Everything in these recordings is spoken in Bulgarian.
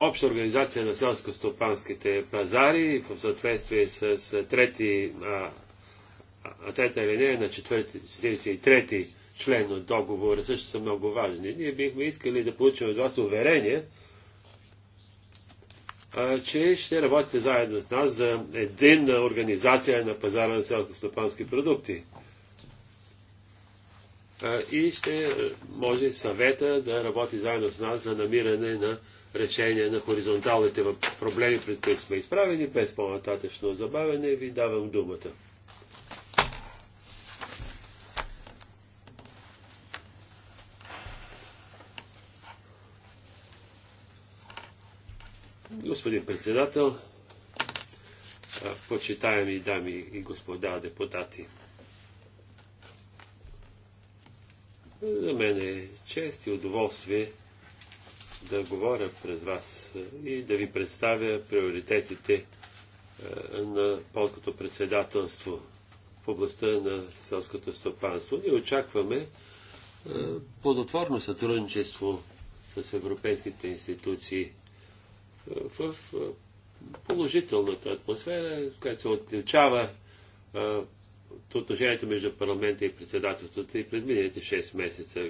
обща организация на селско-стопанските пазари в съответствие с, трети, а, а, трета линия на 43-ти член от договора също са много важни. Ние бихме искали да получим от вас уверение, а, че ще работите заедно с нас за единна организация на пазара на селско-стопански продукти и ще може съвета да работи заедно с нас за намиране на решение на хоризонталните проблеми, пред които сме изправени. Без по-нататъчно забавяне ви давам думата. Господин председател, почитаеми дами и господа депутати, За мен е чест и удоволствие да говоря пред вас е, и да ви представя приоритетите е, на полското председателство в областта на селското стопанство. Ние очакваме е, плодотворно сътрудничество с европейските институции в положителната атмосфера, която се отличава отношението между парламента и председателството и е през миналите 6 месеца.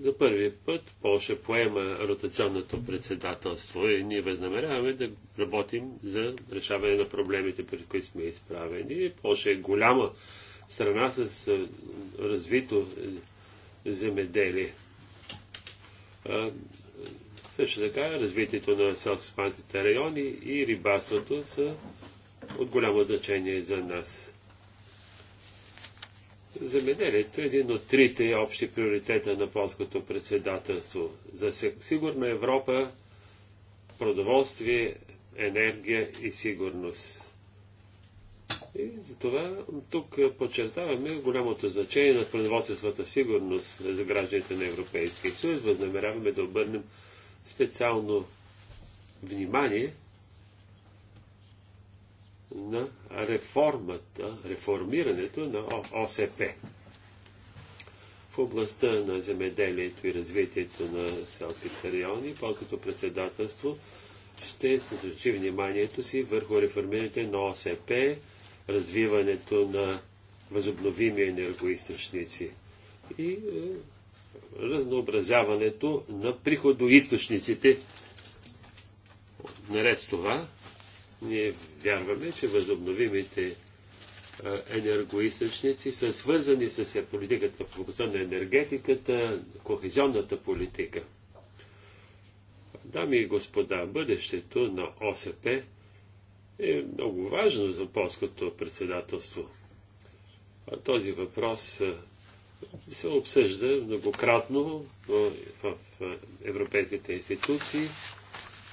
За първи път Польша поема ротационното председателство и ние възнамеряваме да работим за решаване на проблемите, пред които сме изправени. Польша е голяма страна с развито земеделие. Също така развитието на сел-спанските райони и рибарството са от голямо значение за нас. Земеделието е един от трите общи приоритета на полското председателство. За сигурна Европа, продоволствие, енергия и сигурност. И затова тук подчертаваме голямото значение на производствената сигурност за гражданите на Европейския съюз. Възнамеряваме да обърнем специално внимание на реформата, реформирането на ОСП. В областта на земеделието и развитието на селските райони, полското председателство ще съсредоточи вниманието си върху реформирането на ОСП, развиването на възобновими енергоисточници и е, разнообразяването на приходоисточниците. Наред с това, ние вярваме, че възобновимите енергоисъчници са свързани с политиката в областта на енергетиката, кохезионната политика. Дами и господа, бъдещето на ОСП е много важно за полското председателство. А този въпрос се обсъжда многократно в европейските институции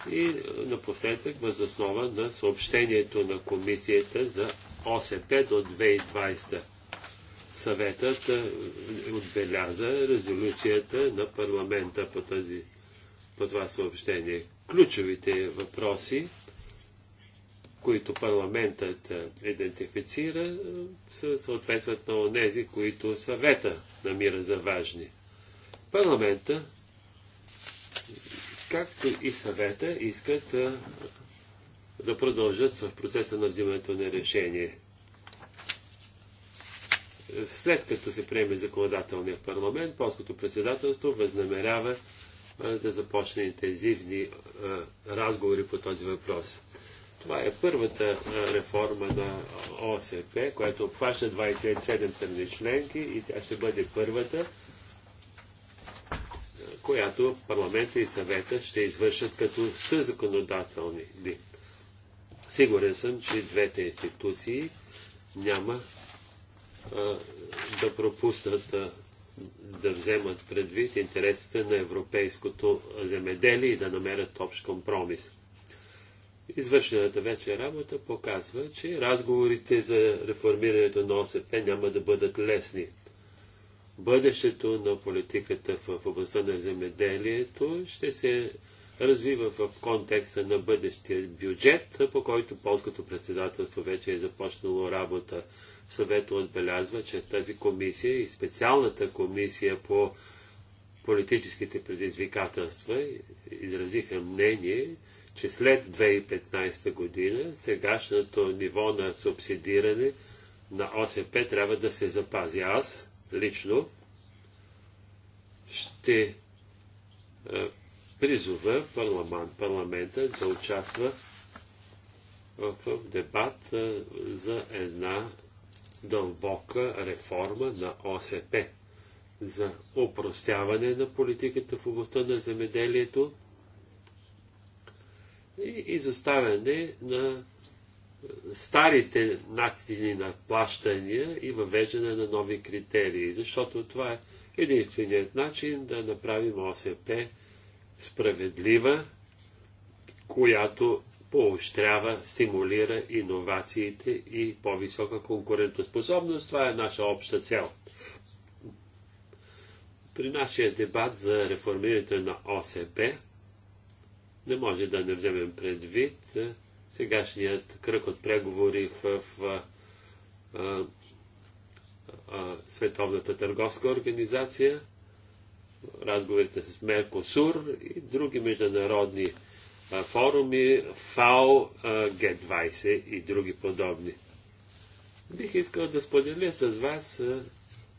и е, напоследък, възоснова на съобщението на комисията за ОСП до 2020. Съветът е, отбеляза резолюцията на парламента по, тази, по това съобщение. Ключовите въпроси, които парламентът е, идентифицира, съответстват на онези, които съвета намира за важни. Парламента както и съвета, искат а, да продължат в процеса на взимането на решение. След като се приеме законодателния парламент, полското председателство възнамерява а, да започне интензивни а, разговори по този въпрос. Това е първата реформа на ОСП, която обхваща 27 страни членки и тя ще бъде първата, която парламента и съвета ще извършат като съзаконодателни. Сигурен съм, че двете институции няма а, да пропуснат а, да вземат предвид интересите на европейското земеделие и да намерят общ компромис. Извършената вече работа показва, че разговорите за реформирането на ОСП няма да бъдат лесни – бъдещето на политиката в областта на земеделието ще се развива в контекста на бъдещия бюджет, по който полското председателство вече е започнало работа. Съвето отбелязва, че тази комисия и специалната комисия по политическите предизвикателства изразиха мнение, че след 2015 година сегашното ниво на субсидиране на ОСП трябва да се запази. Аз лично ще призова парламент, парламента да участва в дебат за една дълбока реформа на ОСП, за упростяване на политиката в областта на земеделието и изоставяне на старите начини на плащания и въвеждане на нови критерии, защото това е единственият начин да направим ОСП справедлива, която поощрява, стимулира иновациите и по-висока конкурентоспособност. Това е наша обща цел. При нашия дебат за реформирането на ОСП не може да не вземем предвид сегашният кръг от преговори в, в в, в Световната търговска организация, разговорите с Меркосур и други международни а, форуми, ФАО, Г20 и други подобни. Бих искал да споделя с вас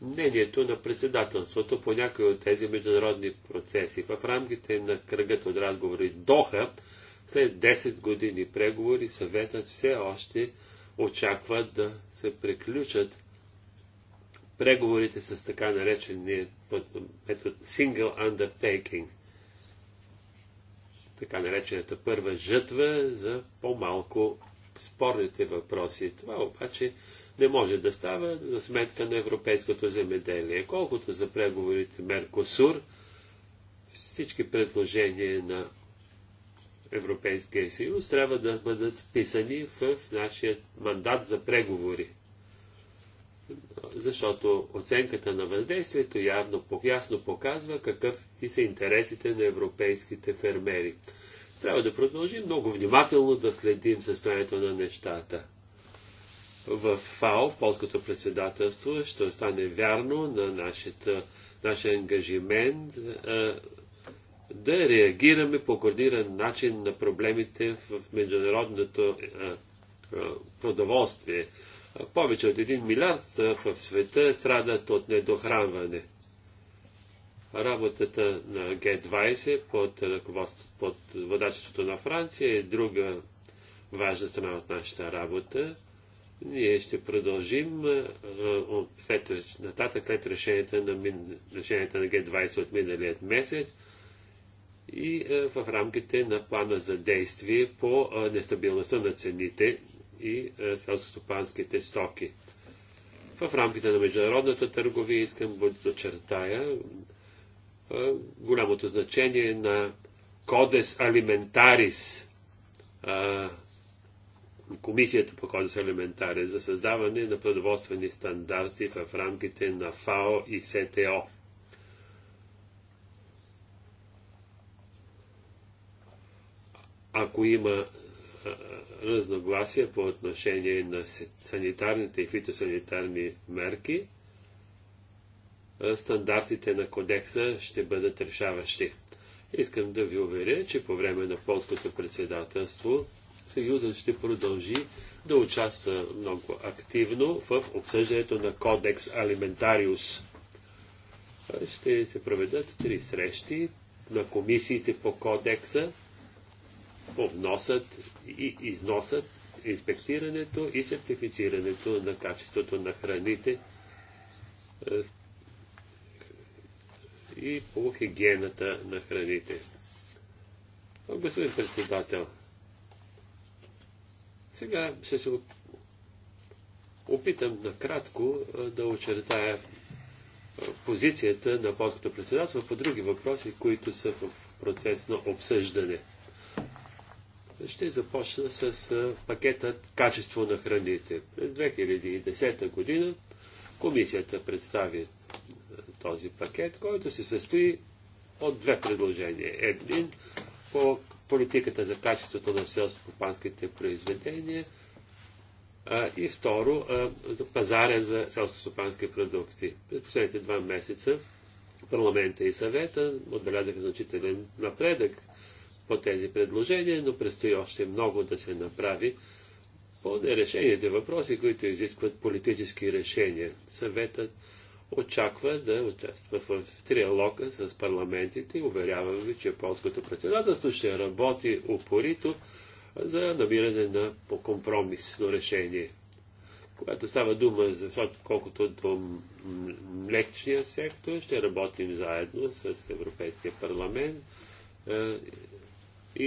мнението на председателството по някои от тези международни процеси. В рамките на кръгът от разговори Доха, след 10 години преговори съветът все още очаква да се приключат преговорите с така наречения метод Single Undertaking, така наречената първа жътва за по-малко спорните въпроси. Това обаче не може да става за сметка на европейското земеделие. Колкото за преговорите Меркосур, всички предложения на Европейския съюз трябва да бъдат вписани в нашия мандат за преговори. Защото оценката на въздействието явно, ясно показва какъв и са интересите на европейските фермери. Трябва да продължим много внимателно да следим състоянието на нещата. В ФАО, полското председателство, ще остане вярно на нашата, нашия ангажимент да реагираме по координиран начин на проблемите в международното е, е, продоволствие. Повече от 1 милиард в света страдат от недохранване. Работата на Г-20 под, под водачеството на Франция е друга важна страна от нашата работа. Ние ще продължим е, след, нататък след решенията на, решенията на Г-20 от миналият месец и е, в рамките на плана за действие по е, нестабилността на цените и е, селскостопанските стоки. В рамките на международната търговия искам да дочертая голямото значение на Кодес Алиментарис, Комисията по Кодес Алиментарис за създаване на продоволствени стандарти в рамките на ФАО и СТО. Ако има разногласия по отношение на санитарните и фитосанитарни мерки, стандартите на кодекса ще бъдат решаващи. Искам да ви уверя, че по време на полското председателство Съюзът ще продължи да участва много активно в обсъждането на Кодекс Алиментариус. Ще се проведат три срещи на комисиите по кодекса, по вносът и износът, инспектирането и сертифицирането на качеството на храните е, и по хигиената на храните. Господин председател, сега ще се опитам накратко е, да очертая е, позицията на полското председателство по други въпроси, които са в процес на обсъждане. Ще започна с пакетът Качество на храните. През 2010 година комисията представи този пакет, който се състои от две предложения. Един по политиката за качеството на селско-стопанските произведения и второ за пазаря за селско-стопански продукти. През последните два месеца парламента и съвета отбелязаха значителен напредък по тези предложения, но предстои още много да се направи по нерешените въпроси, които изискват политически решения. Съветът очаква да участва в триалога с парламентите уверявам ви, че полското председателство ще работи упорито за намиране на компромисно решение. Когато става дума за колкото до млечния сектор, ще работим заедно с Европейския парламент е,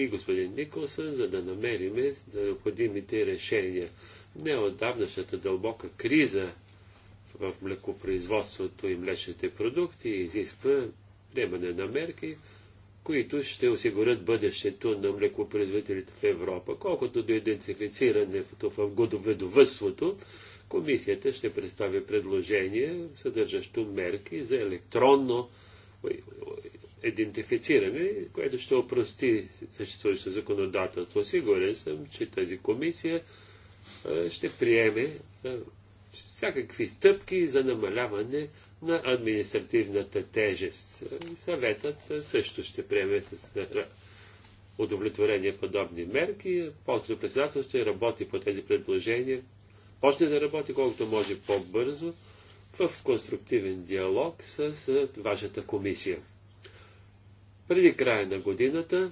и господин Николсън, за да намериме необходимите решения. Не отдавнашната дълбока криза в млекопроизводството и млечните продукти изисква приемане на мерки, които ще осигурят бъдещето на млекопроизводителите в Европа. Колкото до идентифицирането в годоведовътството, комисията ще представи предложение, съдържащо мерки за електронно идентифициране, което ще опрости съществуващото законодателство. Сигурен съм, че тази комисия ще приеме всякакви стъпки за намаляване на административната тежест. Съветът също ще приеме с удовлетворение подобни мерки. После председателство ще работи по тези предложения. Почне да работи колкото може по-бързо в конструктивен диалог с вашата комисия. Преди края на годината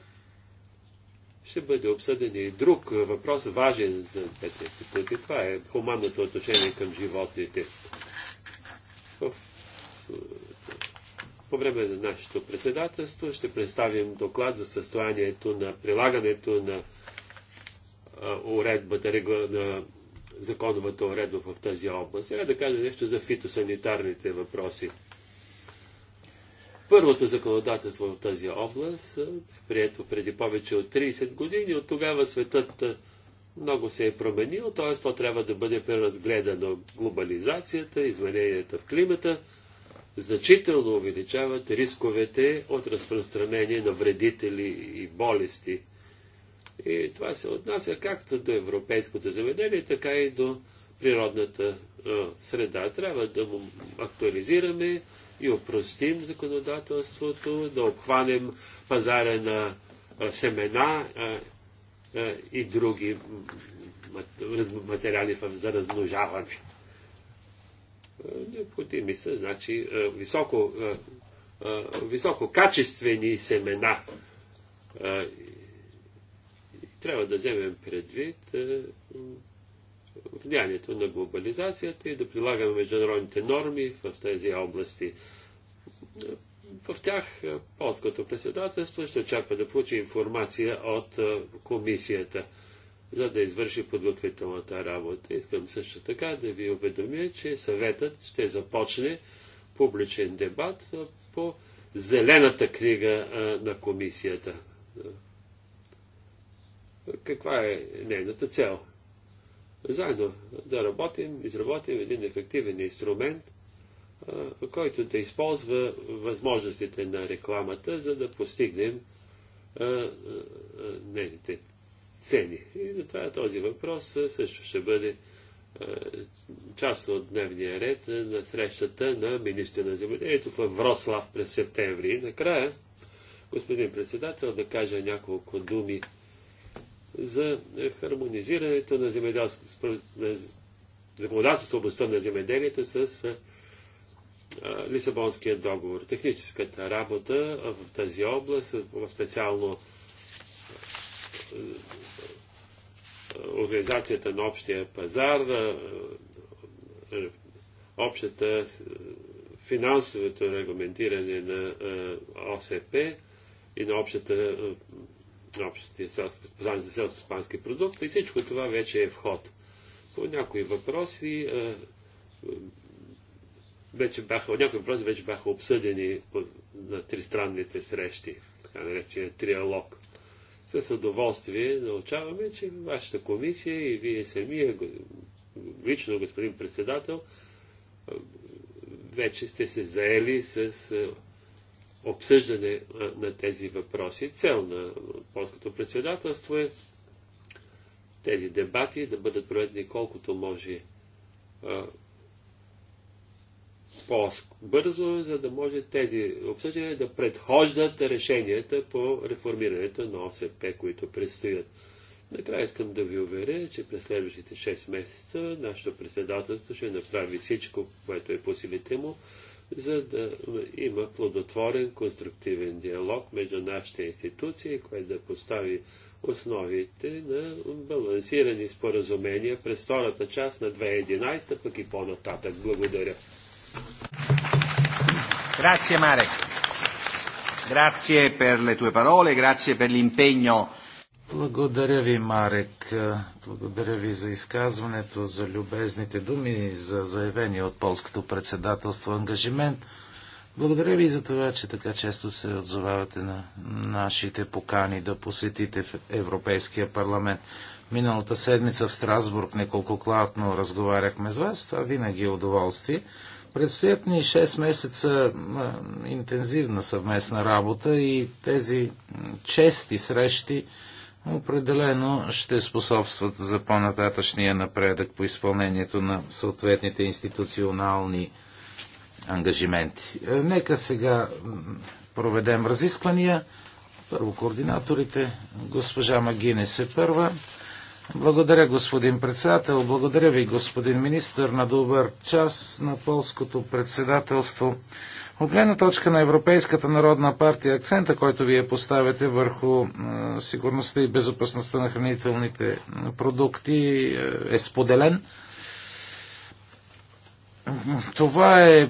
ще бъде обсъден и друг въпрос, важен за двете институти. Това е хуманното отношение към животните. В... По време на нашето председателство ще представим доклад за състоянието на прилагането на уредбата, на законовата уредба в тази област. Сега да кажа нещо за фитосанитарните въпроси. Първото законодателство в тази област е прието преди повече от 30 години. От тогава светът много се е променил, т.е. то трябва да бъде преразгледано. Глобализацията, измененията в климата значително увеличават рисковете от разпространение на вредители и болести. И това се отнася както до европейското заведение, така и до природната среда. Трябва да му актуализираме и опростим законодателството, да обхванем пазара на семена и други материали за размножаване. Необходими са, значи, високо, висококачествени семена. Трябва да вземем предвид влиянието на глобализацията и да прилагаме международните норми в тези области. В тях е, полското председателство ще очаква да получи информация от е, комисията, за да извърши подготвителната работа. Искам също така да ви уведомя, че съветът ще започне публичен дебат е, по зелената книга на комисията. Каква е нейната цел? заедно да работим, изработим един ефективен инструмент, който да използва възможностите на рекламата, за да постигнем нейните цени. И затова този въпрос също ще бъде част от дневния ред на срещата на министра на земеделието в Врослав през септември. И накрая, господин председател, да кажа няколко думи за хармонизирането на, земеделско, на в областта на земеделието с Лисабонския договор. Техническата работа в тази област, специално организацията на общия пазар, общата финансовото регламентиране на ОСП и на общата общите за селско-спански продукти и всичко това вече е вход. По някои въпроси а, вече бяха, някои въпроси вече бяха обсъдени на тристранните срещи, така наречения триалог. С удоволствие научаваме, че вашата комисия и вие самия, лично господин председател, вече сте се заели с обсъждане на тези въпроси. Цел на полското председателство е тези дебати да бъдат проведени колкото може по-бързо, за да може тези обсъждания да предхождат решенията по реформирането на ОСП, които предстоят. Накрая искам да ви уверя, че през следващите 6 месеца нашето председателство ще направи всичко, което е по силите му, за да има плодотворен, конструктивен диалог между нашите институции, което да постави основите на балансирани споразумения през втората част на 2011, пък и по-нататък. Благодаря. Grazie Marek, grazie per le tue parole, grazie per l'impegno благодаря ви, Марек. Благодаря ви за изказването, за любезните думи, за заявения от полското председателство ангажимент. Благодаря ви за това, че така често се отзовавате на нашите покани да посетите в Европейския парламент. Миналата седмица в Страсбург неколкократно разговаряхме с вас. Това винаги е удоволствие. Предстоят ни 6 месеца интензивна съвместна работа и тези чести срещи определено ще способстват за по-нататъчния напредък по изпълнението на съответните институционални ангажименти. Е, нека сега проведем разисквания. Първо координаторите, госпожа Магинес се първа. Благодаря, господин председател. Благодаря ви, господин министр, на добър час на полското председателство. От гледна точка на Европейската народна партия, акцента, който вие поставяте върху сигурността и безопасността на хранителните продукти е, е споделен. Това е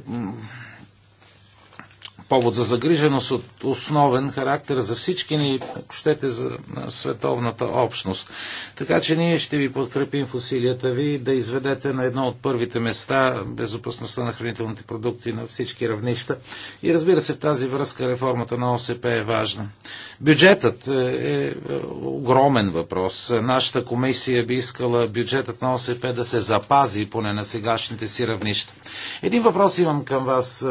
повод за загриженост от основен характер за всички ни, ако щете, за световната общност. Така че ние ще ви подкрепим в усилията ви да изведете на едно от първите места безопасността на хранителните продукти на всички равнища. И разбира се, в тази връзка реформата на ОСП е важна. Бюджетът е, е, е огромен въпрос. Нашата комисия би искала бюджетът на ОСП да се запази поне на сегашните си равнища. Един въпрос имам към вас е,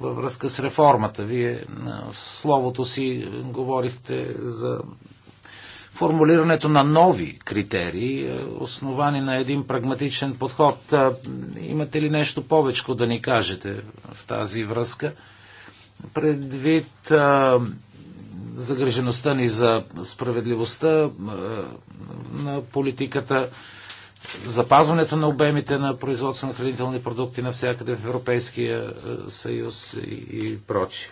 във връзка с реформата. Вие в словото си говорихте за формулирането на нови критерии, основани на един прагматичен подход. Имате ли нещо повече да ни кажете в тази връзка? Предвид загрежеността ни за справедливостта на политиката, запазването на обемите на производство на хранителни продукти навсякъде в Европейския е, съюз и, прочие.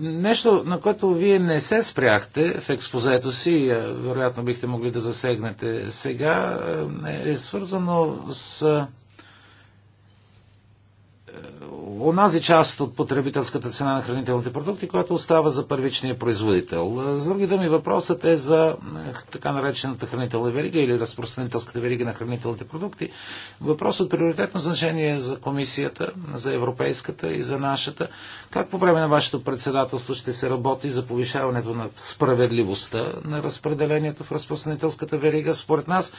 Нещо, на което вие не се спряхте в експозето си, е, вероятно бихте могли да засегнете сега, е, е свързано с онази част от потребителската цена на хранителните продукти, която остава за първичния производител. С други думи, въпросът е за е, така наречената хранителна верига или разпространителската верига на хранителните продукти. Въпрос от приоритетно значение е за комисията, за европейската и за нашата. Как по време на вашето председателство ще се работи за повишаването на справедливостта на разпределението в разпространителската верига? Според нас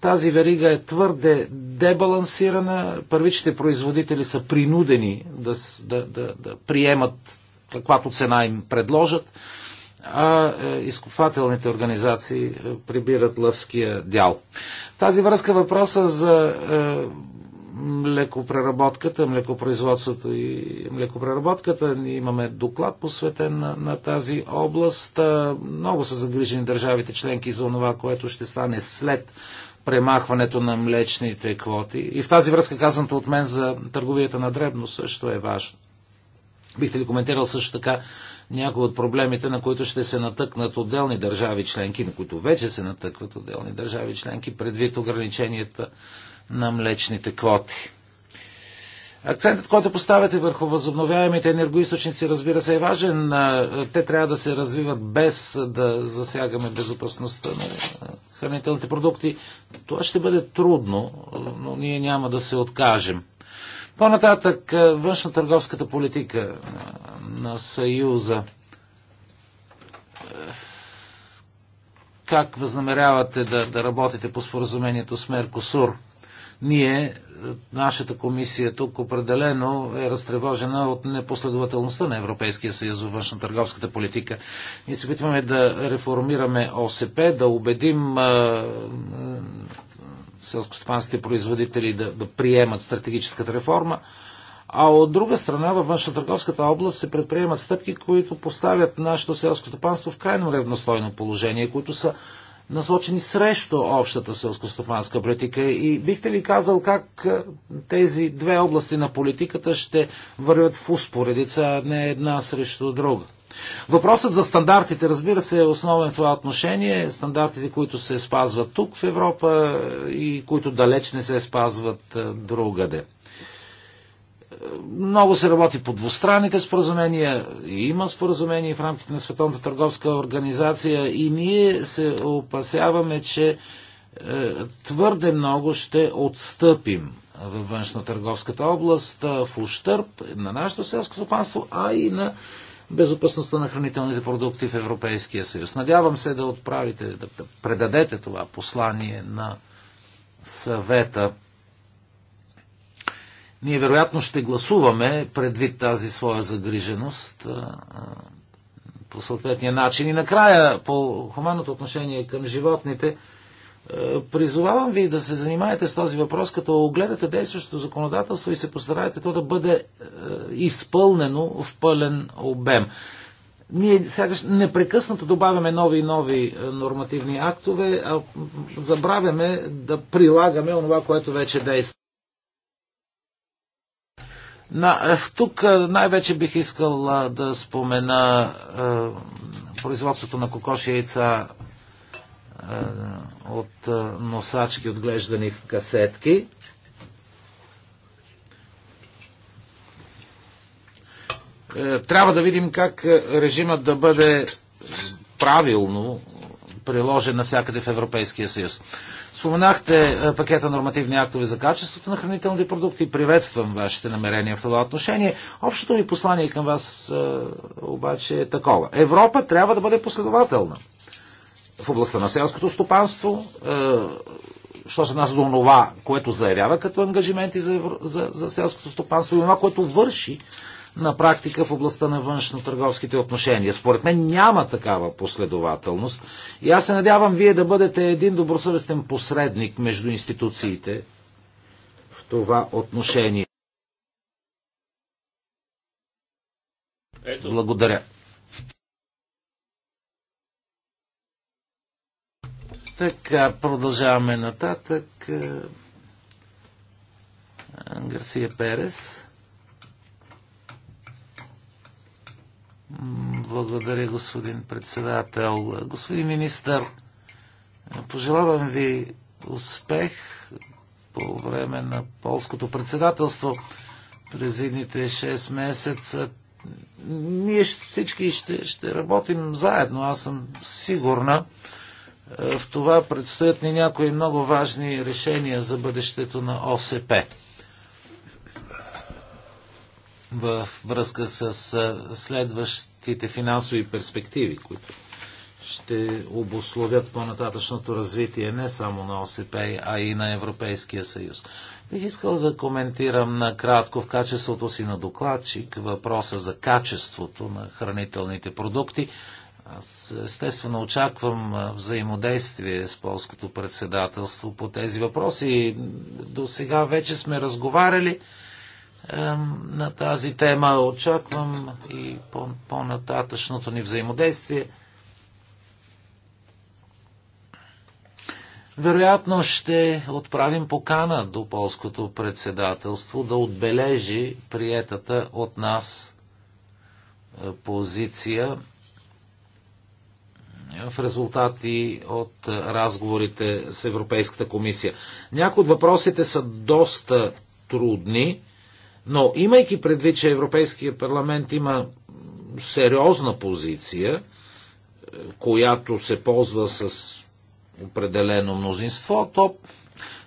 тази верига е твърде дебалансирана. Първичните производители са принудени да, да, да, да приемат каквато цена им предложат, а е, изкупвателните организации е, прибират лъвския дял. В тази връзка е въпроса за млекопреработката, млекопроизводството и млекопреработката. Ние имаме доклад посветен на, на тази област. Много са загрижени държавите членки за това, което ще стане след премахването на млечните квоти. И в тази връзка казаното от мен за търговията на дребно също е важно. Бихте ли коментирал също така някои от проблемите, на които ще се натъкнат отделни държави членки, на които вече се натъкват отделни държави членки, предвид ограниченията на млечните квоти? Акцентът, който поставяте върху възобновяемите енергоисточници, разбира се, е важен. Те трябва да се развиват без да засягаме безопасността на хранителните продукти. Това ще бъде трудно, но ние няма да се откажем. По-нататък, външно-търговската политика на Съюза. Как възнамерявате да, да работите по споразумението с Меркосур? Ние нашата комисия тук определено е разтревожена от непоследователността на Европейския съюз във външно-търговската политика. Ние се опитваме да реформираме ОСП, да убедим селскостопанските производители да, да приемат стратегическата реформа, а от друга страна във външно-търговската област се предприемат стъпки, които поставят нашето селско стопанство в крайно ревностойно положение, които са насочени срещу общата селскостопанска политика. И бихте ли казал как е, тези две области на политиката ще вървят в успоредица, а не една срещу друга? Въпросът за стандартите, разбира се, е основен това отношение. Стандартите, които се спазват тук в Европа е, и които далеч не се спазват е, другаде много се работи по двустранните споразумения, има споразумения в рамките на Световната търговска организация и ние се опасяваме, че е, твърде много ще отстъпим във външно-търговската област е, в ущърп на нашето селско стопанство, а и на безопасността на хранителните продукти в Европейския съюз. Надявам се да отправите, да предадете това послание на съвета ние вероятно ще гласуваме предвид тази своя загриженост по съответния начин. И накрая, по хуманното отношение към животните, призовавам ви да се занимаете с този въпрос, като огледате действащото законодателство и се постараете то да бъде изпълнено в пълен обем. Ние сякаш непрекъснато добавяме нови и нови нормативни актове, а забравяме да прилагаме онова, което вече действа. На, е, тук е, най-вече бих искал а, да спомена а, е, производството на кокоши яйца а, от а, носачки, отглеждани в касетки. Трябва да видим как режимът да бъде правилно приложен навсякъде в Европейския съюз. Споменахте е, пакета нормативни актове за качеството на хранителните продукти. Приветствам вашите намерения в това отношение. Общото ми послание към вас е, обаче е такова. Европа трябва да бъде последователна в областта на селското стопанство, е, що се нас до това, което заявява като ангажименти за, за, за селското стопанство и това, което върши на практика в областта на външно-търговските отношения. Според мен няма такава последователност и аз се надявам вие да бъдете един добросъвестен посредник между институциите в това отношение. Ето. Благодаря. Така, продължаваме нататък. Е, Гарсия Перес. Благодаря, господин председател. Господин министър, пожелавам ви успех по време на полското председателство през едните 6 месеца. Ние всички ще, ще работим заедно, аз съм сигурна. Е, в това предстоят ни някои много важни решения за бъдещето на ОСП в връзка с следващите финансови перспективи, които ще обословят по-нататъчното развитие не само на ОСП, а и на Европейския съюз. Бих искал да коментирам накратко в качеството си на докладчик въпроса за качеството на хранителните продукти. Аз естествено очаквам взаимодействие с полското председателство по тези въпроси. До сега вече сме разговаряли на тази тема. Очаквам и по-нататъчното ни взаимодействие. Вероятно ще отправим покана до полското председателство да отбележи приетата от нас е, позиция е, в резултати от разговорите с Европейската комисия. Някои от въпросите са доста трудни но имайки предвид, че Европейския парламент има сериозна позиция, е, която се ползва с определено мнозинство, то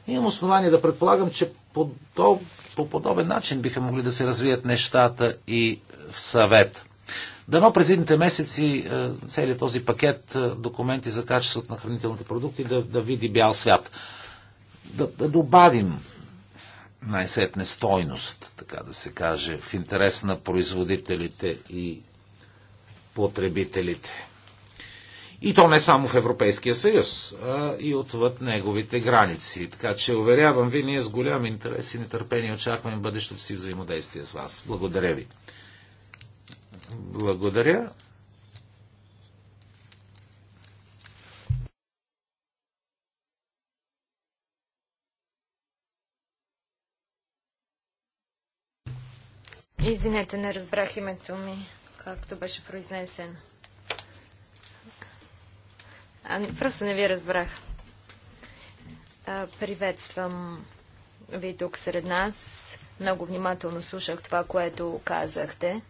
имам основание да предполагам, че подоб, по подобен начин биха могли да се развият нещата и в съвет. Дано през едните месеци е, целият този пакет е, документи за качеството на хранителните продукти да, да види бял свят. Да, да добавим най-сетне стойност, така да се каже, в интерес на производителите и потребителите. И то не само в Европейския съюз, а и отвъд неговите граници. Така че, уверявам ви, ние с голям интерес и нетърпение очакваме бъдещото си взаимодействие с вас. Благодаря ви. Благодаря. Извинете, не разбрах името ми, както беше произнесено. А, просто не ви разбрах. А, приветствам ви тук сред нас. Много внимателно слушах това, което казахте.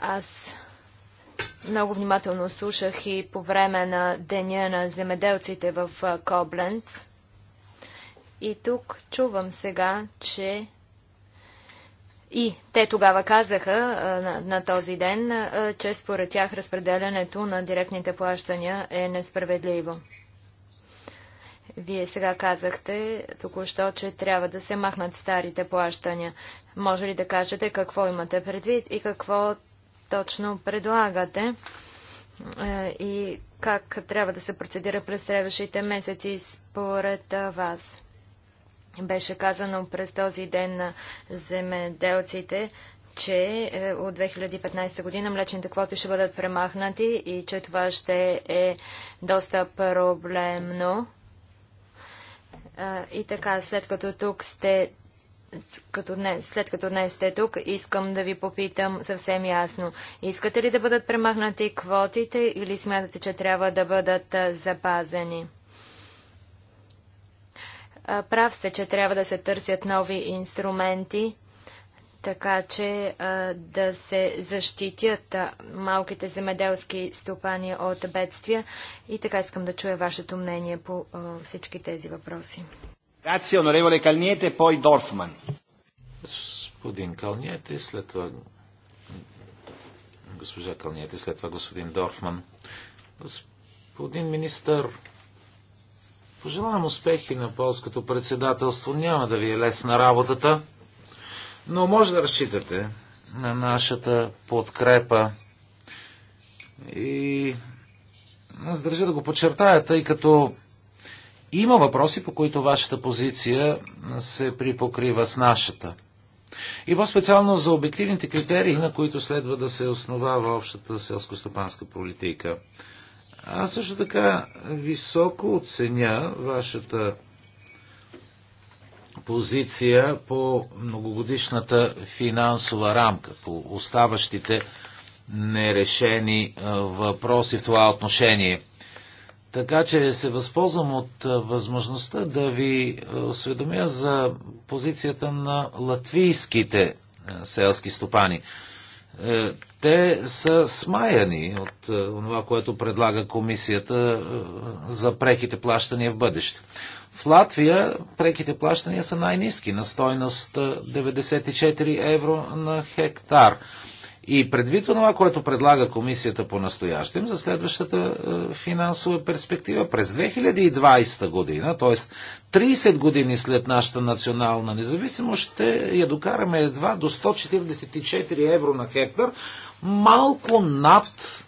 Аз много внимателно слушах и по време на Деня на земеделците в Кобленц. И тук чувам сега, че и те тогава казаха на, на този ден, че според тях разпределянето на директните плащания е несправедливо. Вие сега казахте току-що, че трябва да се махнат старите плащания. Може ли да кажете какво имате предвид и какво точно предлагате и как трябва да се процедира през следващите месеци според вас? Беше казано през този ден на земеделците, че е, от 2015 година млечните квоти ще бъдат премахнати и че това ще е доста проблемно. Е, и така, след като тук сте като днес, след като днес сте тук, искам да ви попитам съвсем ясно. Искате ли да бъдат премахнати квотите или смятате, че трябва да бъдат е, запазени? Прав сте, че трябва да се търсят нови инструменти, така че да се защитят малките земеделски стопани от бедствия. И така искам да чуя вашето мнение по всички тези въпроси. Grazie, onorevole Господин Калниете, след това госпожа Калниете, след това господин Дорфман. Господин министър, Пожелавам успехи на полското председателство. Няма да ви е лесна работата, но може да разчитате на нашата подкрепа. И аз държа да го подчертая, тъй като има въпроси, по които вашата позиция се припокрива с нашата. И по-специално за обективните критерии, на които следва да се основава общата селско-стопанска политика. Аз също така високо оценя вашата позиция по многогодишната финансова рамка, по оставащите нерешени е, въпроси в това отношение. Така че се възползвам от е, възможността да ви е, осведомя за позицията на латвийските селски стопани те са смаяни от това, е, което предлага комисията е, за преките плащания в бъдеще. В Латвия преките плащания са най-низки, на стойност 94 е, евро на хектар. И предвид това, което предлага комисията по настоящем за следващата финансова перспектива през 2020 година, т.е. 30 години след нашата национална независимост, ще я докараме едва до 144 евро на хектар, малко над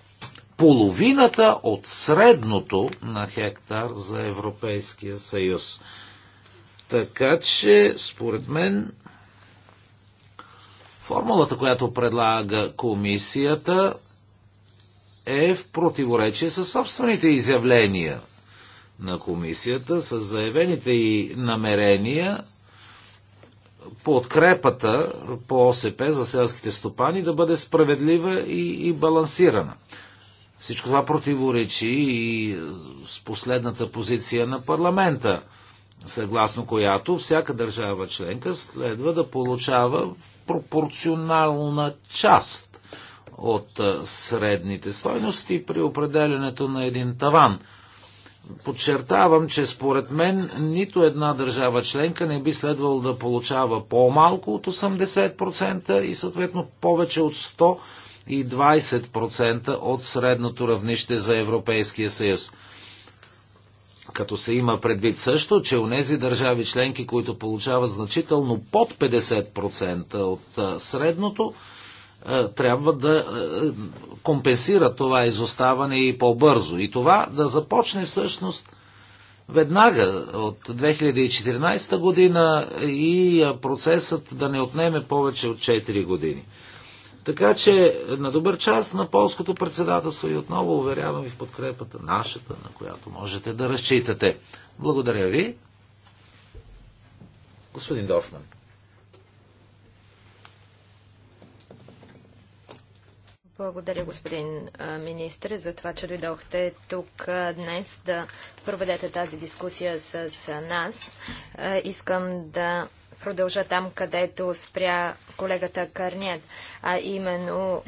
половината от средното на хектар за Европейския съюз. Така че, според мен, формулата, която предлага комисията, е в противоречие с собствените изявления на комисията, с заявените и намерения подкрепата по ОСП за селските стопани да бъде справедлива и, и балансирана. Всичко това противоречи и е, с последната позиция на парламента, съгласно която всяка държава членка следва да получава пропорционална част от е, средните стойности при определенето на един таван – подчертавам, че според мен нито една държава членка не би следвало да получава по-малко от 80% и съответно повече от 120% от средното равнище за Европейския съюз. Като се има предвид също, че у нези държави членки, които получават значително под 50% от средното, трябва да компенсира това изоставане и по-бързо. И това да започне всъщност веднага от 2014 година и процесът да не отнеме повече от 4 години. Така че на добър час на полското председателство и отново уверявам ви в подкрепата нашата, на която можете да разчитате. Благодаря ви. Господин Дорфман. Благодаря, господин министр, за това, че дойдохте тук днес да проведете тази дискусия с нас. Искам да продължа там, където спря колегата Карнет, а именно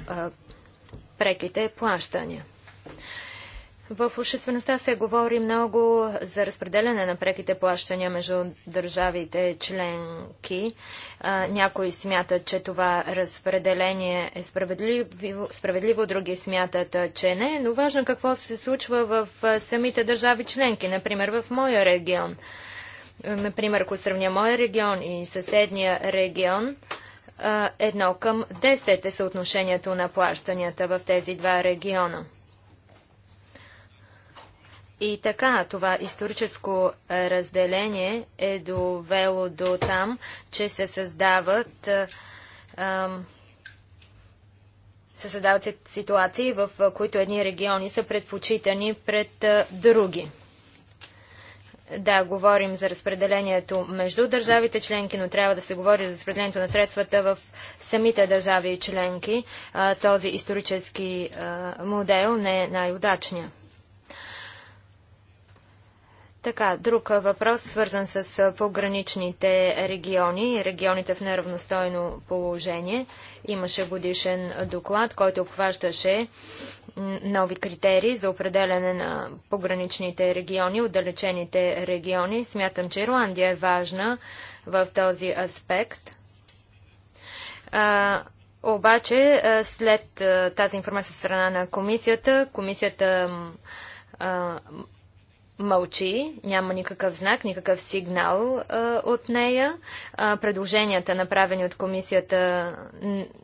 преките плащания. В обществеността се говори много за разпределяне на преките плащания между държавите членки. някои смятат, че това разпределение е справедливо, справедливо, други смятат, че не. Но важно е какво се случва в самите държави членки, например в моя регион. Например, ако сравня моя регион и съседния регион, едно към 10 е съотношението на плащанията в тези два региона. И така, това историческо разделение е довело до там, че се създават се създават ситуации, в които едни региони са предпочитани пред други. Да, говорим за разпределението между държавите членки, но трябва да се говори за разпределението на средствата в самите държави членки. Този исторически модел не е най-удачният. Така, друг въпрос, свързан с пограничните региони регионите в неравностойно положение. Имаше годишен доклад, който обхващаше нови критерии за определене на пограничните региони, отдалечените региони. Смятам, че Ирландия е важна в този аспект. А, обаче, след тази информация страна на комисията, комисията а, мълчи, няма никакъв знак, никакъв сигнал а, от нея. А, предложенията, направени от комисията,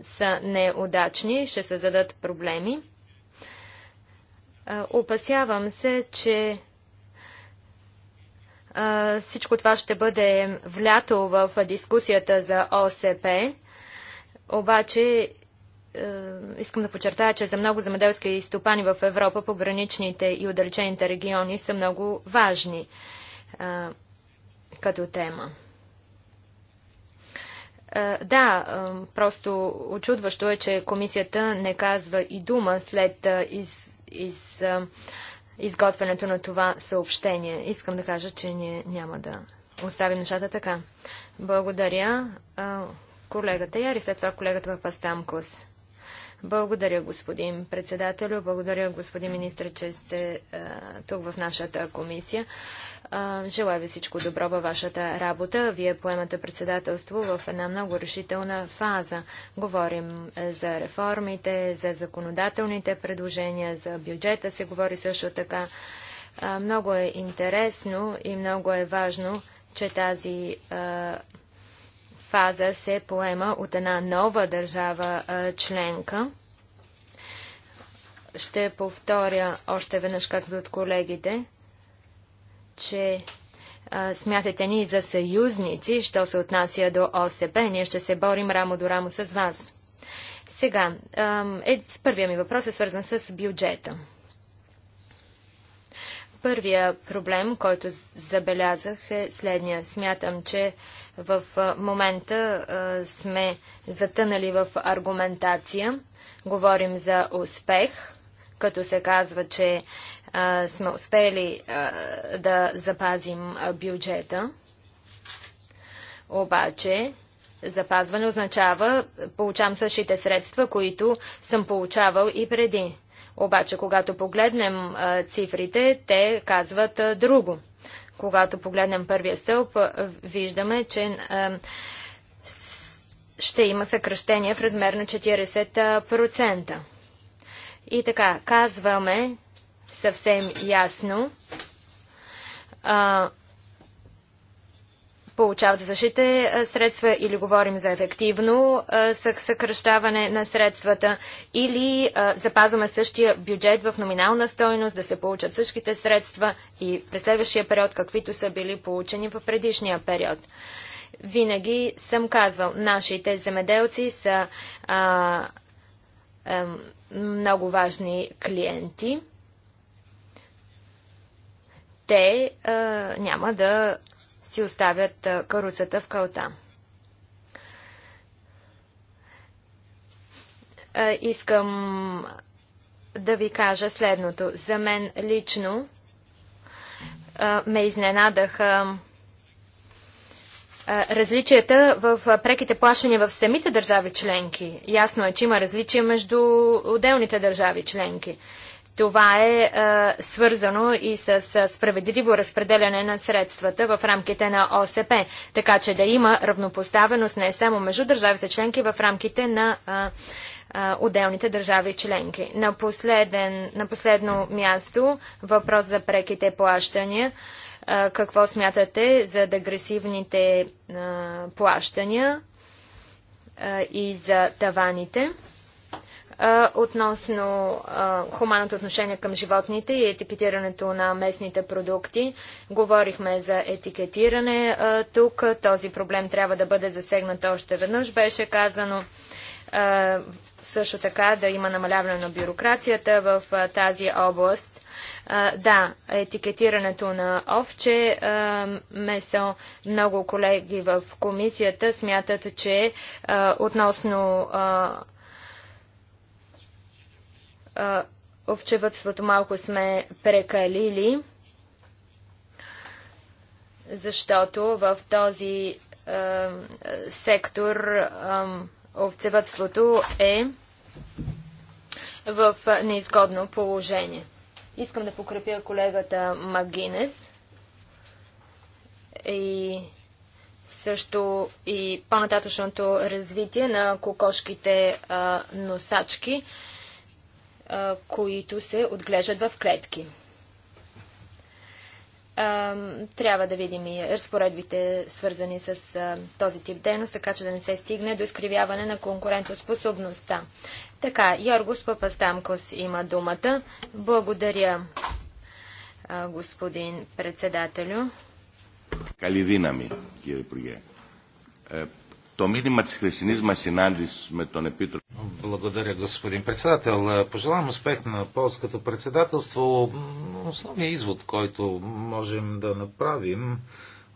са неудачни, ще създадат проблеми. А, опасявам се, че а, всичко това ще бъде влято в дискусията за ОСП, обаче е, искам да подчертая, че за много земеделски стопани в Европа пограничните и отдалечените региони са много важни а, е, като тема. А, е, да, а, просто очудващо е, че комисията не казва и дума след из, из, изготвянето на това съобщение. Искам да кажа, че ние няма да оставим нещата така. Благодаря колегата Яри, след това колегата Пастамкос. Благодаря, господин председател, Благодаря, господин министр, че сте а, тук в нашата комисия. А, желая ви всичко добро във вашата работа. Вие поемате председателство в една много решителна фаза. Говорим е, за реформите, за законодателните предложения, за бюджета се говори също така. А, много е интересно и много е важно, че тази фаза се поема от една нова държава членка. Ще повторя още веднъж казват от колегите, че а, смятате ни за съюзници, що се отнася до ОСП. Ние ще се борим рамо до рамо с вас. Сега, е, с първия ми въпрос е свързан с бюджета. Първия проблем, който забелязах е следния. Смятам, че в момента сме затънали в аргументация. Говорим за успех, като се казва, че сме успели да запазим бюджета. Обаче, запазване означава получавам същите средства, които съм получавал и преди. Обаче, когато погледнем цифрите, те казват друго когато погледнем първия стълб, виждаме, че ще има съкръщение в размер на 40%. И така, казваме съвсем ясно, получават същите средства или говорим за ефективно съкръщаване на средствата или запазваме същия бюджет в номинална стойност, да се получат същите средства и през следващия период, каквито са били получени в предишния период. Винаги съм казвал, нашите земеделци са а, а, много важни клиенти. Те а, няма да си оставят каруцата в калта. Искам да ви кажа следното. За мен лично ме изненадаха различията в преките плащания в самите държави членки. Ясно е, че има различия между отделните държави членки. Това е, е, свързано и с, справедливо разпределяне на средствата в рамките на ОСП, така че да има равнопоставеност не само между държавите членки, в рамките на е, е, отделните държави членки. На, последен, на последно място въпрос за преките плащания. Какво смятате за дегресивните плащания и за таваните? а, относно а, хуманното отношение към животните и етикетирането на местните продукти. Говорихме за етикетиране а, тук. Този проблем трябва да бъде засегнат още веднъж. Беше казано също така да има намаляване на бюрокрацията в тази област. Да, етикетирането на овче месо. Много колеги в комисията смятат, че относно овчевътството малко сме прекалили, защото в този а, сектор а, овцевътството е в неизгодно положение. Искам да покрепя колегата Магинес и също и по-нататъчното развитие на кокошките а, носачки които се отглеждат в клетки. Трябва да видим и разпоредбите, свързани с този тип дейност, така че да не се стигне до изкривяване на конкурентоспособността. Така, Йоргос Папастамкос има думата. Благодаря, господин председателю. Кали динами, кире Το μήνυμα της χθεσινής μας συνάντησης με τον Επίτροπο... Благодаря, господин председател. Пожелавам успех на полското председателство. Основният извод, който можем да направим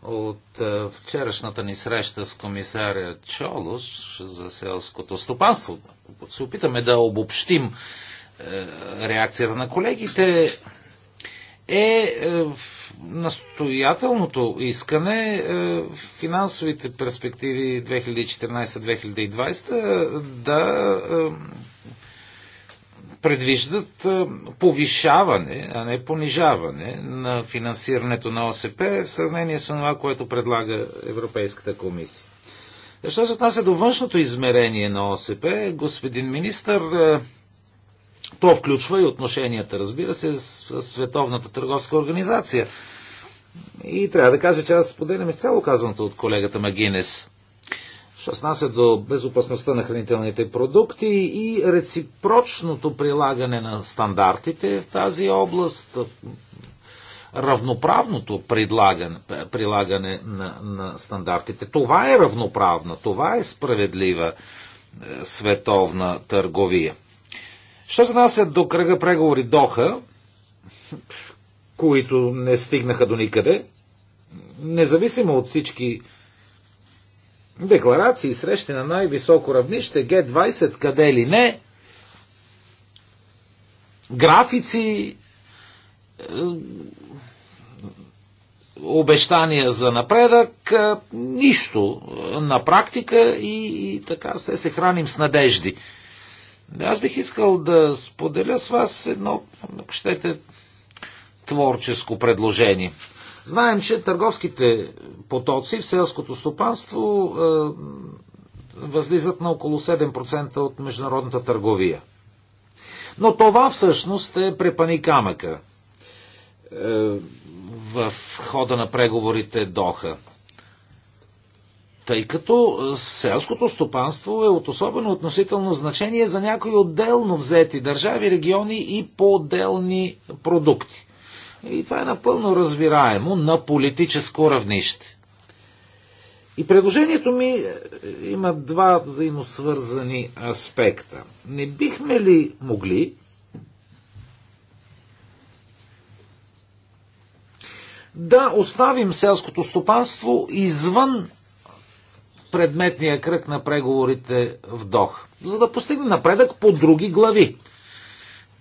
от е, вчерашната ни среща с комисаря Чолош за селското стопанство. Се опитаме да обобщим е, реакцията на колегите е, е настоятелното искане в е, финансовите перспективи 2014-2020 е, да предвиждат повишаване, а не понижаване на финансирането на ОСП в сравнение с това, което предлага Европейската комисия. Защо се отнася до външното измерение на ОСП, господин министър, то включва и отношенията, разбира се, с Световната търговска организация. И трябва да кажа, че аз споделям изцяло казаното от колегата Магинес. Що с нас е до безопасността на хранителните продукти и реципрочното прилагане на стандартите в тази област, равноправното прилагане, прилагане на, на стандартите. Това е равноправна, това е справедлива е, световна търговия. Що се нася до кръга преговори Доха, които не стигнаха до никъде, независимо от всички декларации, срещи на най-високо равнище, Г20, къде ли не, графици, е, обещания за напредък, е, нищо на практика и, и така все се храним с надежди. Аз бих искал да споделя с вас едно, ако щете, творческо предложение. Знаем, че търговските потоци в селското стопанство е, възлизат на около 7% от международната търговия. Но това всъщност е препани камъка е, в хода на преговорите Доха тъй като е, селското стопанство е от особено относително значение за някои отделно взети държави, региони и по-отделни продукти. И това е напълно разбираемо на политическо равнище. И предложението ми е, има два взаимосвързани аспекта. Не бихме ли могли да оставим селското стопанство извън предметния кръг на преговорите в Дох, за да постигне напредък по други глави.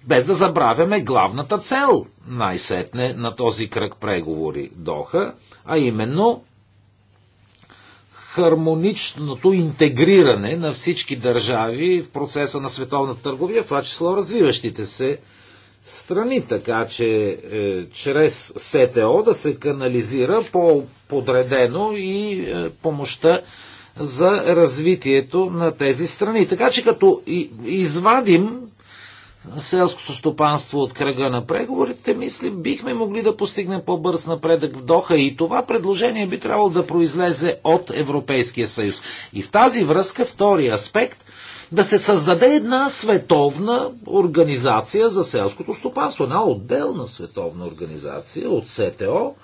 Без да забравяме главната цел най-сетне на този кръг преговори Доха, а именно хармоничното интегриране на всички държави в процеса на световната търговия, в това число развиващите се страни, така че е, чрез СТО да се канализира по-подредено и е, помощта за развитието на тези страни. Така че като извадим селското стопанство от кръга на преговорите, мислим, бихме могли да постигнем по-бърз напредък в Доха и това предложение би трябвало да произлезе от Европейския съюз. И в тази връзка, втори аспект, да се създаде една световна организация за селското стопанство, една отделна световна организация от СТО,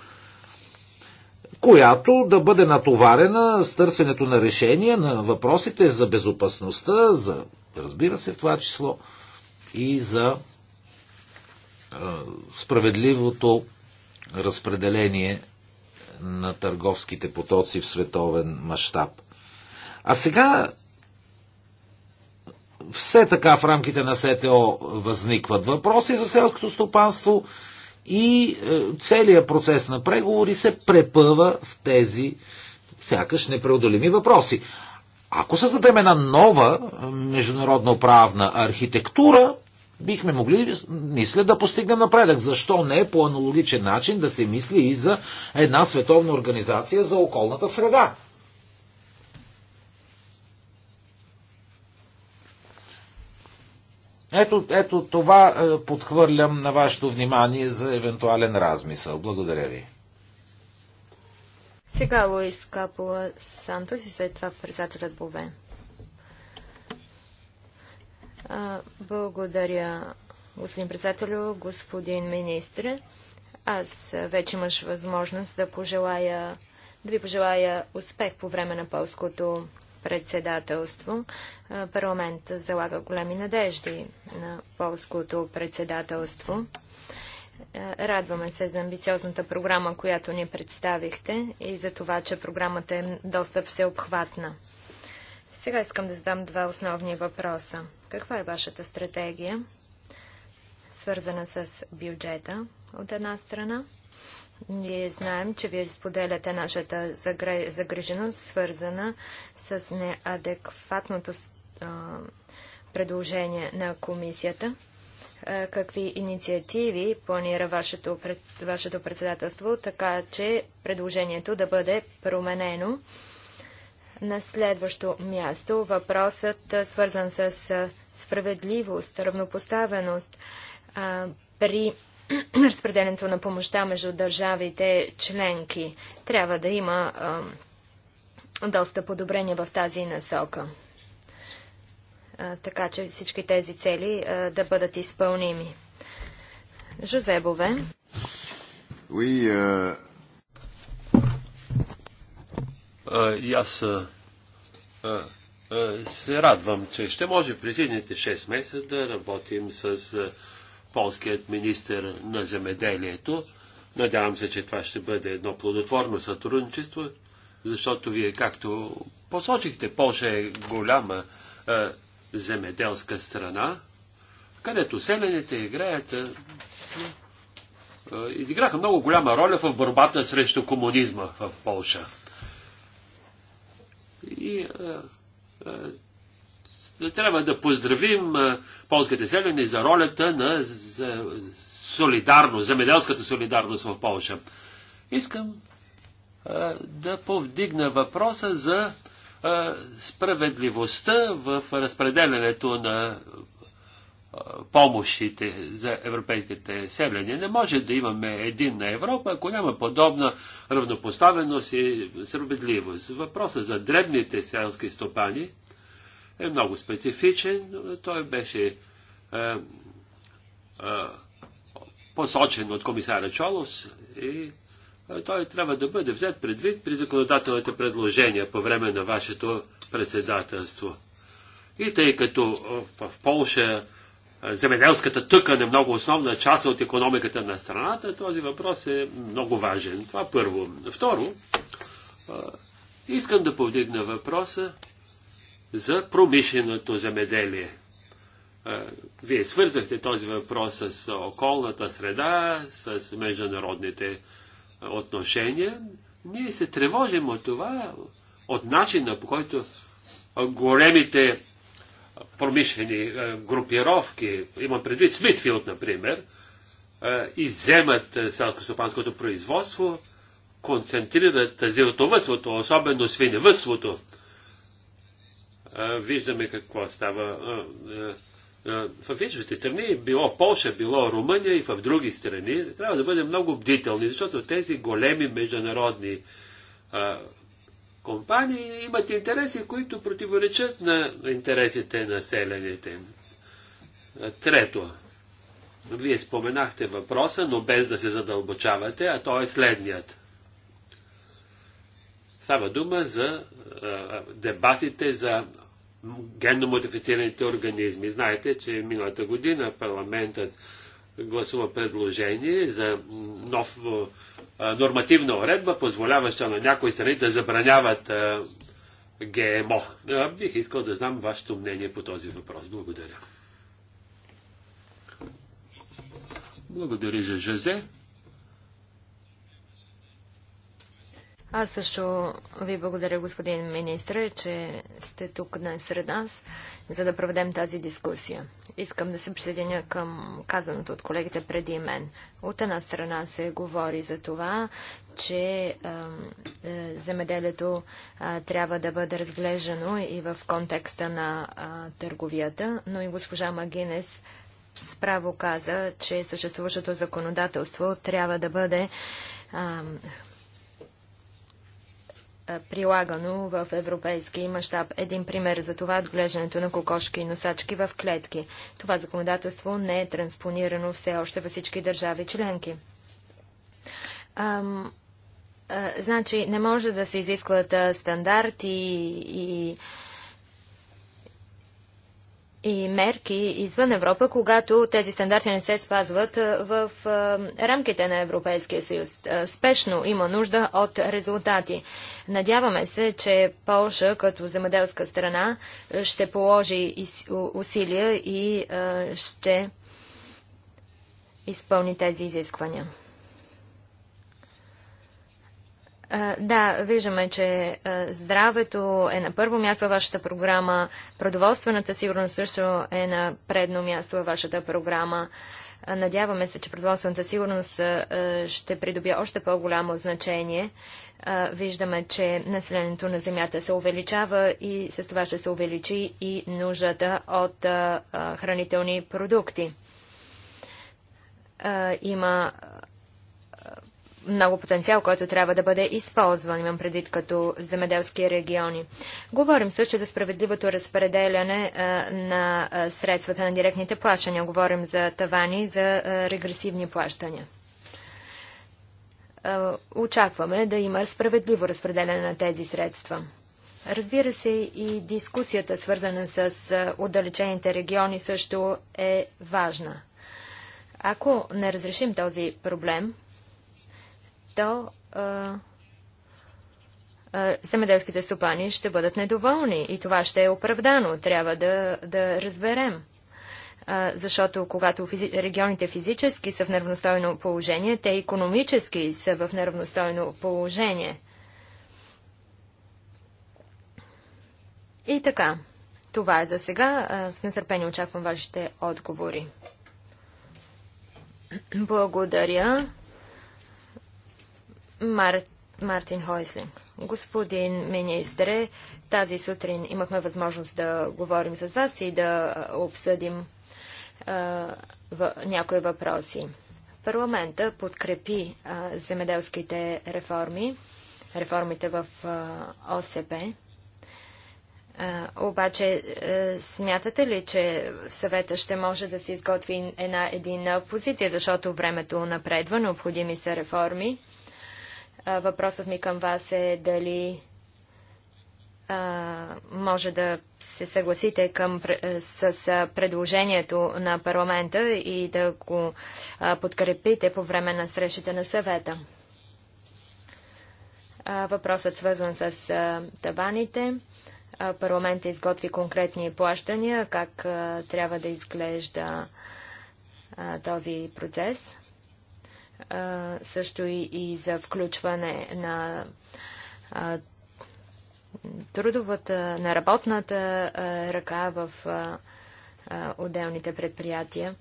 която да бъде натоварена с търсенето на решения на въпросите за безопасността, за, разбира се, в това число и за е, справедливото разпределение на търговските потоци в световен мащаб. А сега все така в рамките на СТО възникват въпроси за селското стопанство, и е, целият процес на преговори се препъва в тези сякаш непреодолими въпроси. Ако създадем една нова е, международно правна архитектура, бихме могли, мисля, да постигнем напредък. Защо не по аналогичен начин да се мисли и за една световна организация за околната среда? Ето, ето това е, подхвърлям на вашето внимание за евентуален размисъл. Благодаря ви. Сега Луис Капула Сантос и след това председателят Бове. благодаря, господин председател, господин министр. Аз вече имаш възможност да пожелая да ви пожелая успех по време на полското председателство. Парламент залага големи надежди на полското председателство. Радваме се за амбициозната програма, която ни представихте и за това, че програмата е доста всеобхватна. Сега искам да задам два основни въпроса. Каква е вашата стратегия, свързана с бюджета от една страна? Ние знаем, че вие споделяте нашата загриженост, свързана с неадекватното предложение на комисията. какви инициативи планира вашето, пред, вашето председателство, така че предложението да бъде променено? На следващо място въпросът, свързан с справедливост, равнопоставеност при разпределенето на помощта между държавите членки. Трябва да има а, доста подобрения в тази насока. А, така че всички тези цели а, да бъдат изпълними. Жозебове. Oui, uh... uh, аз uh, се радвам, че ще може през едните 6 месеца да работим с полският министр на земеделието. Надявам се, че това ще бъде едно плодотворно сътрудничество, защото вие, както посочихте, Польша е голяма е, земеделска страна, където селените играят, е, е, изиграха много голяма роля в борбата срещу комунизма в Польша. И е, е, трябва да поздравим полските селяни за ролята на солидарност, земеделската солидарност в Полша. Искам да повдигна въпроса за справедливостта в разпределянето на помощите за европейските селяни. Не може да имаме един на Европа, ако няма подобна равнопоставеност и справедливост. Въпросът за дребните селски стопани – е много специфичен. Той беше е, е, посочен от комисара Чолос и е, той трябва да бъде взет предвид при законодателните предложения по време на вашето председателство. И тъй като е, в Полша е, земеделската тъкан е много основна част от економиката на страната, този въпрос е много важен. Това първо. Второ, искам да повдигна въпроса за промишленото земеделие. Вие свързахте този въпрос с околната среда, с международните отношения. Ние се тревожим от това, от начина по който големите промишлени групировки, имам предвид Смитфилд, например, изземат селско-стопанското производство, концентрират зелтовътството, особено свиневътството – виждаме какво става в различните страни, било Полша, било Румъния и в други страни, трябва да бъдем много бдителни, защото тези големи международни компании имат интереси, които противоречат на интересите на селените. Трето, вие споменахте въпроса, но без да се задълбочавате, а то е следният. Става дума за а, дебатите за генномодифицираните организми. Знаете, че миналата година парламентът гласува предложение за нов, а, нормативна уредба, позволяваща на някои страни да забраняват а, ГМО. А, бих искал да знам вашето мнение по този въпрос. Благодаря. Благодаря, Жозе. Аз също ви благодаря, господин министр, че сте тук днес сред нас, за да проведем тази дискусия. Искам да се присъединя към казаното от колегите преди мен. От една страна се говори за това, че е, земеделието е, трябва да бъде разглеждано и в контекста на търговията, но и госпожа Магинес справо каза, че съществуващото законодателство трябва да бъде прилагано в европейски мащаб. Един пример за това е отглеждането на кокошки и носачки в клетки. Това законодателство не е транспонирано все още във всички държави членки. Ам, а, значи, не може да се изискват а, стандарти и, и и мерки извън Европа, когато тези стандарти не се спазват в рамките на Европейския съюз. Спешно има нужда от резултати. Надяваме се, че Полша като земеделска страна ще положи усилия и ще изпълни тези изисквания. Да, виждаме, че здравето е на първо място във вашата програма, продоволствената сигурност също е на предно място във вашата програма. Надяваме се, че продоволствената сигурност ще придобие още по-голямо значение. Виждаме, че населението на Земята се увеличава и с това ще се увеличи и нуждата от хранителни продукти. Има много потенциал, който трябва да бъде използван, имам предвид като земеделски региони. Говорим също за справедливото разпределяне на средствата на директните плащания. Говорим за тавани, за регресивни плащания. очакваме да има справедливо разпределяне на тези средства. Разбира се, и дискусията, свързана с отдалечените региони, също е важна. Ако не разрешим този проблем, то а, а, земеделските стопани ще бъдат недоволни и това ще е оправдано. Трябва да, да разберем. А, защото когато физи... регионите физически са в неравностойно положение, те економически са в неравностойно положение. И така, това е за сега. С нетърпение очаквам вашите отговори. Благодаря. Мар... Мартин Хойслинг. Господин министре, тази сутрин имахме възможност да говорим с вас и да обсъдим а, в... някои въпроси. Парламента подкрепи а, земеделските реформи, реформите в а, ОСП. А, обаче, а, е, смятате ли, че съвета ще може да се изготви една единна позиция, защото времето напредва, необходими са реформи? Въпросът ми към вас е дали може да се съгласите към, с, с предложението на парламента и да го подкрепите по време на срещите на съвета. Въпросът свързан с табаните. парламент изготви конкретни плащания, как трябва да изглежда този процес също и, и за включване на а, трудовата, на работната а, ръка в а, отделните предприятия.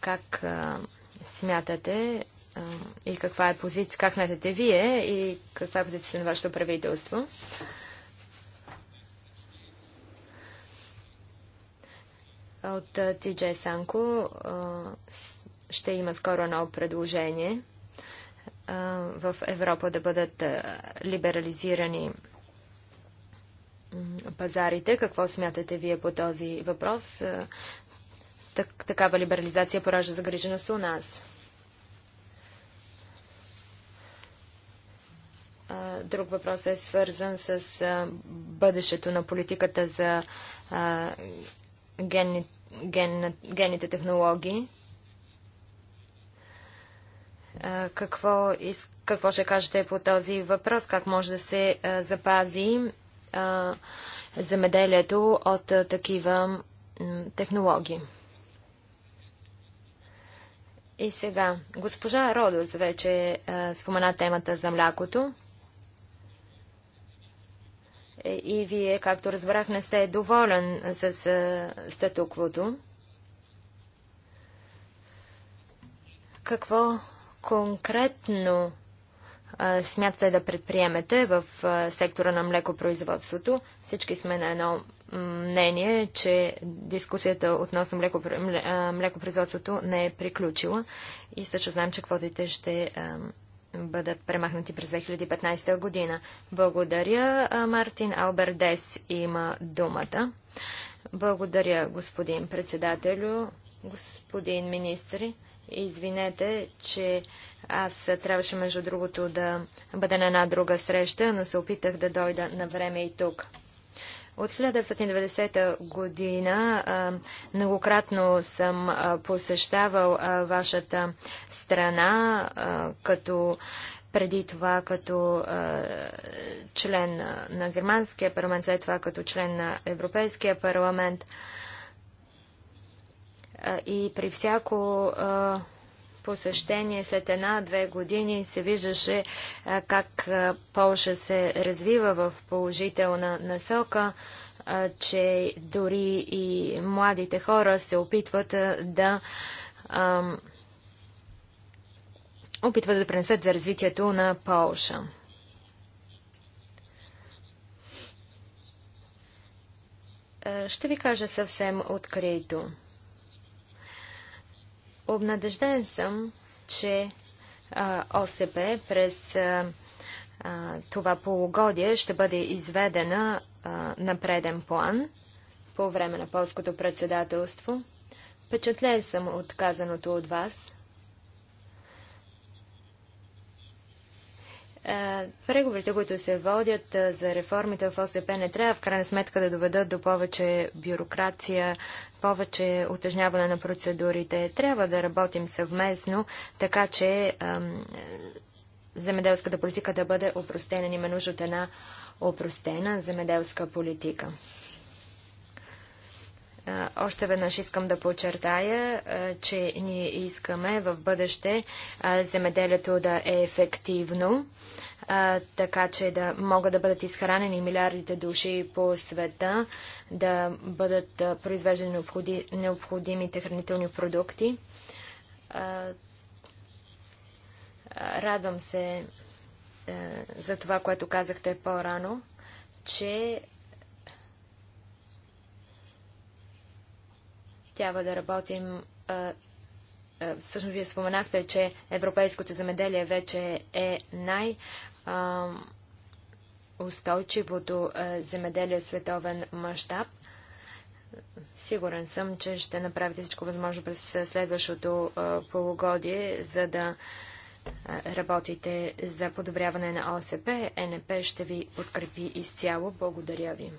как а, смятате а, и каква е позиция, как смятате вие и каква е позицията на вашето правителство? От TJ Санко ще има скоро ново предложение в Европа да бъдат либерализирани пазарите. Какво смятате вие по този въпрос? Так, такава либерализация поражда загриженост у нас. Друг въпрос е свързан с бъдещето на политиката за ген, ген, генните технологии. Какво, из... какво ще кажете по този въпрос? Как може да се запази земеделието от такива технологии? И сега, госпожа Родос вече а, спомена темата за млякото. Е, и вие, както разбрах, не сте доволен с статуквото. Какво конкретно смятате да предприемете в сектора на млекопроизводството? Всички сме на едно мнение, че дискусията относно млекопроизводството не е приключила и също знаем, че квотите ще бъдат премахнати през 2015 година. Благодаря, Мартин Албердес има думата. Благодаря, господин председателю, господин министри. Извинете, че аз трябваше, между другото, да бъда на една друга среща, но се опитах да дойда на време и тук. От 1990 година многократно съм посещавал вашата страна, като преди това като член на германския парламент, след това като член на Европейския парламент и при всяко посещение след една-две години се виждаше как Полша се развива в положителна насока, че дори и младите хора се опитват да опитват да пренесат за развитието на Полша. Ще ви кажа съвсем открито. Обнадежден съм, че ОСП през това полугодие ще бъде изведена на преден план по време на полското председателство. Впечатлен съм от казаното от вас – Е, преговорите, които се водят е, за реформите в ОСП, не трябва в крайна сметка да доведат до повече бюрокрация, повече утежняване на процедурите. Трябва да работим съвместно, така че е, земеделската политика да бъде опростена. Има нужда от една опростена земеделска политика. Още веднъж искам да подчертая, че ние искаме в бъдеще земеделието да е ефективно, така че да могат да бъдат изхранени милиардите души по света, да бъдат произвеждани необходимите хранителни продукти. Радвам се за това, което казахте по-рано, че трябва да работим. Всъщност, вие споменахте, че европейското земеделие вече е най- устойчивото земеделие световен мащаб. Сигурен съм, че ще направите всичко възможно през следващото полугодие, за да работите за подобряване на ОСП. Е НП ще ви подкрепи изцяло. Благодаря ви.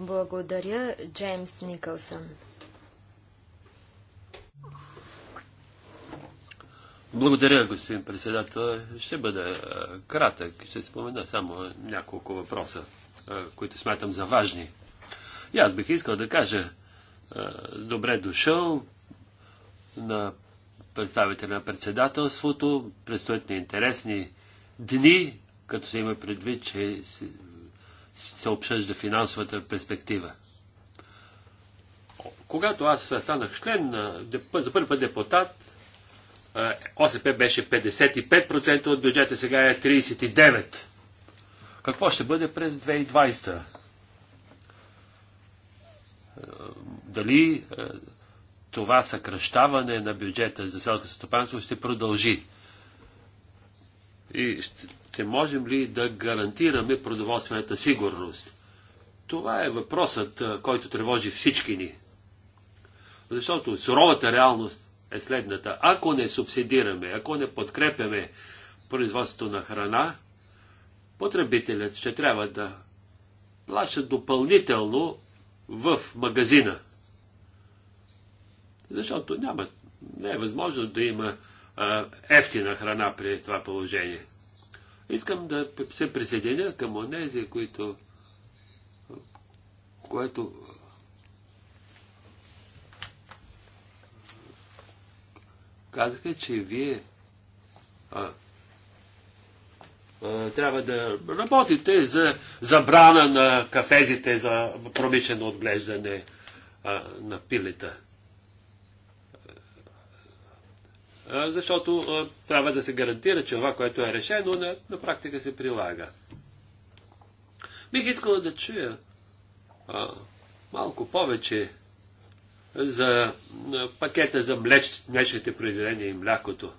Благодаря, Джеймс Никълсън. Благодаря, господин председател. Ще бъда кратък. Ще спомена само няколко въпроса, които смятам за важни. И аз бих искал да кажа добре дошъл на представителя на председателството. Предстоят ни интересни дни, като се има предвид, че се обсъжда финансовата перспектива. Когато аз станах член, за първи път депутат, ОСП беше 55% от бюджета, сега е 39%. Какво ще бъде през 2020? Дали това съкръщаване на бюджета за селското стопанство ще продължи? И ще ще можем ли да гарантираме продоволствената сигурност? Това е въпросът, който тревожи всички ни. Защото суровата реалност е следната. Ако не субсидираме, ако не подкрепяме производството на храна, потребителят ще трябва да плаща допълнително в магазина. Защото няма, не е възможно да има а, ефтина храна при това положение. Искам да се присъединя към онези, които, което казаха, че вие а, а, трябва да работите за забрана на кафезите за промишлено отглеждане а, на пилета. защото трябва да се гарантира, че това, което е решено, на, на практика се прилага. Бих искала да чуя а, малко повече за а, пакета за млечните произведения и млякото.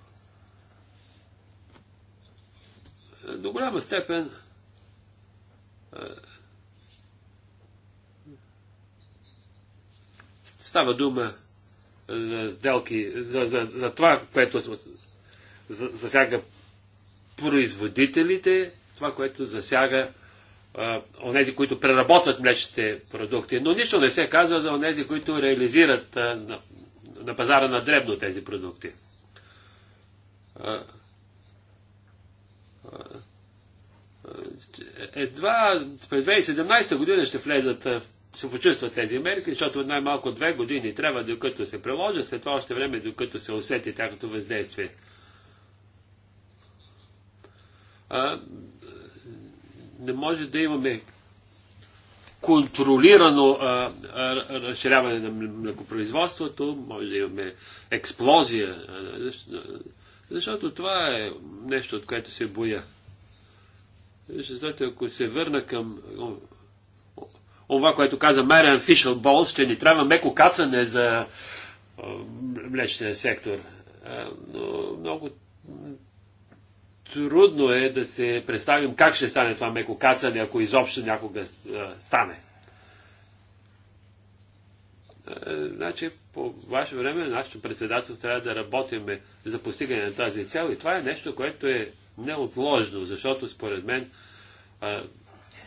До голяма степен а, става дума за сделки, за, за, за това, което засяга производителите, това, което засяга онези, които преработват млечните продукти. Но нищо не се казва за онези, които реализират а, на, на пазара на дребно тези продукти. едва през 2017 година ще влезат в се почувстват тези мерки, защото най-малко две години трябва докато се приложат, след това още време докато се усети тяхното въздействие. А, не може да имаме контролирано а, а, разширяване на млекопроизводството, може да имаме експлозия, защото, защото това е нещо, от което се боя. Защото ако се върна към това, което каза Мариан Фишел Болс, че ни трябва меко кацане за млечния сектор. Но много трудно е да се представим как ще стане това меко кацане, ако изобщо някога стане. Значи, по ваше време, нашето председателство трябва да работим за постигане на тази цел и това е нещо, което е неотложно, защото според мен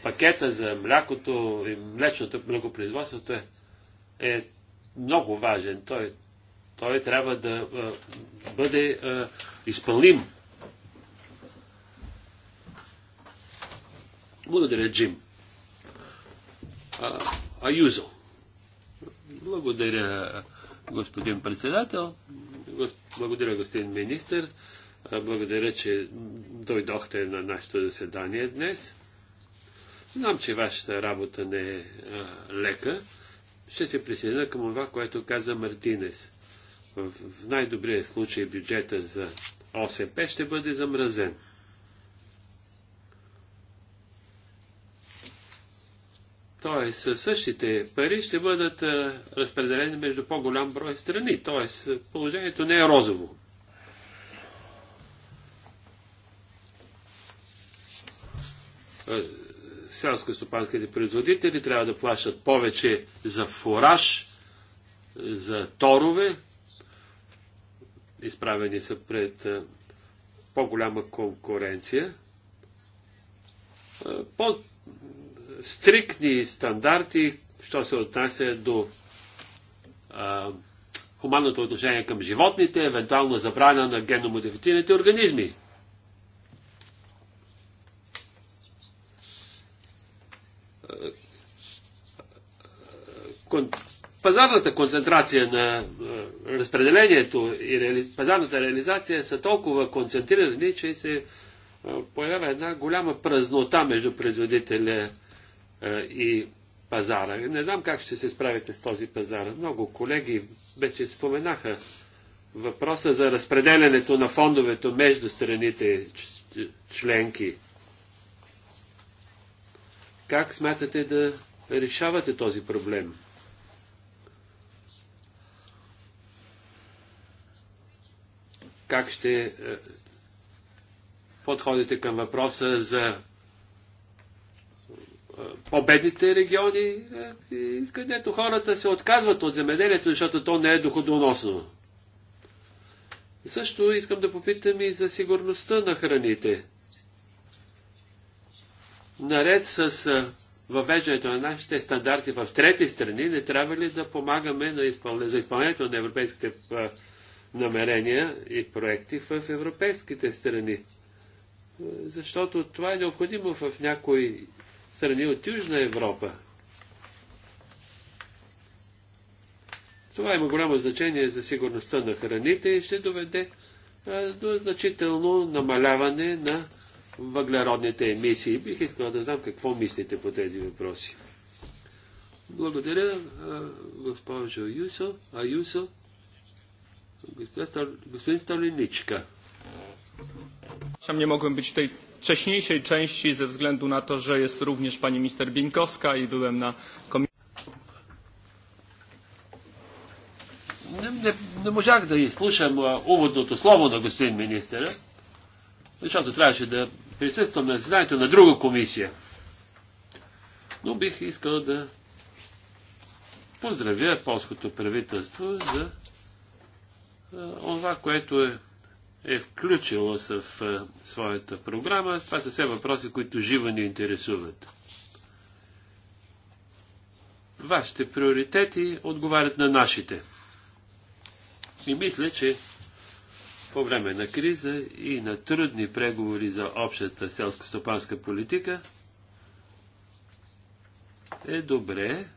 пакета за млякото и млечното млекопроизводството е, е много важен. Той, той трябва да а, бъде а, изпълним. Благодаря, Джим. Аюзо. Благодаря, господин председател. Благодаря, господин министр. Благодаря, че дойдохте на нашето заседание днес. Знам, че вашата работа не е а, лека. Ще се присъединя към това, което каза Мартинес. В, в най-добрия случай бюджета за ОСП ще бъде замразен. Тоест, същите пари ще бъдат а, разпределени между по-голям брой страни. Тоест, положението не е розово селско-стопанските производители трябва да плащат повече за фураж, за торове. Изправени са пред по-голяма конкуренция. По-стрикни стандарти, що се отнася до а, хуманното отношение към животните, евентуална забрана на генномодифицираните организми. пазарната концентрация на е, разпределението и пазарната реализация са толкова концентрирани, че се е, появява една голяма празнота между производителя е, и пазара. Не знам как ще се справите с този пазар. Много колеги вече споменаха въпроса за разпределянето на фондовете между страните членки. Как смятате да решавате този проблем? как ще е, подходите към въпроса за е, победните региони, е, където хората се отказват от земеделието, защото то не е доходоносно. Също искам да попитам и за сигурността на храните. Наред с въвеждането на нашите стандарти в трети страни, не трябва ли да помагаме на изпълнение, за изпълнението на европейските намерения и проекти в европейските страни. Защото това е необходимо в някои страни от Южна Европа. Това има голямо значение за сигурността на храните и ще доведе до значително намаляване на въглеродните емисии. Бих искал да знам какво мислите по тези въпроси. Благодаря, госпожо Юсо. А Юсо? Господин Stoliniczka. Nie mogłem być tej wcześniejszej części ze względu na to, że jest również pani minister Binkowska i byłem na komisji. Не, не, не можах да изслушам уводното слово на господин министъра, защото трябваше да присъствам на заседанието на друга комисия. Но бих искал да поздравя полското правителство за това, което е, е включило в своята програма, това са все въпроси, които живо ни интересуват. Вашите приоритети отговарят на нашите. И мисля, че по време на криза и на трудни преговори за общата селско-стопанска политика е добре,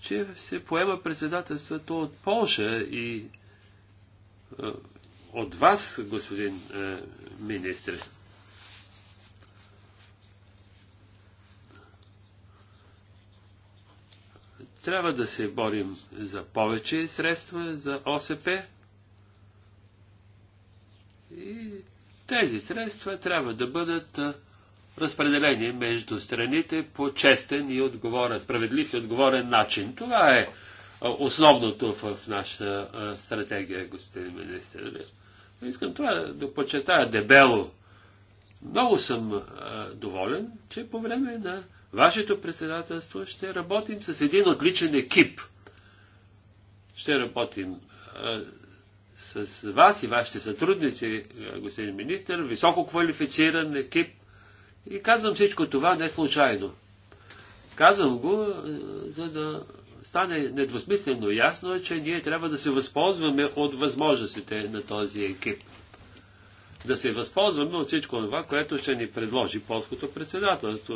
че се поема председателството от Полша и е, от вас, господин е, министр. Трябва да се борим за повече средства за ОСП и тези средства трябва да бъдат е, разпределени между страните по честен и отговорен, справедлив и отговорен начин. Това е основното в нашата стратегия, господин министр. Искам това да почетая дебело. Много съм доволен, че по време на вашето председателство ще работим с един отличен екип. Ще работим с вас и вашите сътрудници, господин министр, високо квалифициран екип. И казвам всичко това не случайно. Казвам го, за да стане недвусмислено ясно, че ние трябва да се възползваме от възможностите на този екип. Да се възползваме от всичко това, което ще ни предложи полското председателство.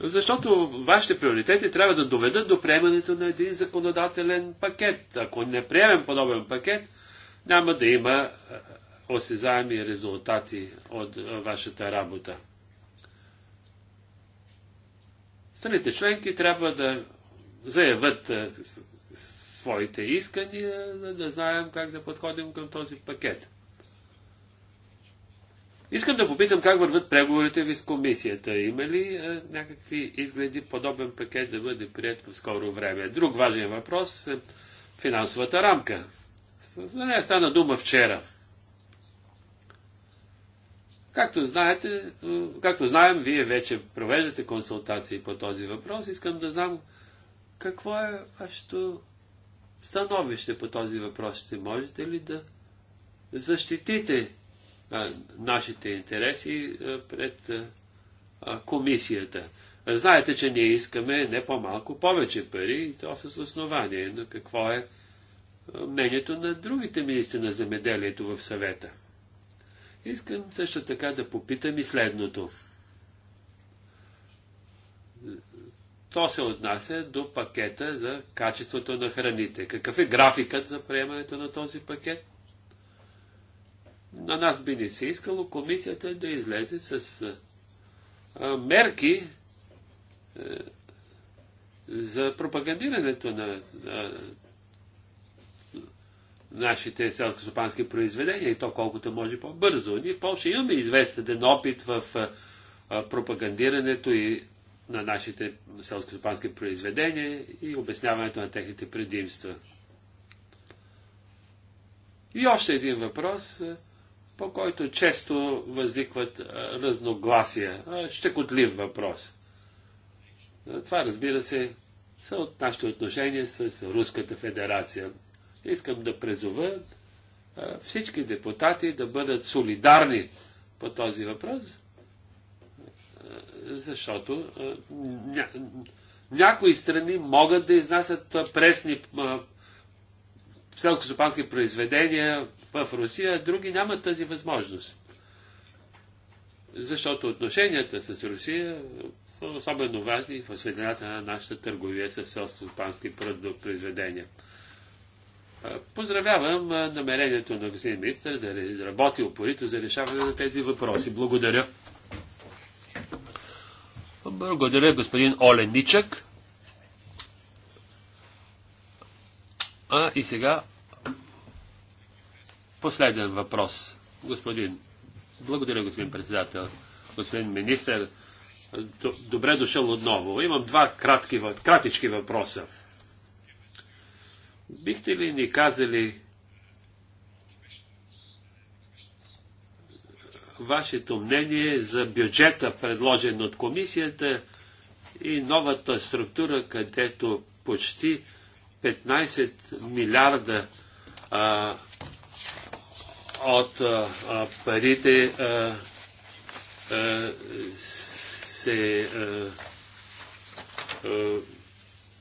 Защото вашите приоритети трябва да доведат до приемането на един законодателен пакет. Ако не приемем подобен пакет, няма да има осезаеми резултати от вашата работа. Страните членки трябва да заявят е, своите искания, за да знаем как да подходим към този пакет. Искам да попитам как върват преговорите ви с комисията. Има ли е, някакви изгледи подобен пакет да бъде прият в скоро време? Друг важен въпрос е финансовата рамка. За нея стана дума вчера. Както, знаете, е, както знаем, вие вече провеждате консултации по този въпрос. Искам да знам какво е вашето становище по този въпрос. Ще можете ли да защитите а, нашите интереси а, е, пред е, а, комисията? Знаете, че ние искаме не по-малко, повече пари и то с основание. Но какво е мнението на другите министри на земеделието в съвета? Искам също така да попитам и следното. То се отнася до пакета за качеството на храните. Какъв е графикът за приемането на този пакет? На нас би не се искало комисията да излезе с а, мерки а, е, за пропагандирането на нашите селскостопански произведения и то колкото може по-бързо. Ние в Польша имаме известен опит в пропагандирането и на нашите селскостопански произведения и обясняването на техните предимства. И още един въпрос, по който често възникват разногласия. Щекотлив въпрос. Това, разбира се, са от нашите отношения с Руската федерация. Искам да призова всички депутати да бъдат солидарни по този въпрос, защото някои страни могат да изнасят пресни селско-стопански произведения в Русия, а други нямат тази възможност. Защото отношенията с Русия са особено важни в светлината на нашата търговия с селско-стопански произведения. Поздравявам намерението на господин министър да работи опорито за решаване на тези въпроси. Благодаря. Благодаря, господин Оленичък. А и сега последен въпрос. Господин, благодаря, господин председател, господин министър. Добре дошъл отново. Имам два кратки, кратички въпроса. Бихте ли ни казали вашето мнение за бюджета, предложен от комисията и новата структура, където почти 15 милиарда а, от а, парите а, а, се а, а,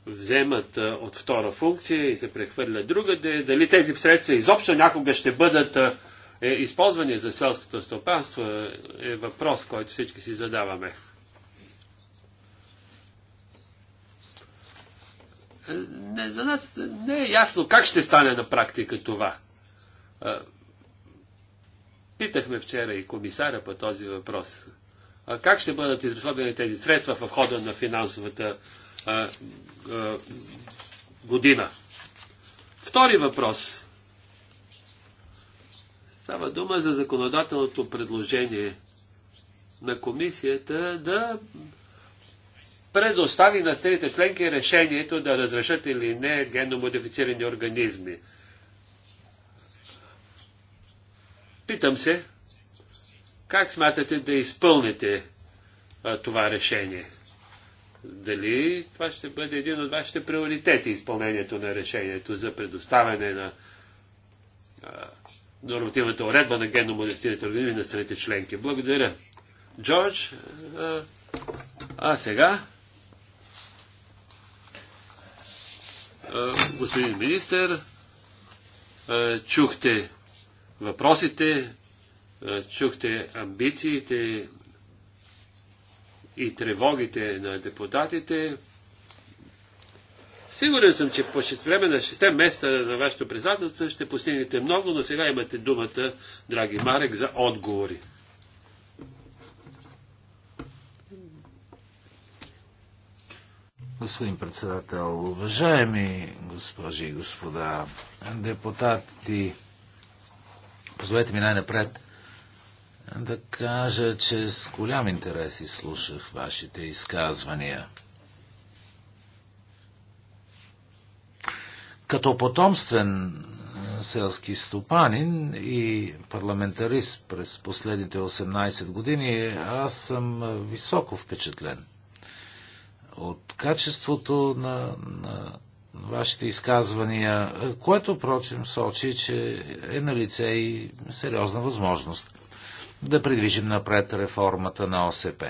вземат от втора функция и се прехвърлят друга, дали тези средства изобщо някога ще бъдат е, използвани за селското стопанство, е, е въпрос, който всички си задаваме. Не, за нас не е ясно как ще стане на практика това. Питахме вчера и комисара по този въпрос. Как ще бъдат изразходени тези средства в хода на финансовата а, е, а, е, година. Втори въпрос. Става дума за законодателното предложение на комисията да предостави на страните членки решението да разрешат или не генномодифицирани организми. Питам се, как смятате да изпълните а, това решение? дали това ще бъде един от вашите приоритети, изпълнението на решението за предоставяне на а, нормативната уредба на генномодифицираните организми на страните членки. Благодаря. Джордж, а, а сега а, господин министр, а, чухте въпросите, чухте амбициите, и тревогите на депутатите. Сигурен съм, че по време на 6 места на вашето председателство ще постигнете много, но сега имате думата, драги Марек, за отговори. Господин председател, уважаеми госпожи и господа депутати, позволете ми най-напред да кажа, че с голям интерес изслушах вашите изказвания. Като потомствен селски стопанин и парламентарист през последните 18 години, аз съм високо впечатлен от качеството на, на вашите изказвания, което, впрочем, сочи, че е на лице и сериозна възможност да придвижим напред реформата на ОСП.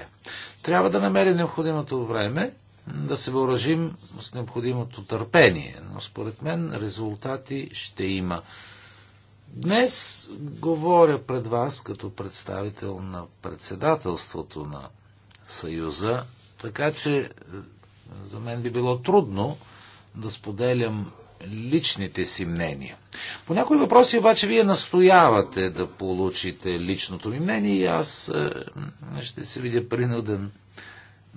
Трябва да намерим необходимото време, да се въоръжим с необходимото търпение, но според мен резултати ще има. Днес говоря пред вас като представител на председателството на Съюза, така че е, за мен би било трудно да споделям личните си мнения. По някои въпроси обаче вие настоявате да получите личното ми мнение и аз е, ще се видя принуден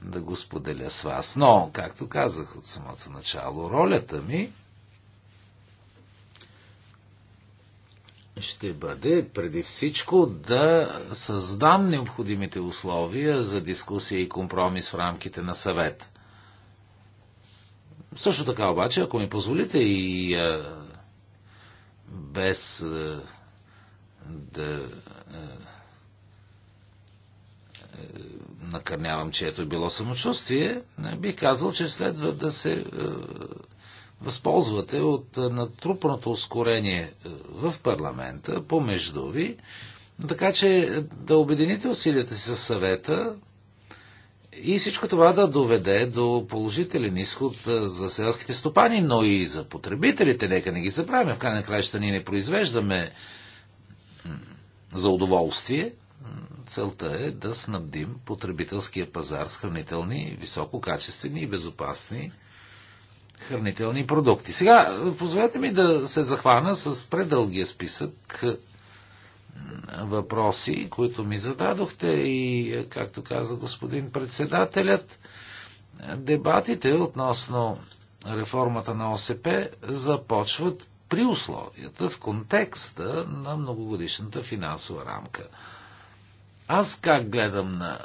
да го споделя с вас. Но, както казах от самото начало, ролята ми ще бъде преди всичко да създам необходимите условия за дискусия и компромис в рамките на съвета. Също така обаче, ако ми позволите и а, без а, да а, е, накърнявам чието е било самочувствие, бих казал, че следва да се е, възползвате от е, натрупаното ускорение в парламента, помежду ви, така че да обедините усилията си с съвета и всичко това да доведе до положителен изход за селските стопани, но и за потребителите. Нека не ги забравяме. В крайна краища ние не произвеждаме за удоволствие. Целта е да снабдим потребителския пазар с хранителни, висококачествени и безопасни хранителни продукти. Сега, позволете ми да се захвана с предългия списък въпроси, които ми зададохте и, както каза господин председателят, дебатите относно реформата на ОСП започват при условията, в контекста на многогодишната финансова рамка. Аз как гледам на,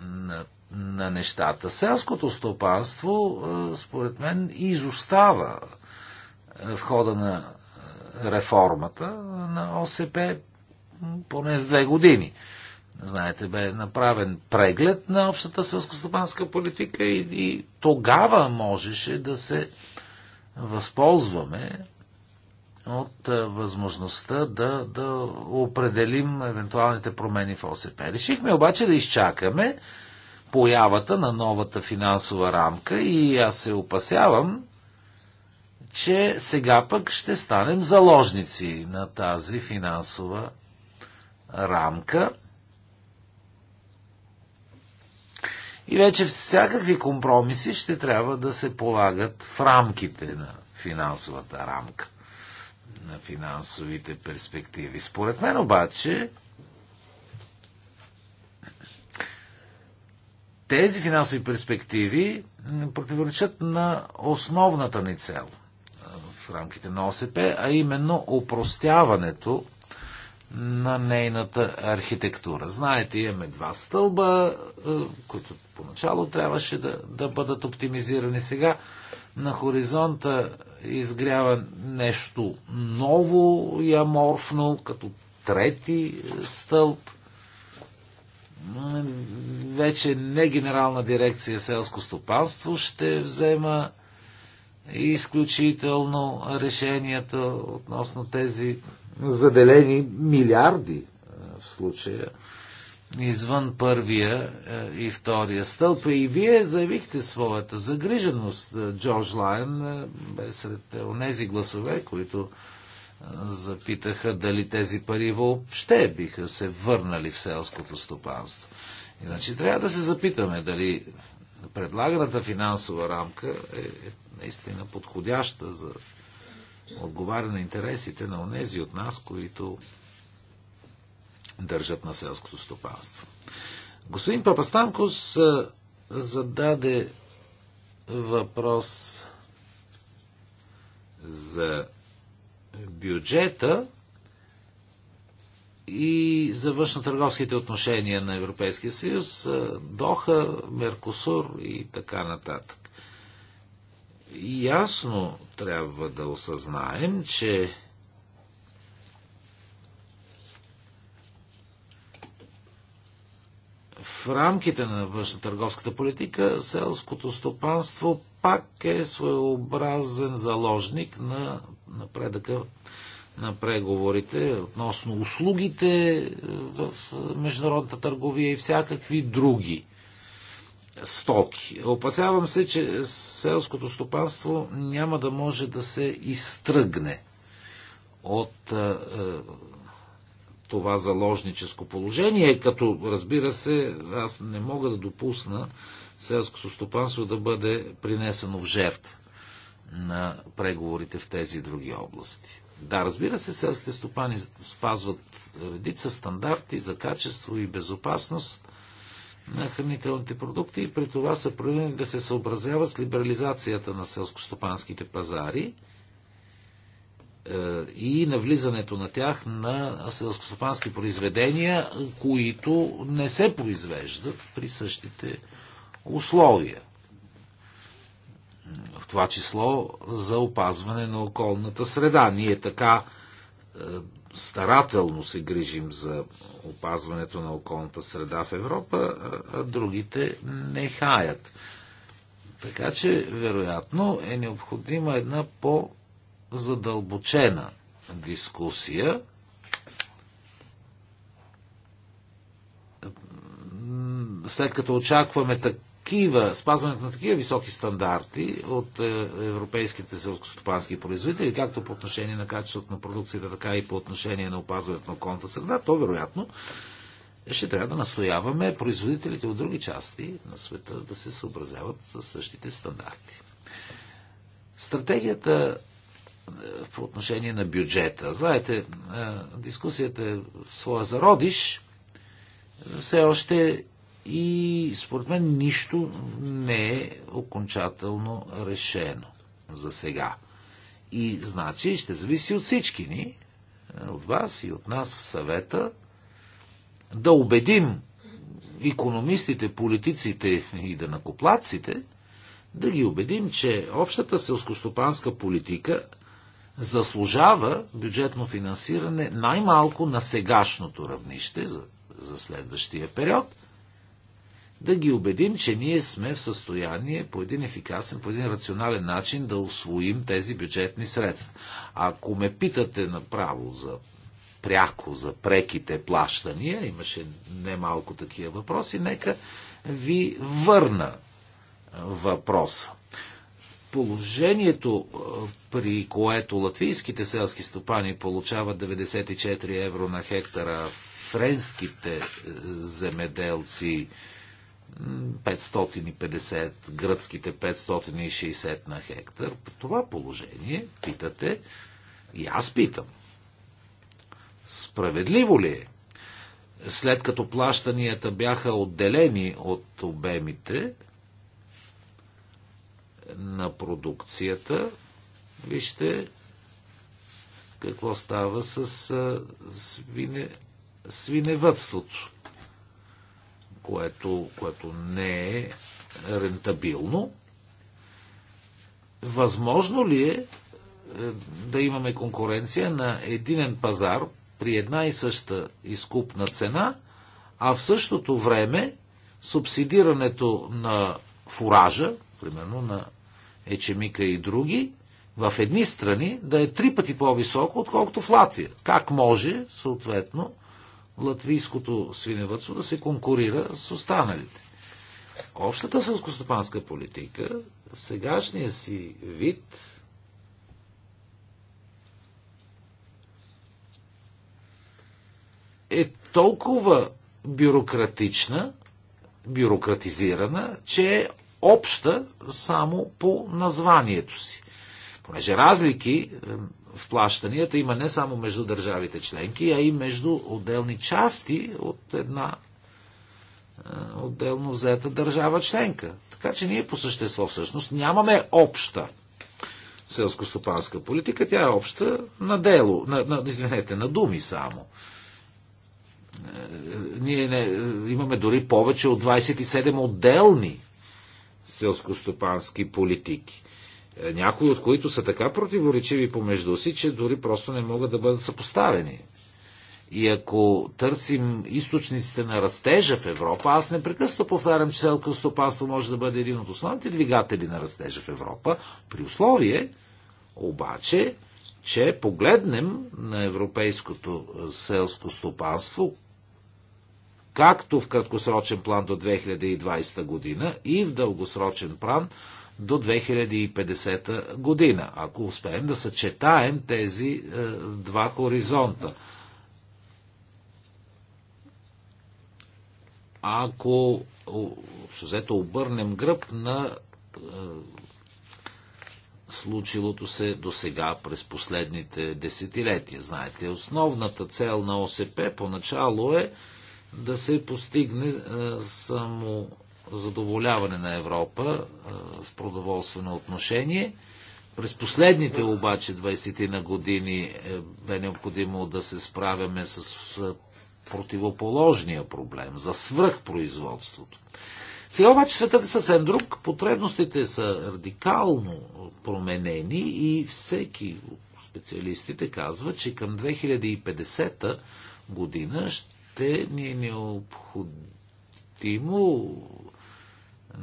на, на нещата? Селското стопанство, според мен, изостава в хода на реформата на ОСП поне с две години. Знаете, бе направен преглед на общата сълскостопанска политика и, и тогава можеше да се възползваме от е, възможността да, да определим евентуалните промени в ОСП. Решихме обаче да изчакаме появата на новата финансова рамка и аз се опасявам, че сега пък ще станем заложници на тази финансова рамка. И вече всякакви компромиси ще трябва да се полагат в рамките на финансовата рамка, на финансовите перспективи. Според мен обаче, тези финансови перспективи противоречат на основната ни цел в рамките на ОСП, а именно опростяването на нейната архитектура. Знаете, имаме два стълба, е, които поначало трябваше да, да бъдат оптимизирани. Сега на хоризонта изгрява нещо ново и аморфно, като трети е, стълб. Вече не генерална дирекция селско стопанство ще взема изключително решенията относно тези заделени милиарди е, в случая извън първия е, и втория стълб. И вие заявихте своята загриженост. Е, Джордж Лайн бе сред онези гласове, които запитаха дали тези пари въобще биха се върнали в селското стопанство. И значи трябва да се запитаме дали предлаганата финансова рамка е наистина подходяща за отговаря на интересите на онези от нас, които държат на селското стопанство. Господин Папастанкос зададе въпрос за бюджета и за външно-търговските отношения на Европейския съюз, Доха, Меркосур и така нататък ясно трябва да осъзнаем, че в рамките на външно-търговската политика селското стопанство пак е своеобразен заложник на напредъка на преговорите относно услугите в международната търговия и всякакви други стоки. Опасявам се, че селското стопанство няма да може да се изтръгне от е, е, това заложническо положение, като разбира се, аз не мога да допусна селското стопанство да бъде принесено в жертва на преговорите в тези други области. Да, разбира се, селските стопани спазват редица стандарти за качество и безопасност, на хранителните продукти и при това са проведени да се съобразява с либерализацията на селскостопанските пазари е, и навлизането на тях на селскостопански произведения, които не се произвеждат при същите условия. В това число за опазване на околната среда. Ние така е, старателно се грижим за опазването на околната среда в Европа, а другите не хаят. Така че, вероятно, е необходима една по-задълбочена дискусия. След като очакваме так такива, спазването на такива високи стандарти от е, европейските селскостопански производители, както по отношение на качеството на продукцията, така и по отношение на опазването на околната среда, то вероятно ще трябва да настояваме производителите от други части на света да се съобразяват с същите стандарти. Стратегията е, по отношение на бюджета. Знаете, е, дискусията е в своя зародиш. Все още и според мен нищо не е окончателно решено за сега. И значи ще зависи от всички ни, от вас и от нас в съвета, да убедим економистите, политиците и накоплаците, да ги убедим, че общата селскостопанска политика заслужава бюджетно финансиране най-малко на сегашното равнище за, за следващия период – да ги убедим, че ние сме в състояние по един ефикасен, по един рационален начин да освоим тези бюджетни средства. Ако ме питате направо за пряко за преките плащания, имаше немалко такива въпроси, нека ви върна въпроса. Положението, при което латвийските селски стопани получават 94 евро на хектара, френските земеделци 550, гръцките 560 на хектар. По това положение, питате, и аз питам, справедливо ли е? След като плащанията бяха отделени от обемите на продукцията, вижте какво става с свине, свиневътството което, което не е рентабилно. Възможно ли е, е да имаме конкуренция на единен пазар при една и съща изкупна цена, а в същото време субсидирането на фуража, примерно на ечемика и други, в едни страни да е три пъти по-високо, отколкото в Латвия. Как може, съответно, латвийското свиневътство да се конкурира с останалите. Общата сълскостопанска политика в сегашния си вид е толкова бюрократична, бюрократизирана, че е обща само по названието си. Понеже разлики е, в плащанията има не само между държавите членки, а и между отделни части от една е, отделно взета държава членка. Така че ние по същество всъщност нямаме обща селско-стопанска политика, тя е обща на дело, на, на, извинете, на думи само. Е, е, ние не, имаме дори повече от 27 отделни селско-стопански политики. Е, някои от които са така противоречиви помежду си, че дори просто не могат да бъдат съпоставени. И ако търсим източниците на растежа в Европа, аз непрекъснато повтарям, че селското стопанство може да бъде един от основните двигатели на растежа в Европа, при условие обаче, че погледнем на европейското е, селско стопанство, както в краткосрочен план до 2020 година и в дългосрочен план, до 2050 година, ако успеем да съчетаем тези е, два хоризонта. Ако взето обърнем гръб на е, случилото се до сега през последните десетилетия. Знаете, основната цел на ОСП поначало е да се постигне е, само задоволяване на Европа в продоволствено отношение. През последните обаче 20 на години е, бе необходимо да се справяме с противоположния проблем, за свръхпроизводството. Сега обаче светът е съвсем друг, потребностите са радикално променени и всеки от специалистите казва, че към 2050 година ще ни е необходимо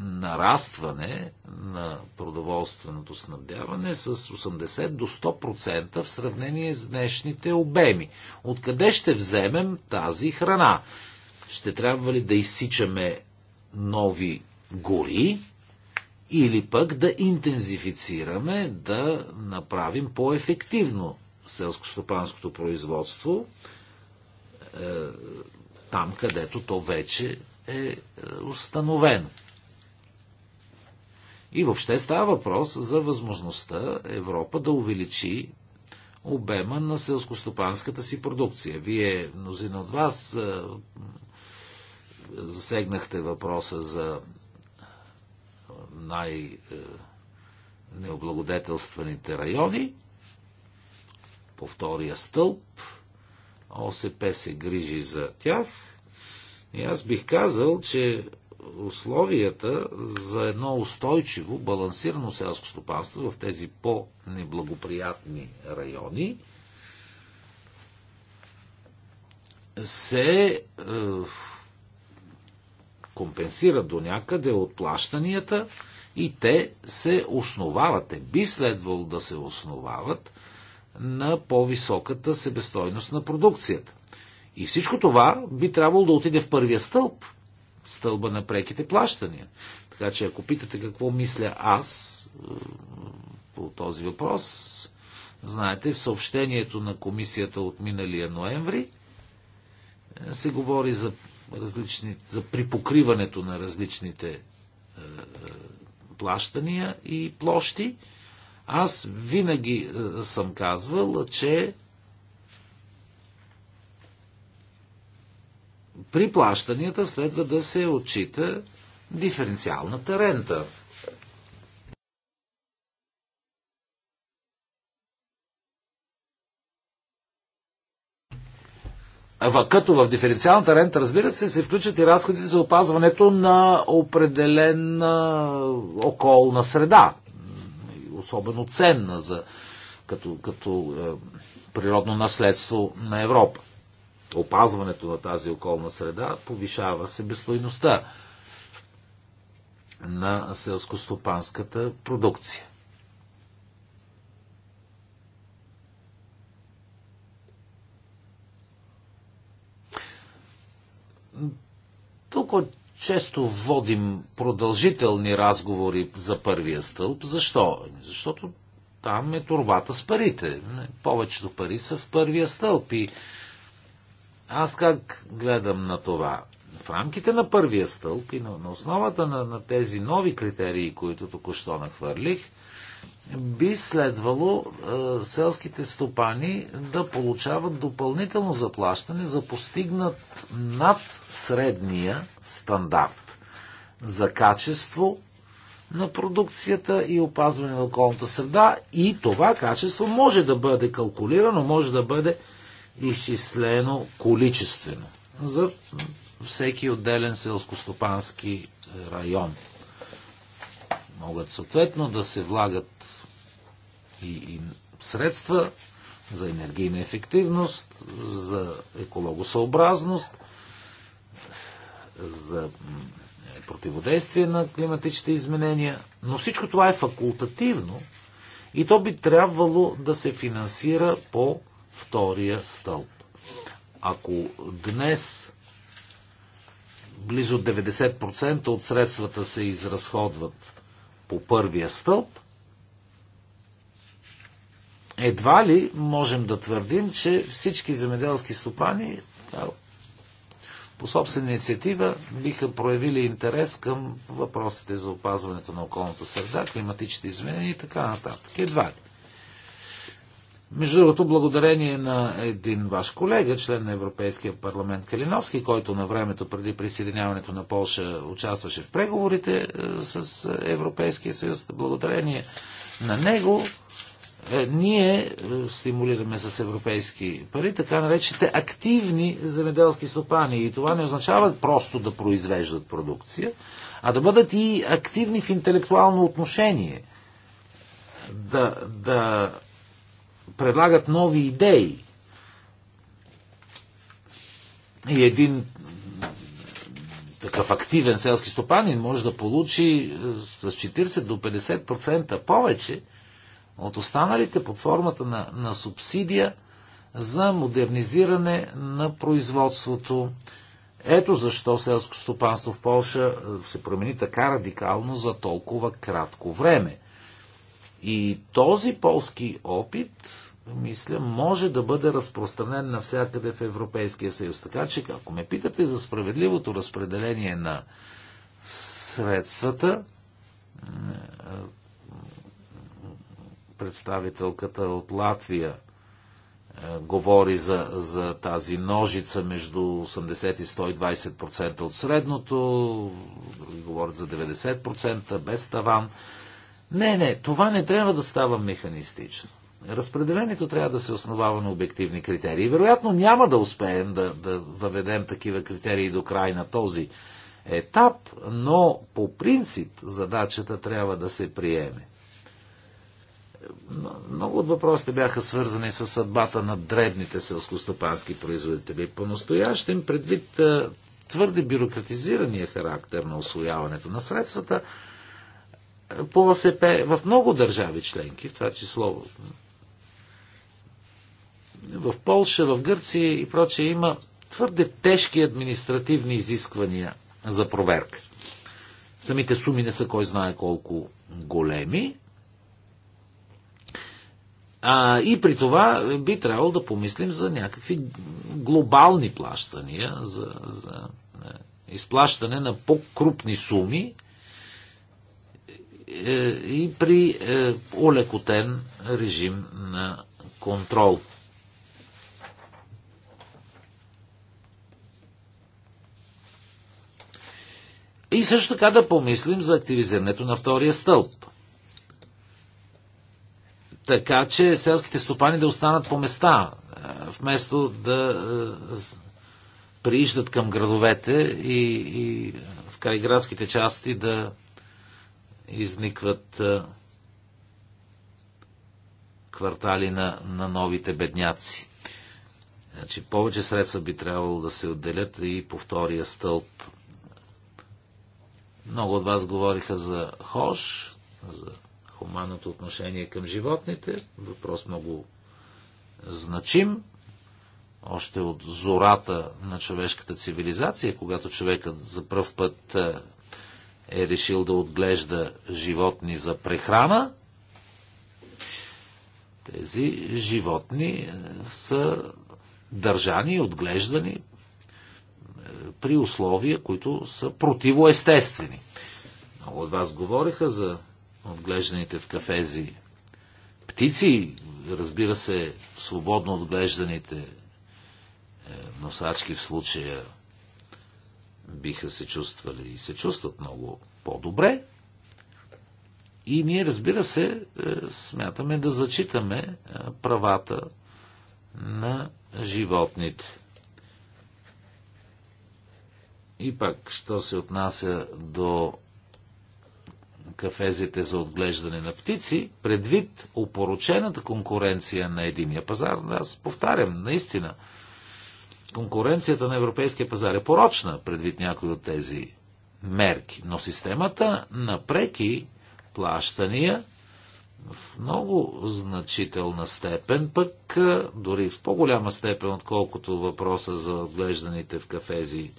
нарастване на продоволственото снабдяване с 80 до 100% в сравнение с днешните обеми. Откъде ще вземем тази храна? Ще трябва ли да изсичаме нови гори или пък да интензифицираме, да направим по-ефективно селскостопанското производство е, там, където то вече е, е установено. И въобще става въпрос за възможността Европа да увеличи обема на селскостопанската си продукция. Вие, мнозина от вас, е, засегнахте въпроса за най-необлагодетелстваните райони по втория стълб. ОСП се грижи за тях. И аз бих казал, че условията за едно устойчиво, балансирано селско стопанство в тези по-неблагоприятни райони се е, компенсират до някъде от плащанията и те се основават, те би следвало да се основават на по-високата себестойност на продукцията. И всичко това би трябвало да отиде в първия стълб стълба на преките плащания. Така че ако питате какво мисля аз е, по този въпрос, знаете, в съобщението на комисията от миналия ноември е, се говори за, различни, за припокриването на различните е, е, плащания и площи. Аз винаги е, съм казвал, че при плащанията следва да се отчита диференциалната рента. като в диференциалната рента, разбира се, се включат и разходите за опазването на определена околна среда, особено ценна за, като, като е, природно наследство на Европа опазването на тази околна среда, повишава себестойността на селскостопанската продукция. Толкова често водим продължителни разговори за първия стълб. Защо? Защото там е турбата с парите. Повечето пари са в първия стълб и аз как гледам на това? В рамките на първия стълб и на, на основата на, на тези нови критерии, които току-що нахвърлих, би следвало е, селските стопани да получават допълнително заплащане за постигнат над средния стандарт за качество на продукцията и опазване на околната среда и това качество може да бъде калкулирано, може да бъде изчислено количествено за всеки отделен селскостопански е, район. Могат съответно да се влагат и, и средства за енергийна ефективност, за екологосъобразност, за е, противодействие на климатичните изменения, но всичко това е факултативно и то би трябвало да се финансира по втория стълб. Ако днес близо 90% от средствата се изразходват по първия стълб, едва ли можем да твърдим, че всички земеделски стопани по собствена инициатива биха проявили интерес към въпросите за опазването на околната среда, климатичните изменения и така нататък. Едва ли. Между другото, благодарение на един ваш колега, член на Европейския парламент Калиновски, който на времето преди присъединяването на Полша участваше в преговорите е, с Европейския съюз, благодарение на него е, ние е, стимулираме с европейски пари така наречените активни земеделски стопани. И това не означава просто да произвеждат продукция, а да бъдат и активни в интелектуално отношение. Да, да предлагат нови идеи. И един такъв активен селски стопанин може да получи е, с 40 до 50% повече от останалите под формата на, на субсидия за модернизиране на производството. Ето защо селско стопанство в Польша е, се промени така радикално за толкова кратко време. И този полски опит мисля, може да бъде разпространен навсякъде в Европейския съюз. Така че, ако ме питате за справедливото разпределение на средствата, представителката от Латвия е, говори за, за тази ножица между 80 и 120% от средното, говорят за 90% без таван. Не, не, това не трябва да става механистично. Разпределението трябва да се основава на обективни критерии. Вероятно няма да успеем да, да въведем такива критерии до край на този етап, но по принцип задачата трябва да се приеме. Много от въпросите бяха свързани с съдбата на дребните селскостопански производители. По-настоящем, предвид твърде бюрократизирания характер на освояването на средствата, по ОСП в много държави членки, в това число в Полша, в Гърция и прочее има твърде тежки административни изисквания за проверка. Самите суми не са кой знае колко големи. А, и при това би трябвало да помислим за някакви глобални плащания, за, за е, изплащане на по-крупни суми е, и при олекотен е, режим на контрол. И също така да помислим за активизирането на втория стълб. Така че селските стопани да останат по места, е, вместо да е, прииждат към градовете и, и в крайградските части да изникват е, квартали на, на новите бедняци. Значи повече средства би трябвало да се отделят и по втория стълб много от вас говориха за хош, за хуманното отношение към животните. Въпрос много значим. Още от зората на човешката цивилизация, когато човекът за пръв път е, е решил да отглежда животни за прехрана, тези животни е, са държани, отглеждани при условия, които са противоестествени. Много от вас говориха за отглежданите в кафези птици, разбира се, свободно отглежданите е, носачки в случая биха се чувствали и се чувстват много по-добре. И ние, разбира се, е, смятаме да зачитаме е, правата на животните. И пак, що се отнася до кафезите за отглеждане на птици, предвид опорочената конкуренция на единия пазар, аз повтарям, наистина, конкуренцията на европейския пазар е порочна предвид някои от тези мерки. Но системата на преки плащания в много значителна степен, пък дори в по-голяма степен, отколкото въпроса за отглежданите в кафези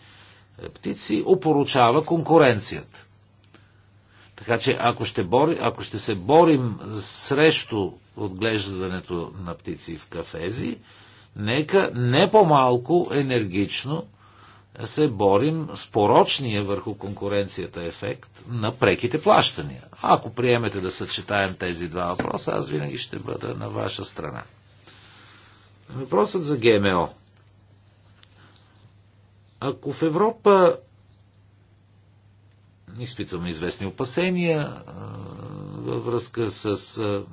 птици опоручава конкуренцията. Така че ако ще, бори, ако ще се борим срещу отглеждането на птици в кафези, нека не по-малко енергично се борим с порочния върху конкуренцията ефект на преките плащания. Ако приемете да съчетаем тези два въпроса, аз винаги ще бъда на ваша страна. Въпросът за ГМО. Ако в Европа изпитваме известни опасения във връзка с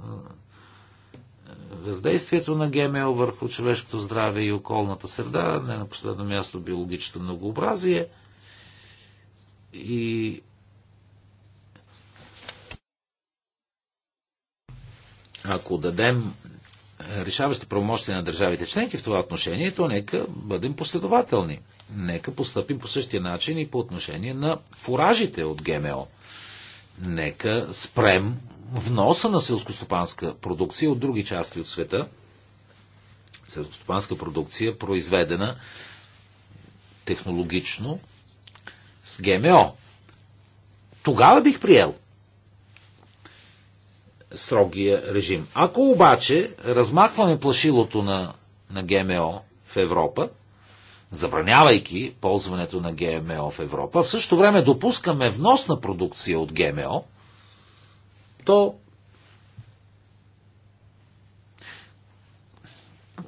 въздействието на ГМО върху човешкото здраве и околната среда, не на последно място биологичното многообразие и ако дадем решаващи правомощия на държавите членки в това отношение, то нека бъдем последователни. Нека постъпим по същия начин и по отношение на фуражите от ГМО. Нека спрем вноса на селскостопанска продукция от други части от света. Селскостопанска продукция, произведена технологично с ГМО. Тогава бих приел строгия режим. Ако обаче размахваме плашилото на, на ГМО в Европа, забранявайки ползването на ГМО в Европа, в същото време допускаме внос на продукция от ГМО, то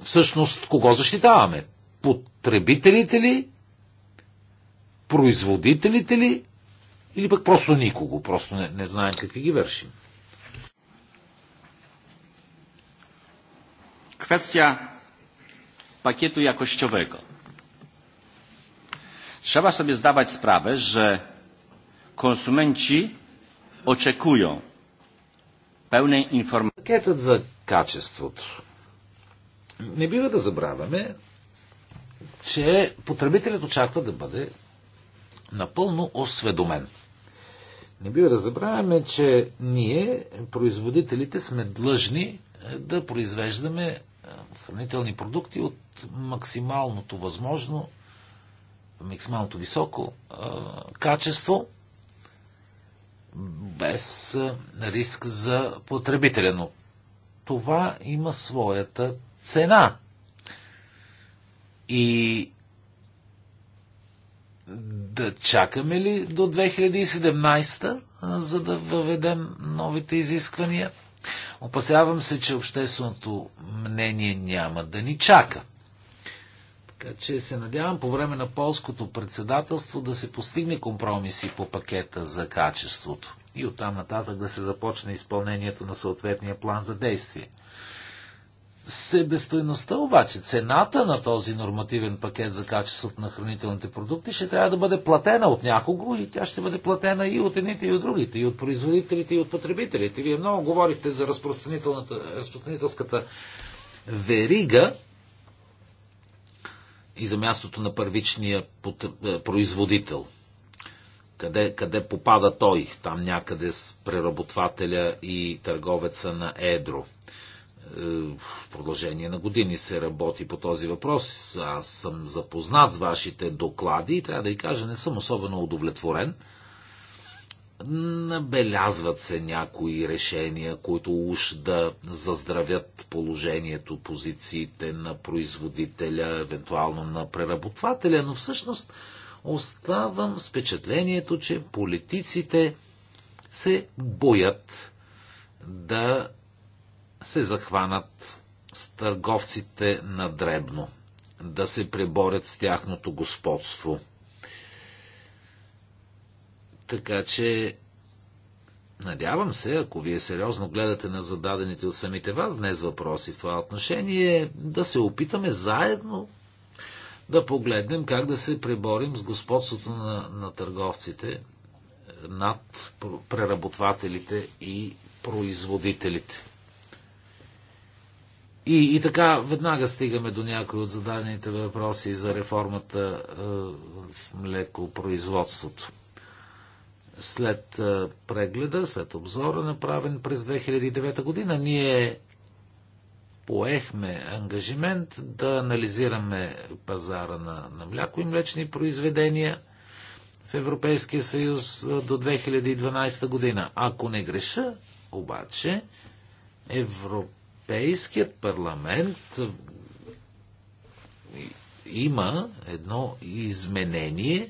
всъщност кого защитаваме? Потребителите ли? Производителите ли? Или пък просто никого? Просто не, не знаем какви ги вършим. Kwestia pakietu jakościowego. Trzeba sobie zdawać sprawę, że konsumenci oczekują pełnej informacji. Пакетът за качеството. Не бива да забравяме, че потребителят очаква да бъде напълно осведомен. Не бива да забравяме, че ние, производителите, сме длъжни да произвеждаме хранителни продукти от максималното възможно, максималното високо качество, без риск за потребителя. Но това има своята цена. И да чакаме ли до 2017, за да въведем новите изисквания? Опасявам се, че общественото мнение няма да ни чака. Така че се надявам по време на полското председателство да се постигне компромиси по пакета за качеството и оттам нататък да се започне изпълнението на съответния план за действие. Себестойността обаче, цената на този нормативен пакет за качеството на хранителните продукти ще трябва да бъде платена от някого и тя ще бъде платена и от едните и от другите, и от производителите, и от потребителите. Вие много говорихте за разпространителската верига и за мястото на първичния е, производител. Къде, къде попада той? Там някъде с преработвателя и търговеца на едро. В продължение на години се работи по този въпрос. Аз съм запознат с вашите доклади и трябва да ви кажа, не съм особено удовлетворен. Набелязват се някои решения, които уж да заздравят положението, позициите на производителя, евентуално на преработвателя, но всъщност оставам с впечатлението, че политиците се боят да се захванат с търговците на дребно, да се преборят с тяхното господство. Така че, надявам се, ако вие сериозно гледате на зададените от самите вас днес въпроси в това отношение, да се опитаме заедно да погледнем как да се преборим с господството на, на търговците над преработвателите и производителите. И, и така, веднага стигаме до някои от зададените въпроси за реформата е, в млекопроизводството. След е, прегледа, след обзора, направен през 2009 година, ние поехме ангажимент да анализираме пазара на, на мляко и млечни произведения в Европейския съюз е, до 2012 година. Ако не греша, обаче, Европейския Европейският парламент има едно изменение е,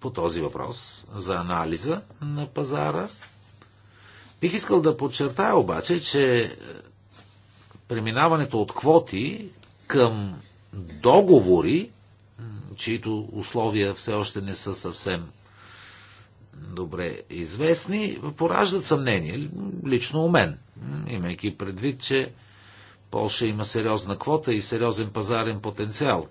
по този въпрос за анализа на пазара. Бих искал да подчертая обаче, че е, преминаването от квоти към договори, чието условия все още не са съвсем добре известни, пораждат съмнение, лично у мен, имайки предвид, че Полша има сериозна квота и сериозен пазарен потенциал.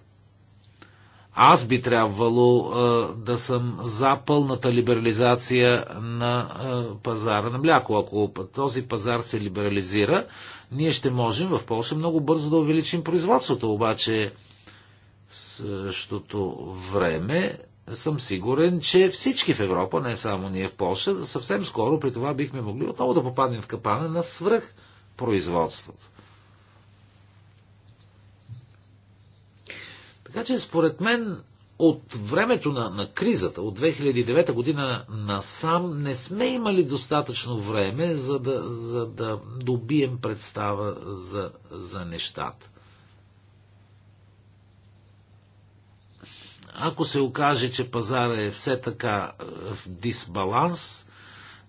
Аз би трябвало а, е, да съм за пълната либерализация на а, е, пазара на мляко. Ако този пазар се либерализира, ние ще можем в Польша много бързо да увеличим производството. Обаче в същото време съм сигурен, че всички в Европа, не само ние в Польша, съвсем скоро при това бихме могли отново да попаднем в капана на свръхпроизводството. Така че, според мен, от времето на, на кризата, от 2009 година насам, не сме имали достатъчно време, за да, за да добием представа за, за нещата. Ако се окаже, че пазара е все така е, в дисбаланс,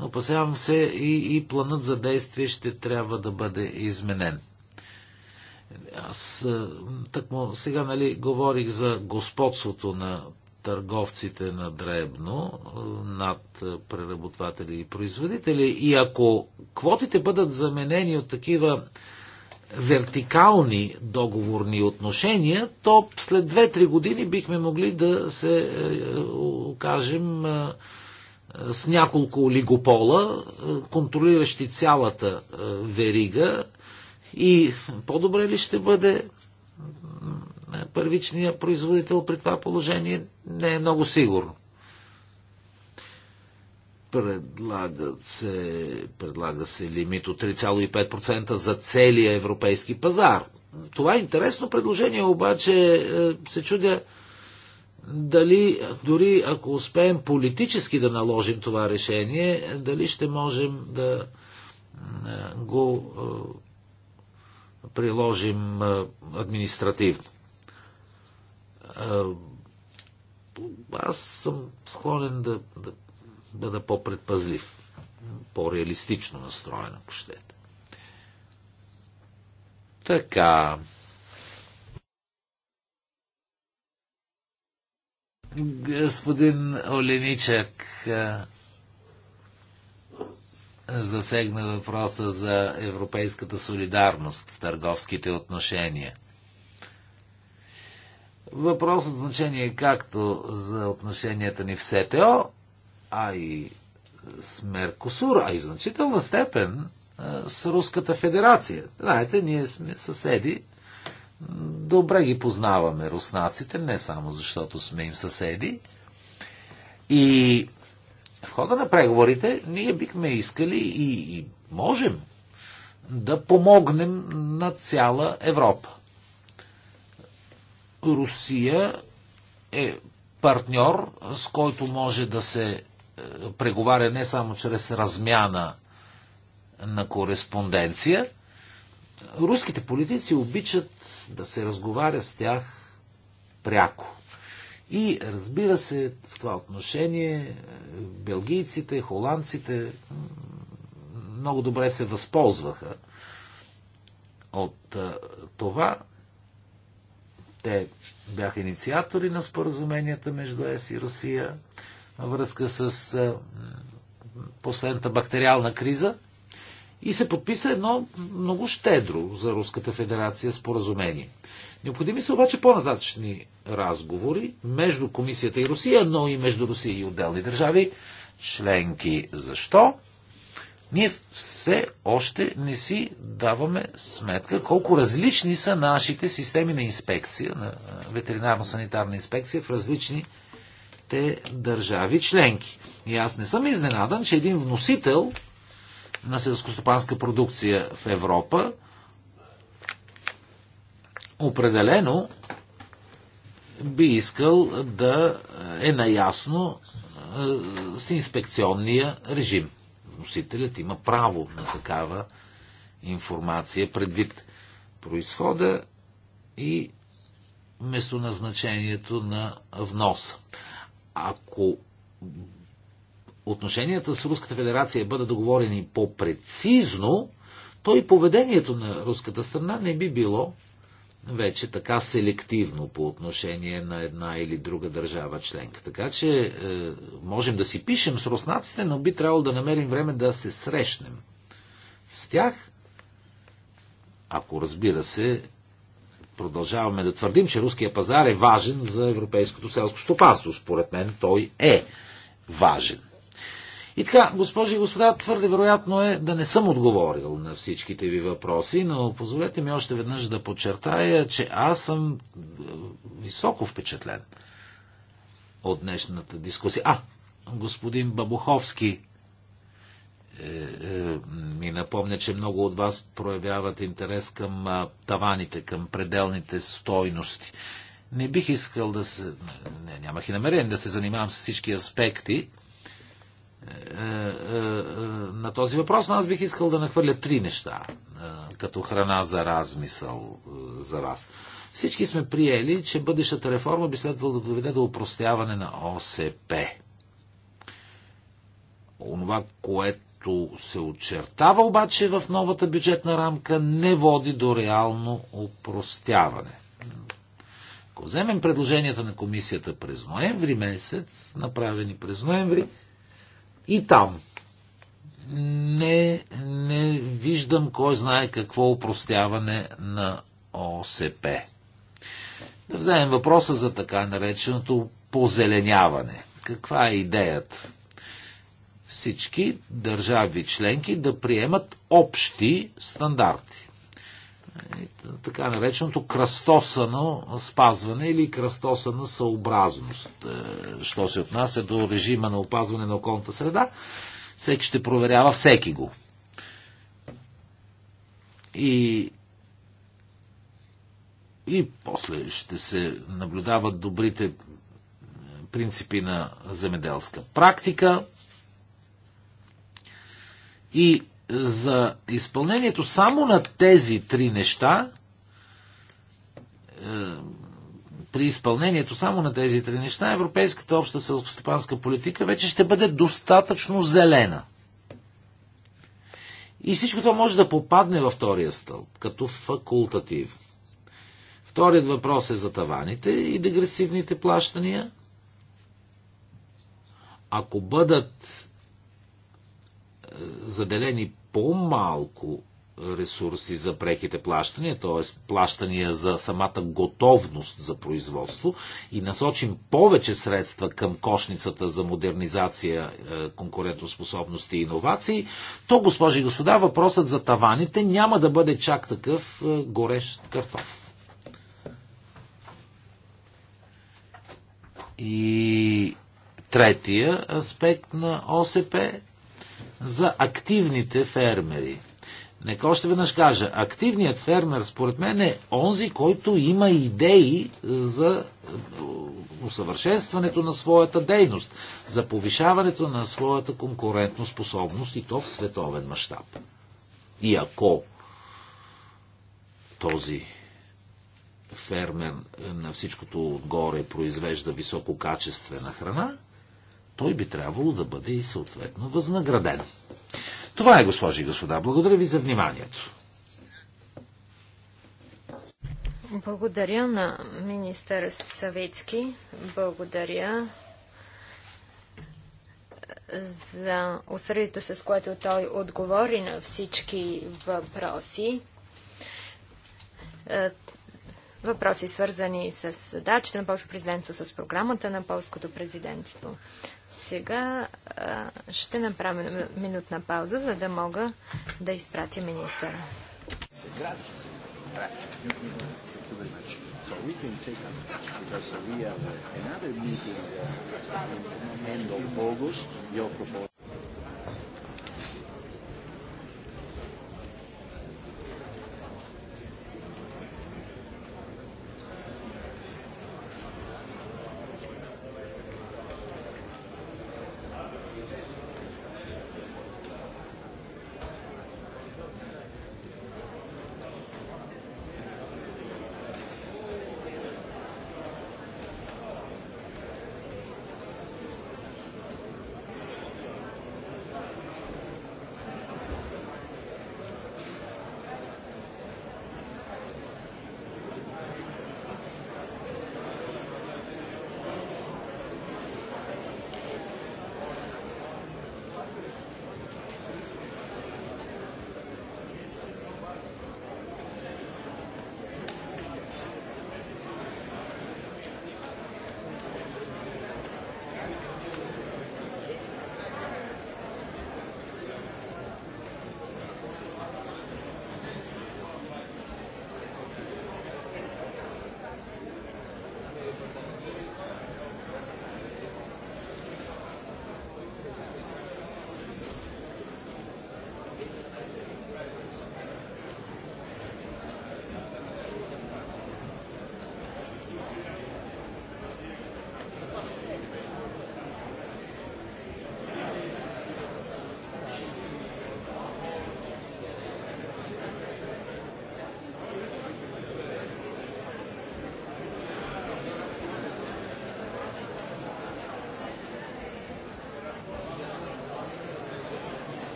опасявам се и, и планът за действие ще трябва да бъде изменен. Аз е, му, сега нали, говорих за господството на търговците на дребно е, над преработватели и производители. И ако квотите бъдат заменени от такива вертикални договорни отношения, то след 2-3 години бихме могли да се е, е, окажем е, с няколко олигопола, контролиращи цялата верига и по-добре ли ще бъде първичният производител при това положение не е много сигурно. Предлагат се, предлага се лимит от 3,5% за целия европейски пазар. Това е интересно предложение, обаче е, се чудя дали, дори ако успеем политически да наложим това решение, дали ще можем да е, го е, приложим административно. Аз съм склонен да, да бъда по-предпазлив, по-реалистично настроен, ако щете. Така. Господин Оленичък засегна въпроса за европейската солидарност в търговските отношения. Въпрос от значение както за отношенията ни в СТО, а и с Меркосур, а и в значителна степен с Руската федерация. Знаете, ние сме съседи, добре ги познаваме руснаците, не само защото сме им съседи. И в хода на преговорите ние бихме искали и, и можем да помогнем на цяла Европа. Русия е партньор, с който може да се преговаря не само чрез размяна на кореспонденция. Руските политици обичат да се разговаря с тях пряко. И разбира се, в това отношение е, белгийците, холандците много добре се възползваха от е, това. Те бяха инициатори на споразуменията между ЕС и Русия връзка с последната бактериална криза и се подписа едно много щедро за Руската федерация споразумение. Необходими са обаче по-нататъчни разговори между Комисията и Русия, но и между Русия и отделни държави членки. Защо? Ние все още не си даваме сметка колко различни са нашите системи на инспекция, на ветеринарно-санитарна инспекция в различни отделните държави членки. И аз не съм изненадан, че един вносител на селскостопанска продукция в Европа определено би искал да е наясно с инспекционния режим. Вносителят има право на такава информация предвид происхода и местоназначението на вноса. Ако отношенията с Руската федерация бъдат договорени по-прецизно, то и поведението на руската страна не би било вече така селективно по отношение на една или друга държава членка. Така че е, можем да си пишем с руснаците, но би трябвало да намерим време да се срещнем с тях, ако разбира се, продължаваме да твърдим, че руския пазар е важен за европейското селско стопанство. Според мен той е важен. И така, госпожи и господа, твърде вероятно е да не съм отговорил на всичките ви въпроси, но позволете ми още веднъж да подчертая, че аз съм е, високо впечатлен от днешната дискусия. А, господин Бабуховски е, е, ми напомня, че много от вас проявяват интерес към таваните, към пределните стойности. Не бих искал да се... Не, нямах и намерение да се занимавам с всички аспекти е, на този въпрос, но аз бих искал да нахвърля три неща като храна за размисъл за вас. Всички сме приели, че бъдещата реформа би следвало да доведе до упростяване на ОСП. Онова, което което се очертава обаче в новата бюджетна рамка, не води до реално упростяване. Ако вземем предложенията на комисията през ноември месец, направени през ноември, и там не, не виждам кой знае какво упростяване на ОСП. Да вземем въпроса за така нареченото позеленяване. Каква е идеята? всички държави членки да приемат общи стандарти. Е, така нареченото кръстосано спазване или кръстосана съобразност, е, що се отнася до режима на опазване на околната среда. Всеки ще проверява всеки го. И и после ще се наблюдават добрите е, принципи на земеделска практика. И за изпълнението само на тези три неща, е, при изпълнението само на тези три неща, европейската обща селскостопанска политика вече ще бъде достатъчно зелена. И всичко това може да попадне във втория стълб, като факултатив. Вторият въпрос е за таваните и дегресивните плащания. Ако бъдат заделени по-малко ресурси за преките плащания, т.е. плащания за самата готовност за производство и насочим повече средства към кошницата за модернизация, е, конкурентоспособност и иновации, то, госпожи и господа, въпросът за таваните няма да бъде чак такъв е, горещ картоф. И третия аспект на ОСП за активните фермери. Нека още веднъж кажа, активният фермер според мен е онзи, който има идеи за усъвършенстването на своята дейност, за повишаването на своята конкурентно способност и то в световен мащаб. И ако този фермер на всичкото отгоре произвежда висококачествена храна, той би трябвало да бъде и съответно възнаграден. Това е, госпожи и господа. Благодаря ви за вниманието. Благодаря на министър Савицки. Благодаря е, за усърдието, с което той отговори на всички въпроси. Е, въпроси свързани с задачата на полско президентство, с програмата на полското президентство. Сега а, ще направим минутна пауза, за да мога да изпратя министъра. Grazie. Grazie. So we can take as much because we have another meeting uh, in end of August. Your proposal.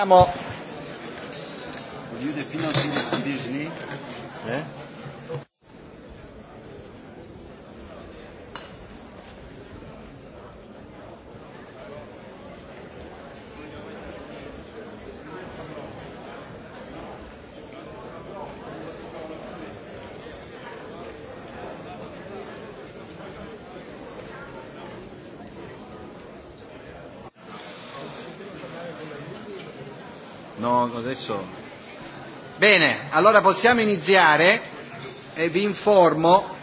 Siamo adesso. Bene, allora possiamo iniziare e vi informo.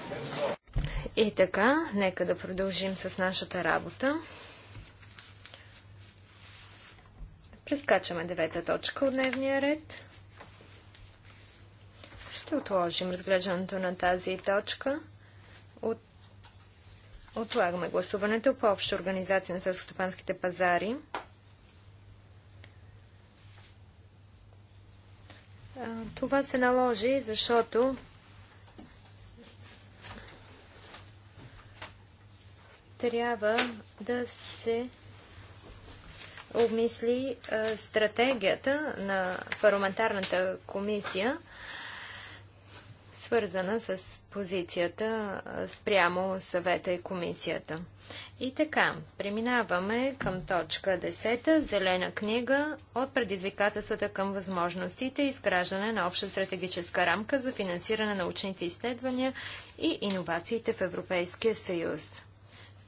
И така, нека да продължим с нашата работа. Прескачаме девета точка от дневния ред. Ще отложим разглеждането на тази точка. От... Отлагаме гласуването по обща организация на селскостопанските пазари. Това се наложи, защото трябва да се обмисли стратегията на парламентарната комисия свързана с позицията спрямо съвета и комисията. И така, преминаваме към точка 10, зелена книга от предизвикателствата към възможностите и изграждане на обща стратегическа рамка за финансиране на научните изследвания и иновациите в Европейския съюз.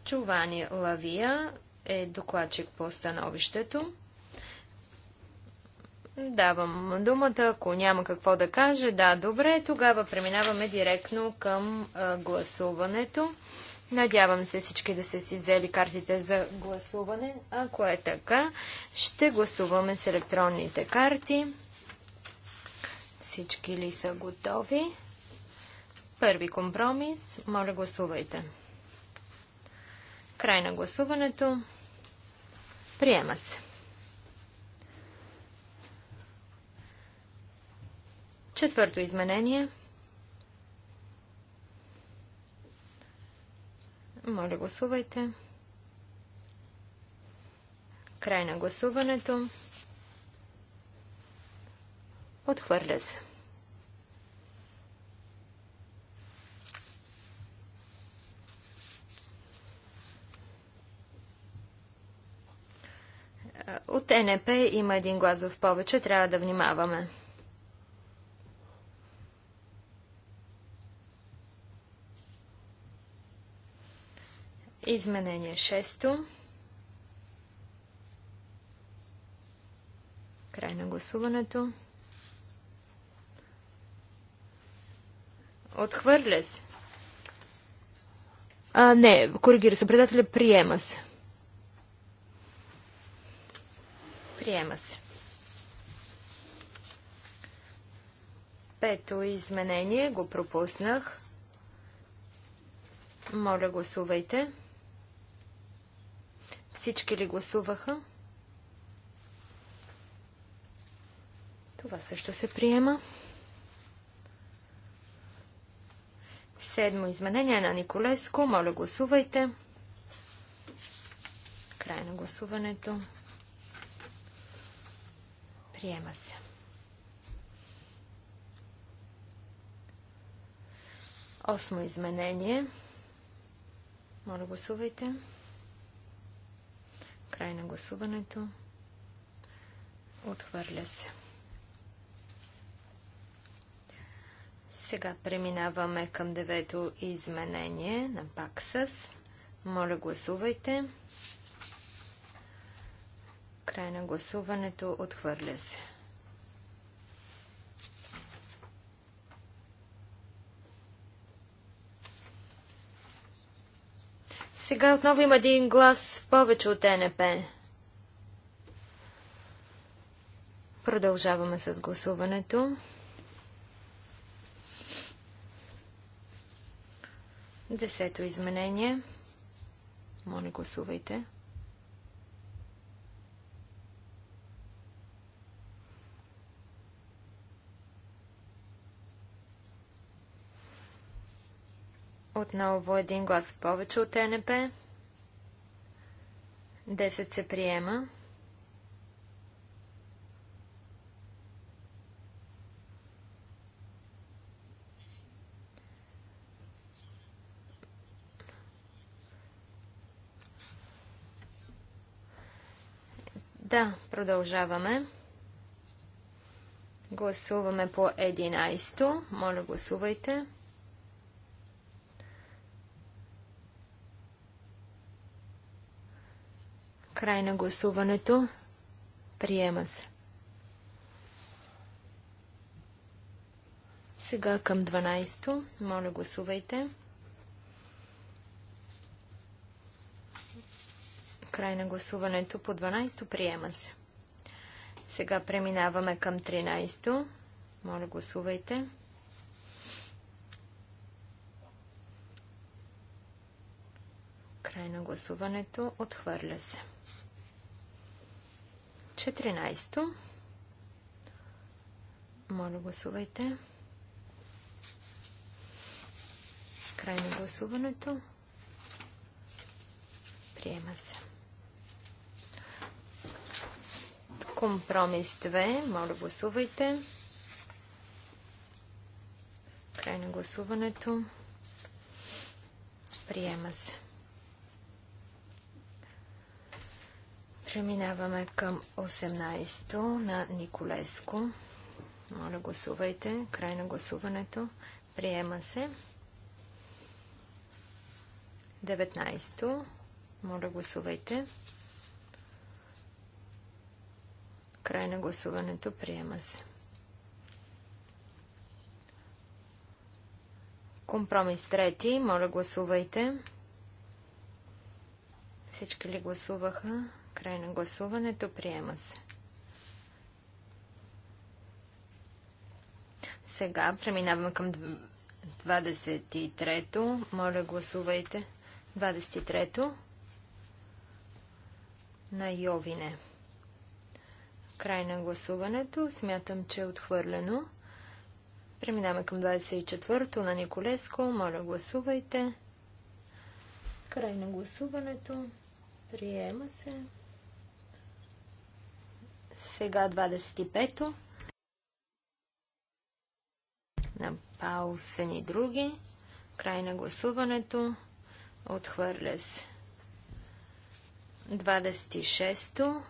Чувани Лавия е докладчик по становището. Давам думата, ако няма какво да каже. Да, добре, тогава преминаваме директно към а, гласуването. Надявам се всички да са си взели картите за гласуване. Ако е така, ще гласуваме с електронните карти. Всички ли са готови? Първи компромис. Моля, гласувайте. Край на гласуването. Приема се. Четвърто изменение. Моля, гласувайте. Край на гласуването. Отхвърля се. От НП има един глас в повече, трябва да внимаваме. Изменение 6. Край на гласуването. Отхвърля се. А, не, коригира се. Предателя приема се. Приема се. Пето изменение го пропуснах. Моля, гласувайте. Всички ли гласуваха? Това също се приема. Седмо изменение на Николеско. Моля, гласувайте. Край на гласуването. Приема се. Осмо изменение. Моля, гласувайте. Гласувайте. Край на гласуването. Отхвърля се. Сега преминаваме към девето изменение на Паксас. Моля, гласувайте. Край на гласуването. Отхвърля се. Сега отново има един глас в повече от НП. Продължаваме с гласуването. Десето изменение. Моля, гласувайте. Отново един глас повече от НП. 10 се приема. Да, продължаваме. Гласуваме по 11. Моля, гласувайте. Гласувайте. Край на гласуването. Приема се. Сега към 12-то. Моля, гласувайте. Край на гласуването по 12-то. Приема се. Сега преминаваме към 13-то. Моля, гласувайте. Край на гласуването. Отхвърля се. 14. Моля, гласувайте. Край на гласуването. Приема се. Компромис 2. Моля, гласувайте. Край на гласуването. Приема се. Преминаваме към 18-то на Николеско. Моля, гласувайте. Край на гласуването. Приема се. 19-то. Моля, гласувайте. Край на гласуването. Приема се. Компромис трети. Моля, гласувайте. Всички ли гласуваха? Край на гласуването. Приема се. Сега преминаваме към 23-то. Моля, гласувайте. 23-то на Йовине. Край на гласуването. Смятам, че е отхвърлено. Преминаваме към 24-то на Николеско. Моля, гласувайте. Край на гласуването. Приема се. Сега 25-то. На Паусен ни други. Край на гласуването. Отхвърля се. 26-то.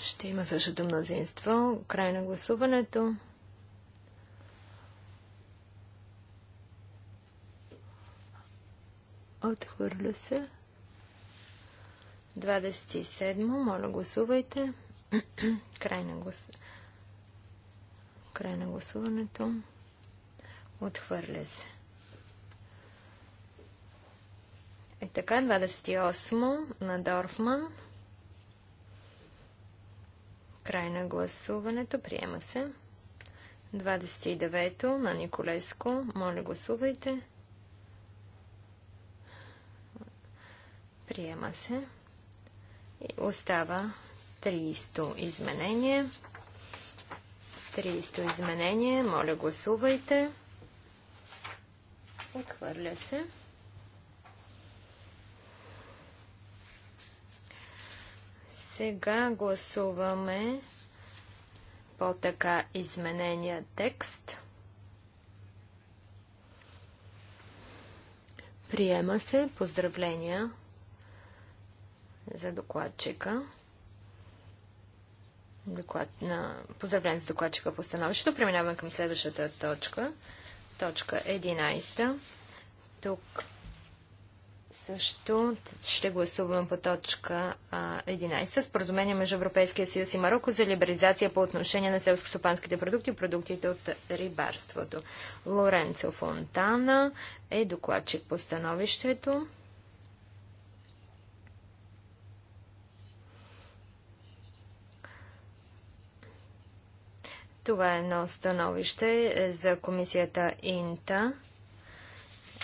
Ще има същото мнозинство. Край на гласуването. Отхвърля се. 27. Моля, гласувайте. Край на, глас... Край на гласуването. Отхвърля се. Е така, 28 на Дорфман. Край на гласуването. Приема се. 29 на Николеско. Моля, гласувайте. Приема се. Остава 300 изменение. 300 изменение. Моля, гласувайте. Отхвърля се. Сега гласуваме по така изменения текст. Приема се. Поздравления за докладчика. Доклад на... Поздравление за докладчика по становището. Преминаваме към следващата точка. Точка 11. Тук също ще гласуваме по точка 11. Споразумение между Европейския съюз и Марокко за либерализация по отношение на селскостопанските продукти и продуктите от рибарството. Лоренцо Фонтана е докладчик по становището. Това е едно становище е, за комисията Инта.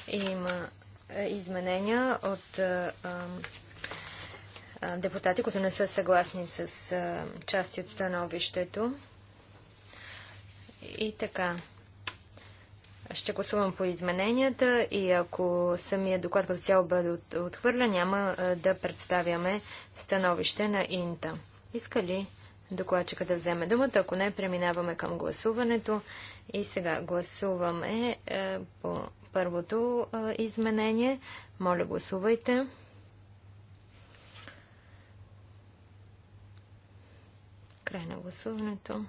Има е, изменения от е, депутати, които не са съгласни с части от становището. И така. Ще гласувам по измененията и ако самия доклад като цяло бъде отхвърля, няма да представяме становище на Инта. Иска ли докладчика да вземе думата. Ако не, преминаваме към гласуването. И сега гласуваме е, по първото е, изменение. Моля, гласувайте. Край на гласуването.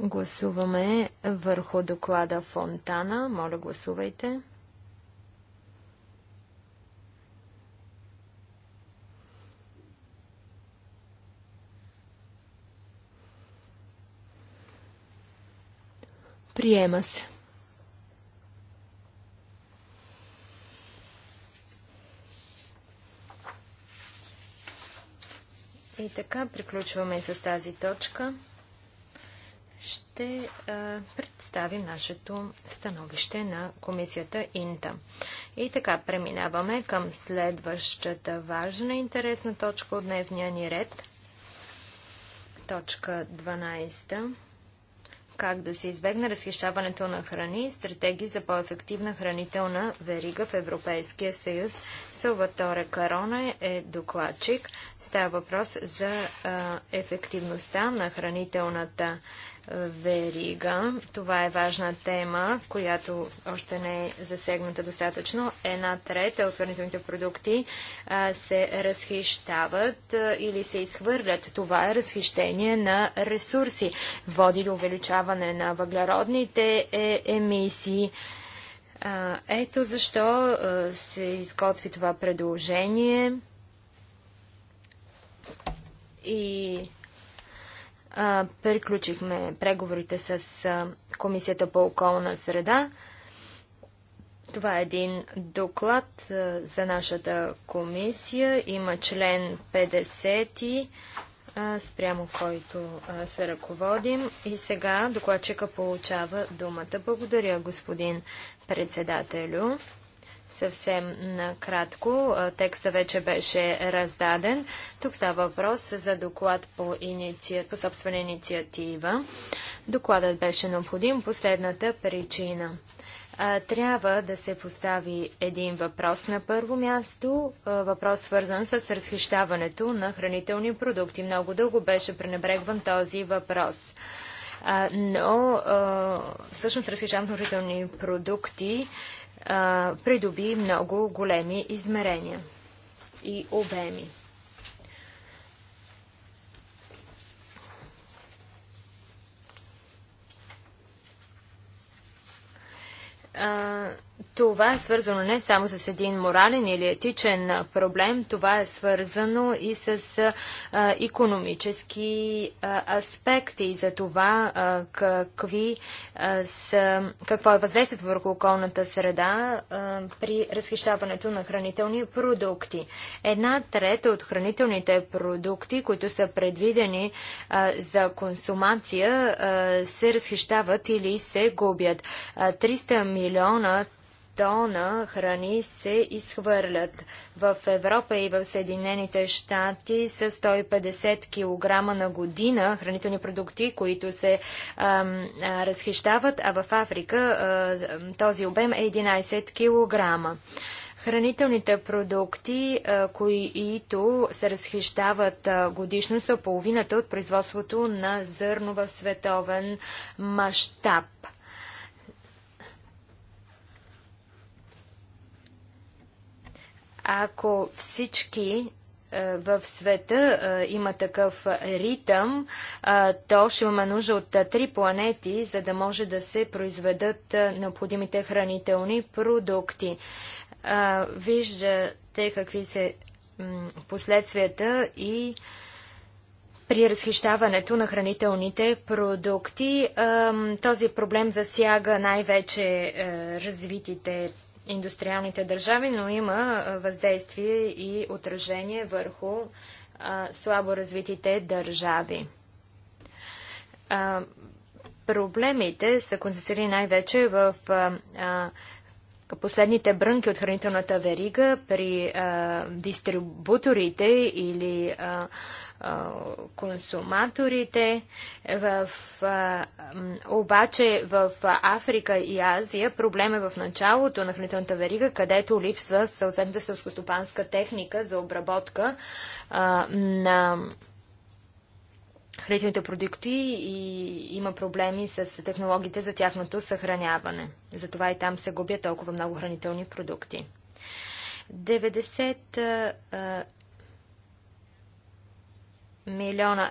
Гласуваме върху доклада Фонтана. Моля, гласувайте. Приема се. И така приключваме с тази точка ще а, е, представим нашето становище на комисията Инта. И така преминаваме към следващата важна и интересна точка от дневния ни ред. Точка 12. Как да се избегне разхищаването на храни и стратегии за по-ефективна хранителна верига в Европейския съюз Салваторе Кароне е докладчик. Става въпрос за а, ефективността на хранителната верига. Това е важна тема, която още не е засегната достатъчно. Една трета от хранителните продукти а, се разхищават а, или се изхвърлят. Това е разхищение на ресурси. Води до увеличаване на въглеродните е, емисии. Ето защо се изготви това предложение и приключихме преговорите с Комисията по околна среда. Това е един доклад за нашата комисия. Има член 50 спрямо който се ръководим. И сега докладчика получава думата. Благодаря, господин председателю. Съвсем накратко, текста вече беше раздаден. Тук става въпрос за доклад по, иници... по собствена инициатива. Докладът беше необходим последната причина – а, трябва да се постави един въпрос на първо място, а, въпрос свързан с разхищаването на хранителни продукти. Много дълго беше пренебрегван този въпрос. А, но всъщност разхищаването на хранителни продукти придоби много големи измерения и обеми. а, това е свързано не само с един морален или етичен проблем, това е свързано и с а, економически а, аспекти за това а, какви, а, с, какво е въздействието върху околната среда а, при разхищаването на хранителни продукти. Една трета от хранителните продукти, които са предвидени а, за консумация, а, се разхищават или се губят. А, 300 милиона тона храни се изхвърлят. В Европа и в Съединените щати са 150 кг на година хранителни продукти, които се ам, а, разхищават, а в Африка а, този обем е 11 кг. Хранителните продукти, които се разхищават годишно, са половината от производството на зърно в световен мащаб. Ако всички е, в света е, има такъв ритъм, е, то ще имаме нужда от три планети, за да може да се произведат необходимите хранителни продукти. Виждате какви са последствията и при разхищаването на хранителните продукти. Този проблем засяга най-вече развитите индустриалните държави, но има въздействие и отражение върху слабо развитите държави. проблемите са концентрирани най-вече в а, последните брънки от хранителната верига при а, дистрибуторите или а, а, консуматорите. В, а, обаче в Африка и Азия проблем е в началото на хранителната верига, където липсва съответната селскостопанска техника за обработка а, на хранителните продукти и има проблеми с технологиите за тяхното съхраняване. Затова и там се губят толкова много хранителни продукти. 90 милиона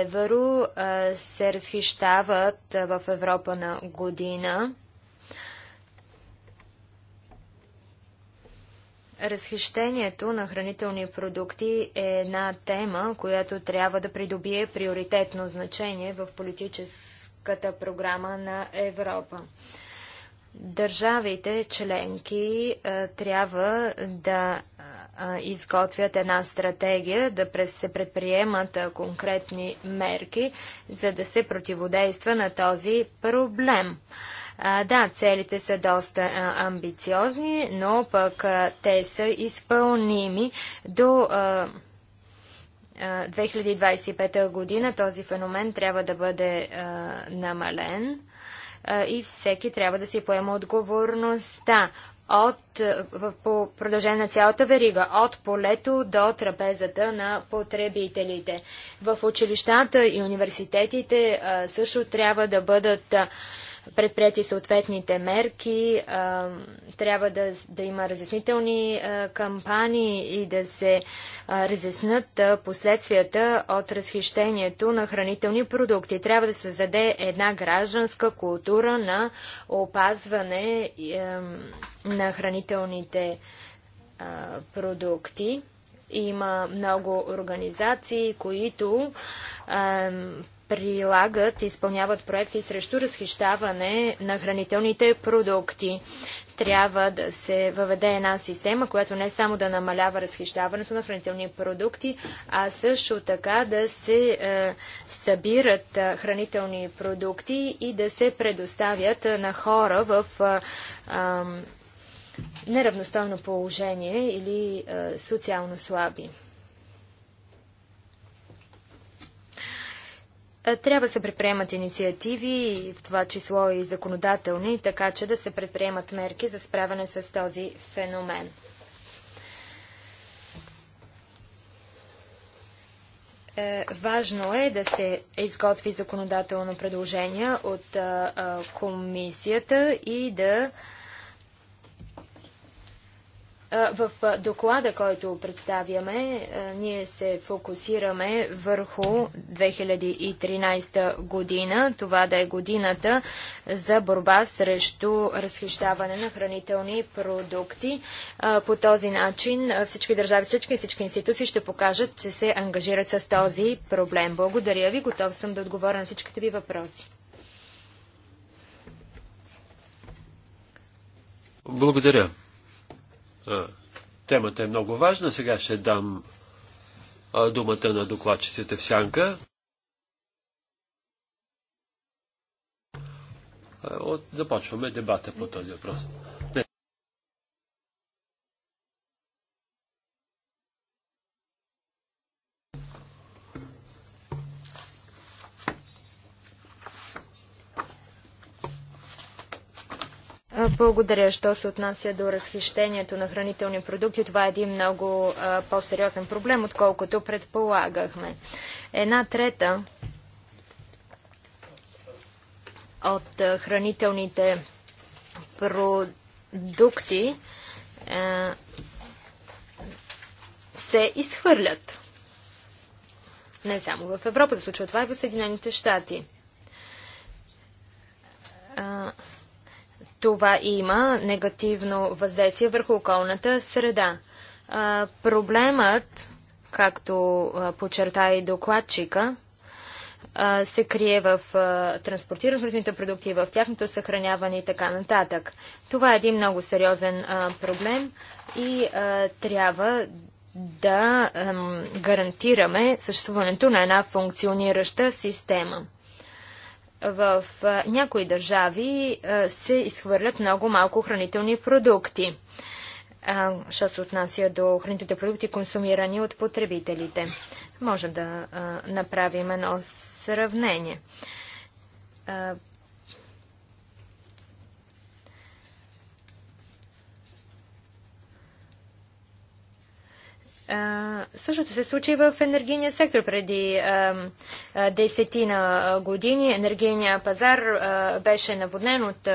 евро се разхищават в Европа на година. Разхищението на хранителни продукти е една тема, която трябва да придобие приоритетно значение в политическата програма на Европа. Държавите членки трябва да изготвят една стратегия, да се предприемат конкретни мерки, за да се противодейства на този проблем. А, да, целите са доста а, амбициозни, но пък а, те са изпълними до 2025 година. Този феномен трябва да бъде намален и всеки трябва да си поема отговорността от, в, по продължение на цялата верига, от полето до трапезата на потребителите. В училищата и университетите а, също трябва да бъдат предприяти съответните мерки, трябва да, да има разяснителни кампании и да се разяснат последствията от разхищението на хранителни продукти. Трябва да се създаде една гражданска култура на опазване на хранителните продукти. Има много организации, които прилагат, изпълняват проекти срещу разхищаване на хранителните продукти. Трябва да се въведе една система, която не само да намалява разхищаването на хранителни продукти, а също така да се е, събират е, хранителни продукти и да се предоставят е, на хора в е, е, неравностойно положение или е, социално слаби. Е, трябва да се предприемат инициативи, в това число и законодателни, така че да се предприемат мерки за справяне с този феномен. Е, важно е да се изготви законодателно предложение от е, комисията и да в доклада, който представяме, ние се фокусираме върху 2013 година. Това да е годината за борба срещу разхищаване на хранителни продукти. По този начин всички държави, всички и всички институции ще покажат, че се ангажират с този проблем. Благодаря ви. Готов съм да отговоря на всичките ви въпроси. Благодаря. Темата е много важна. Сега ще дам думата на докладчиците в сянка. Започваме дебата по този въпрос. Благодаря, що се отнася до разхищението на хранителни продукти. Това е един много по-сериозен проблем, отколкото предполагахме. Една трета от хранителните продукти се изхвърлят. Не само в Европа се случва това и в Съединените щати. А, това има негативно въздействие върху околната среда. А, проблемът, както почерта и докладчика, а, се крие в транспортирането продукти, в тяхното съхраняване и така нататък. Това е един много сериозен а, проблем и трябва да гарантираме съществуването на една функционираща система в някои държави се изхвърлят много малко хранителни продукти, що се отнася до хранителните продукти, консумирани от потребителите. Може да направим едно сравнение. Същото се случи в енергийния сектор преди десетина години. Енергийния пазар беше наводнен от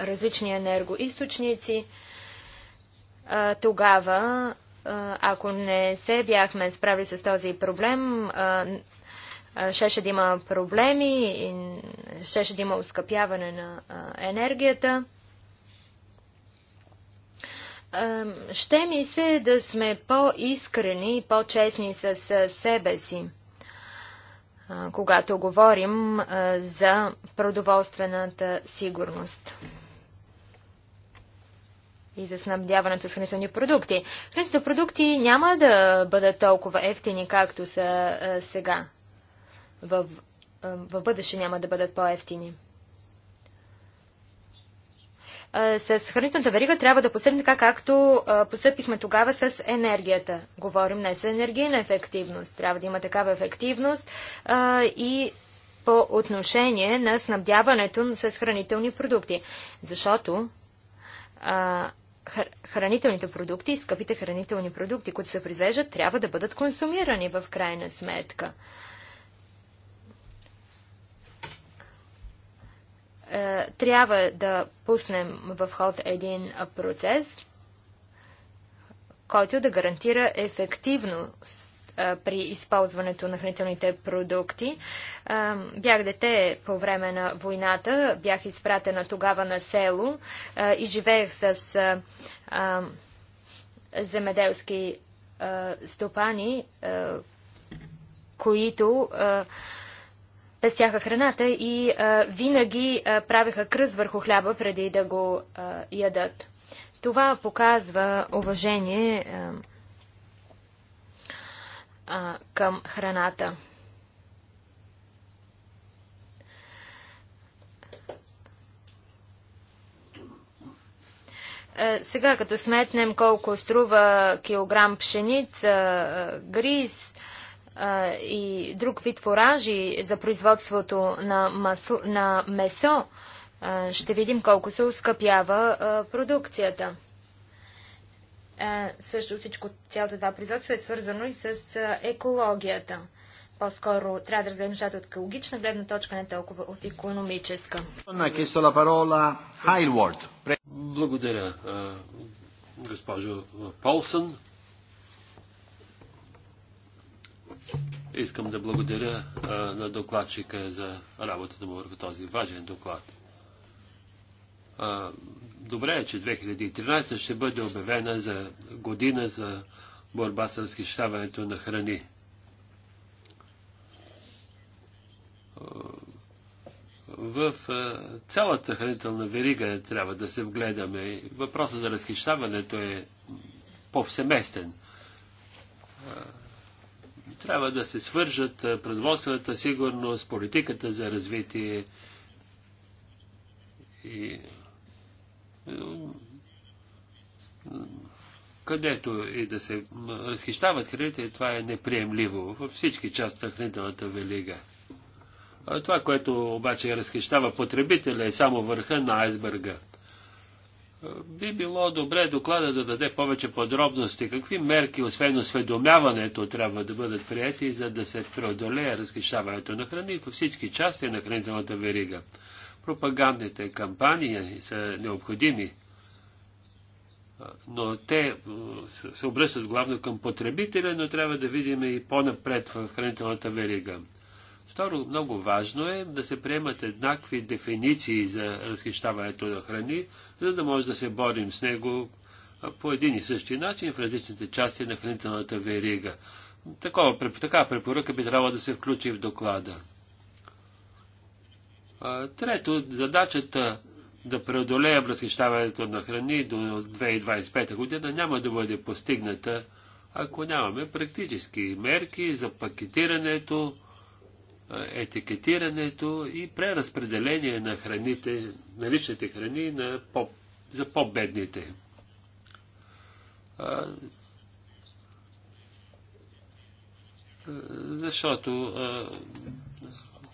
различни енергоисточници. Тогава, ако не се бяхме справили с този проблем, щеше да има проблеми, щеше да има ускъпяване на енергията. Ще ми се да сме по-искрени и по-честни с себе си, когато говорим за продоволствената сигурност и за снабдяването с хранителни продукти. Хранителните продукти няма да бъдат толкова ефтини, както са сега. В, в бъдеще няма да бъдат по-ефтини с хранителната верига трябва да постъпим така, както постъпихме тогава с енергията. Говорим не с енергийна ефективност. Трябва да има такава ефективност и по отношение на снабдяването с хранителни продукти. Защото хранителните продукти, скъпите хранителни продукти, които се произвеждат, трябва да бъдат консумирани в крайна сметка. Е, трябва да пуснем в ход един процес, който да гарантира ефективност е, при използването на хранителните продукти. Е, бях дете по време на войната, бях изпратена тогава на село и живеех с земеделски стопани, които пестяха храната и а, винаги а, правеха кръст върху хляба преди да го а, ядат. Това показва уважение а, а, към храната. Сега, като сметнем колко струва килограм пшеница, гриз, и друг вид фуражи за производството на, масло, на месо, ще видим колко се ускъпява продукцията. Също всичко, цялото това производство е свързано и с екологията. По-скоро трябва да разгледам нещата от екологична гледна точка, не толкова от економическа. Благодаря, госпожо Полсън. Искам да благодаря а, на докладчика за работата му върху този важен доклад. А, добре е, че 2013 ще бъде обявена за година за борба с разхищаването на храни. В цялата хранителна верига трябва да се вгледаме. Въпросът за разхищаването е повсеместен трябва да се свържат предводствената сигурност, политиката за развитие и където и да се разхищават храните, това е неприемливо във всички части на хранителната велига. А това, което обаче разхищава потребителя, е само върха на айсберга – би било добре доклада да даде повече подробности. Какви мерки, освен осведомяването, трябва да бъдат прияти, за да се преодолее разхищаването на храни във всички части на хранителната верига? Пропагандните кампании са необходими, но те се обръщат главно към потребителя, но трябва да видим и по-напред в хранителната верига. Второ, много важно е да се приемат еднакви дефиниции за разхищаването на храни, за да може да се борим с него по един и същи начин в различните части на хранителната верига. Такова, така препоръка би трябвало да се включи в доклада. Трето, задачата да преодолее разхищаването на храни до 2025 година няма да бъде постигната, ако нямаме практически мерки за пакетирането, етикетирането и преразпределение на храните, на личните храни на по, за по-бедните. Защото а,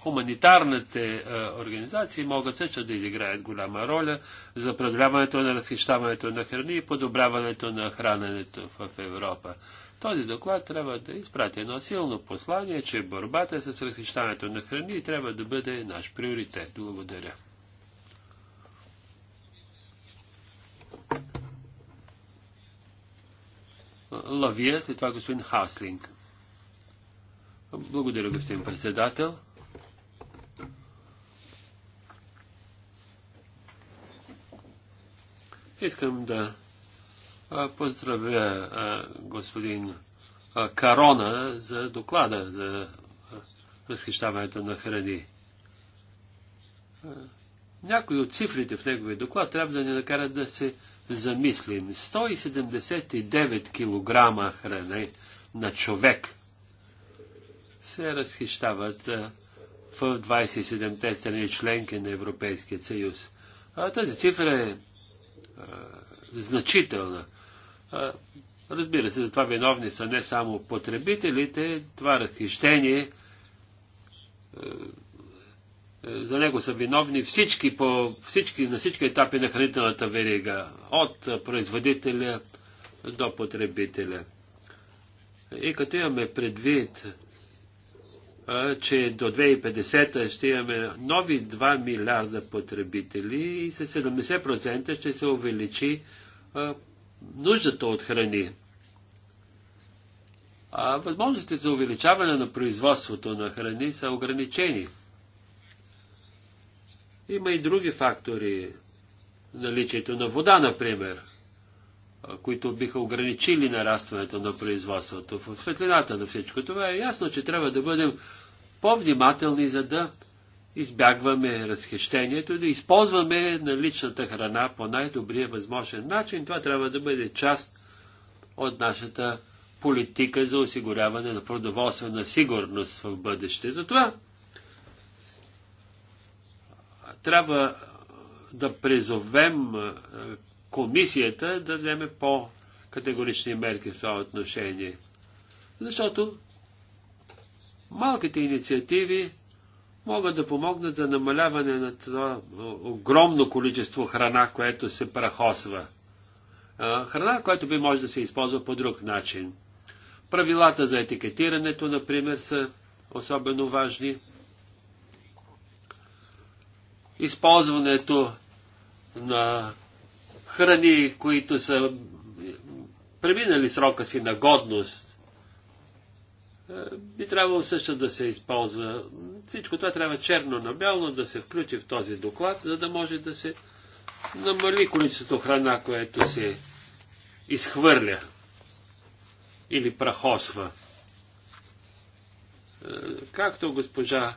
хуманитарните а, организации могат също да изиграят голяма роля за преодоляването на разхищаването на храни и подобряването на храненето в Европа. Този доклад трябва да изпрати едно силно послание, че борбата с разхищането на храни трябва да бъде наш приоритет. Благодаря. Лавия, след това господин Хаслинг. Благодаря, господин председател. Искам да Поздравя господин Карона за доклада за разхищаването на храни. Някои от цифрите в неговия доклад трябва да ни накарат да се замислим. 179 кг храна на човек се разхищават в 27-те страни членки на Европейския съюз. А тази цифра е а, значителна. Разбира се, за това виновни са не само потребителите, това разхищение, е, е, за него са виновни всички, по, всички на всички етапи на хранителната верига, от производителя до потребителя. И като имаме предвид, че до 2050 ще имаме нови 2 милиарда потребители и с 70% ще се увеличи нуждата от храни, а възможностите за увеличаване на производството на храни са ограничени. Има и други фактори. Наличието на вода, например, които биха ограничили нарастването на производството. В светлината на всичко това е ясно, че трябва да бъдем по-внимателни, за да избягваме разхищението, да използваме наличната храна по най-добрия възможен начин. Това трябва да бъде част от нашата политика за осигуряване на продоволствена сигурност в бъдеще. Затова трябва да призовем комисията да вземе по-категорични мерки в това отношение. Защото малките инициативи могат да помогнат за намаляване на това огромно количество храна, което се прахосва. Храна, която би може да се използва по друг начин. Правилата за етикетирането, например, са особено важни. Използването на храни, които са преминали срока си на годност, е, би трябвало също да се използва. Всичко това трябва черно на бяло да се включи в този доклад, за да може да се намали количеството храна, което се изхвърля или прахосва. Е, както госпожа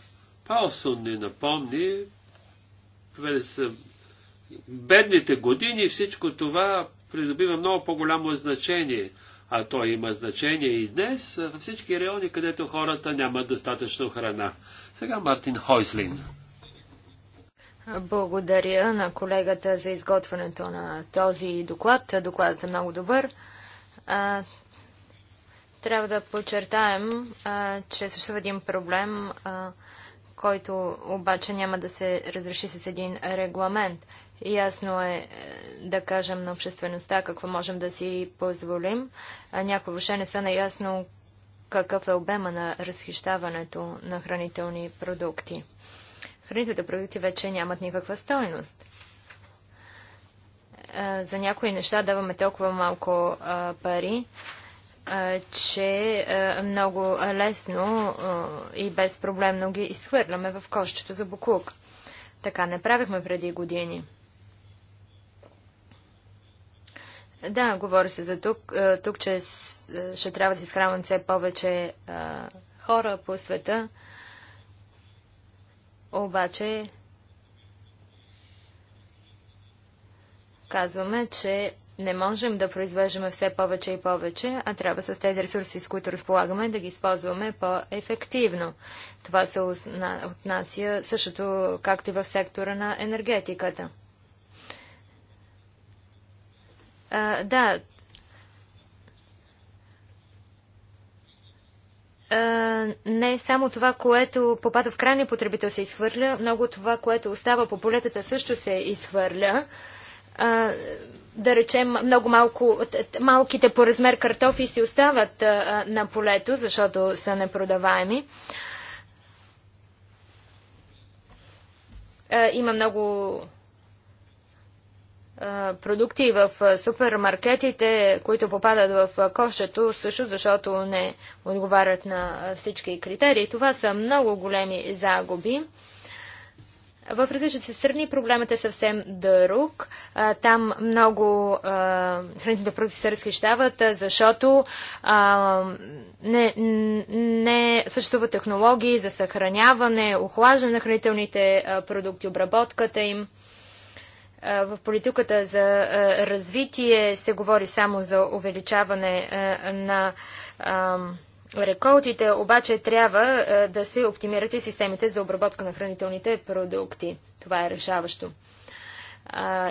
Палсон ни напомни, през бедните години всичко това придобива много по-голямо значение – а то има значение и днес, във всички райони, където хората нямат достатъчно храна. Сега Мартин Хойслин. Благодаря на колегата за изготвянето на този доклад. Докладът е много добър. А, трябва да подчертаем, а, че също един проблем, а, който обаче няма да се разреши с един регламент. Ясно е, е да кажем на обществеността какво можем да си позволим. Някои въобще не са наясно какъв е обема на разхищаването на хранителни продукти. Хранителните продукти вече нямат никаква стойност. Е, за някои неща даваме толкова малко пари, че много лесно и безпроблемно ги изхвърляме в кошчето за буклук. Така не правихме преди години. Да, говори се за тук, е, тук че е, ще трябва да се изхранват все повече е, хора по света. Обаче казваме, че не можем да произвеждаме все повече и повече, а трябва с тези ресурси, с които разполагаме, да ги използваме по-ефективно. Това се отнася същото както и в сектора на енергетиката. да. А, не само това, което попада в крайния потребител се изхвърля, много това, което остава по полетата също се изхвърля. А, да речем, много малко, малките по размер картофи си остават а, на полето, защото са непродаваеми. А, има много продукти в супермаркетите, които попадат в кошето, също защото не отговарят на всички критерии. Това са много големи загуби. В различните страни проблемът е съвсем друг. Там много хранителните продукти се разхищават, защото а, не, не съществуват технологии за съхраняване, охлаждане на хранителните продукти, обработката им в политиката за развитие се говори само за увеличаване на реколтите, обаче трябва да се оптимират и системите за обработка на хранителните продукти. Това е решаващо.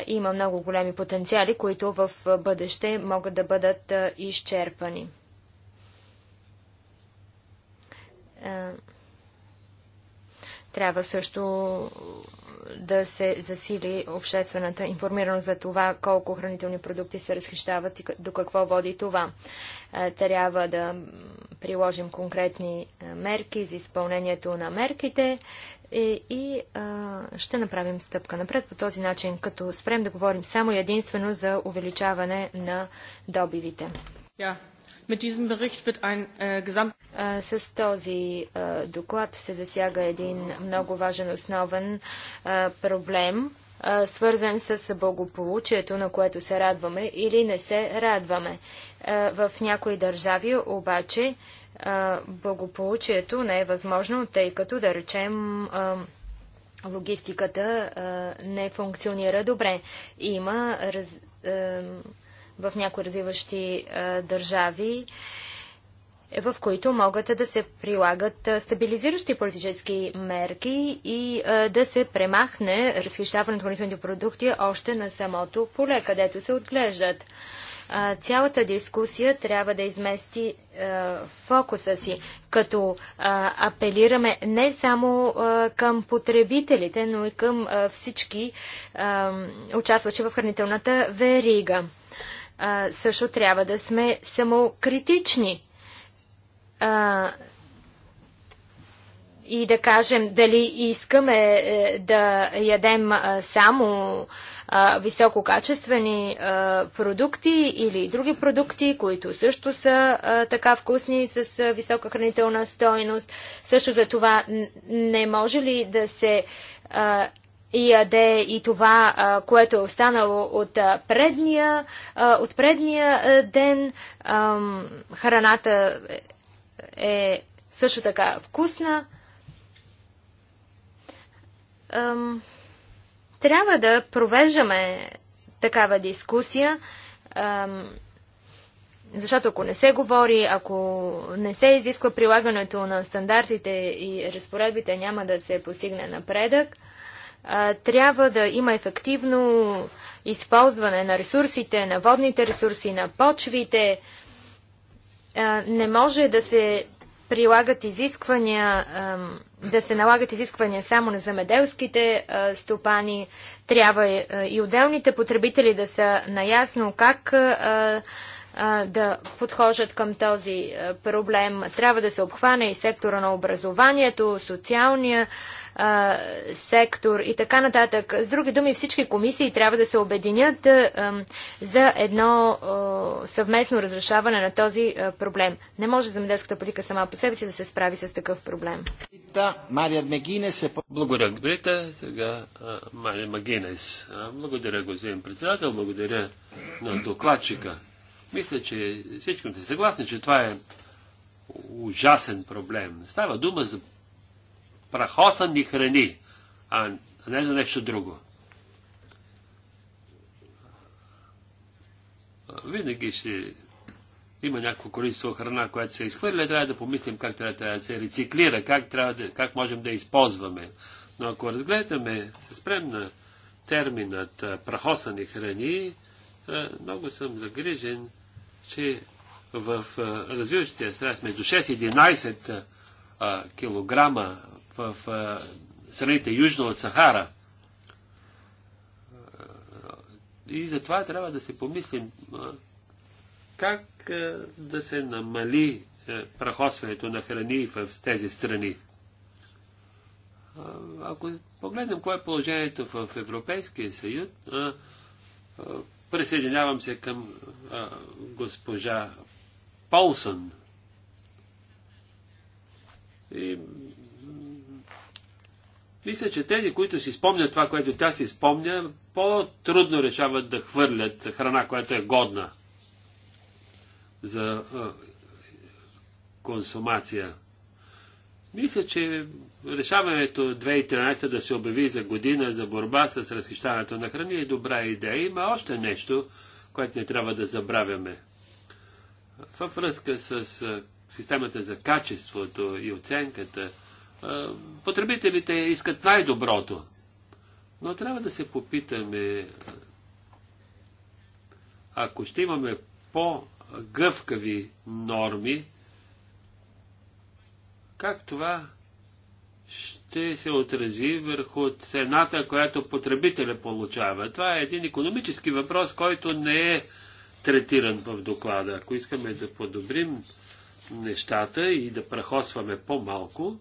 Има много големи потенциали, които в бъдеще могат да бъдат изчерпани. Трябва също да се засили обществената информираност за това колко хранителни продукти се разхищават и до какво води това. Е, трябва да приложим конкретни е, мерки за изпълнението на мерките и, е, и а, ще направим стъпка напред по този начин, като спрем да говорим само единствено за увеличаване на добивите. Yeah. Mit diesem Bericht wird ein äh, gesamt с този доклад се засяга един много важен основен проблем, свързан с благополучието, на което се радваме или не се радваме. В някои държави обаче благополучието не е възможно, тъй като, да речем, логистиката не функционира добре. Има в някои развиващи държави в които могат да се прилагат стабилизиращи политически мерки и да се премахне разхищаването на хранителните продукти още на самото поле, където се отглеждат. Цялата дискусия трябва да измести фокуса си, като апелираме не само към потребителите, но и към всички участващи в хранителната верига също трябва да сме самокритични и да кажем дали искаме е, да ядем само висококачествени продукти или други продукти, които също са така вкусни с висока хранителна стойност. Също за това не може ли да се яде и това, което е останало от предния, от предния ден. Храната е също така вкусна. Трябва да провеждаме такава дискусия, защото ако не се говори, ако не се изисква прилагането на стандартите и разпоредбите, няма да се постигне напредък трябва да има ефективно използване на ресурсите, на водните ресурси, на почвите, не може да се прилагат изисквания, да се налагат изисквания само на замеделските стопани. Трябва и отделните потребители да са наясно как да подхожат към този проблем. Трябва да се обхване и сектора на образованието, социалния а, сектор и така нататък. С други думи, всички комисии трябва да се обединят а, за едно а, съвместно разрешаване на този проблем. Не може земеделската политика сама по себе си да се справи с такъв проблем. Е благодаря, Грита. Сега Мария Магинес. Благодаря, господин председател. Благодаря на докладчика. Мисля, че всички сме съгласни, че това е ужасен проблем. Става дума за прахосани храни, а не за нещо друго. Винаги ще има някакво количество храна, която се изхвърля, трябва да помислим как трябва, трябва да се рециклира, как, трябва да, как можем да използваме. Но ако разгледаме, спрем на терминът прахосани храни, много съм загрижен, че в развиващия страст между 6 и 11 а, килограма в а, страните южно от Сахара. И за това трябва да се помислим а, как да се намали прахосването на храни в тези страни. Ако погледнем кое е положението в Европейския съюз, Присъединявам се към а, госпожа Полсън. И мисля, че тези, които си спомнят това, което тя си спомня, по-трудно решават да хвърлят храна, която е годна за а, консумация. Мисля, че решаването 2013 да се обяви за година за борба с разхищаването на храни е добра идея. Има още нещо, което не трябва да забравяме. Във връзка с системата за качеството и оценката, потребителите искат най-доброто. Но трябва да се попитаме, ако ще имаме по-гъвкави норми, как това ще се отрази върху цената, която потребителя получава. Това е един економически въпрос, който не е третиран в доклада. Ако искаме да подобрим нещата и да прахосваме по-малко,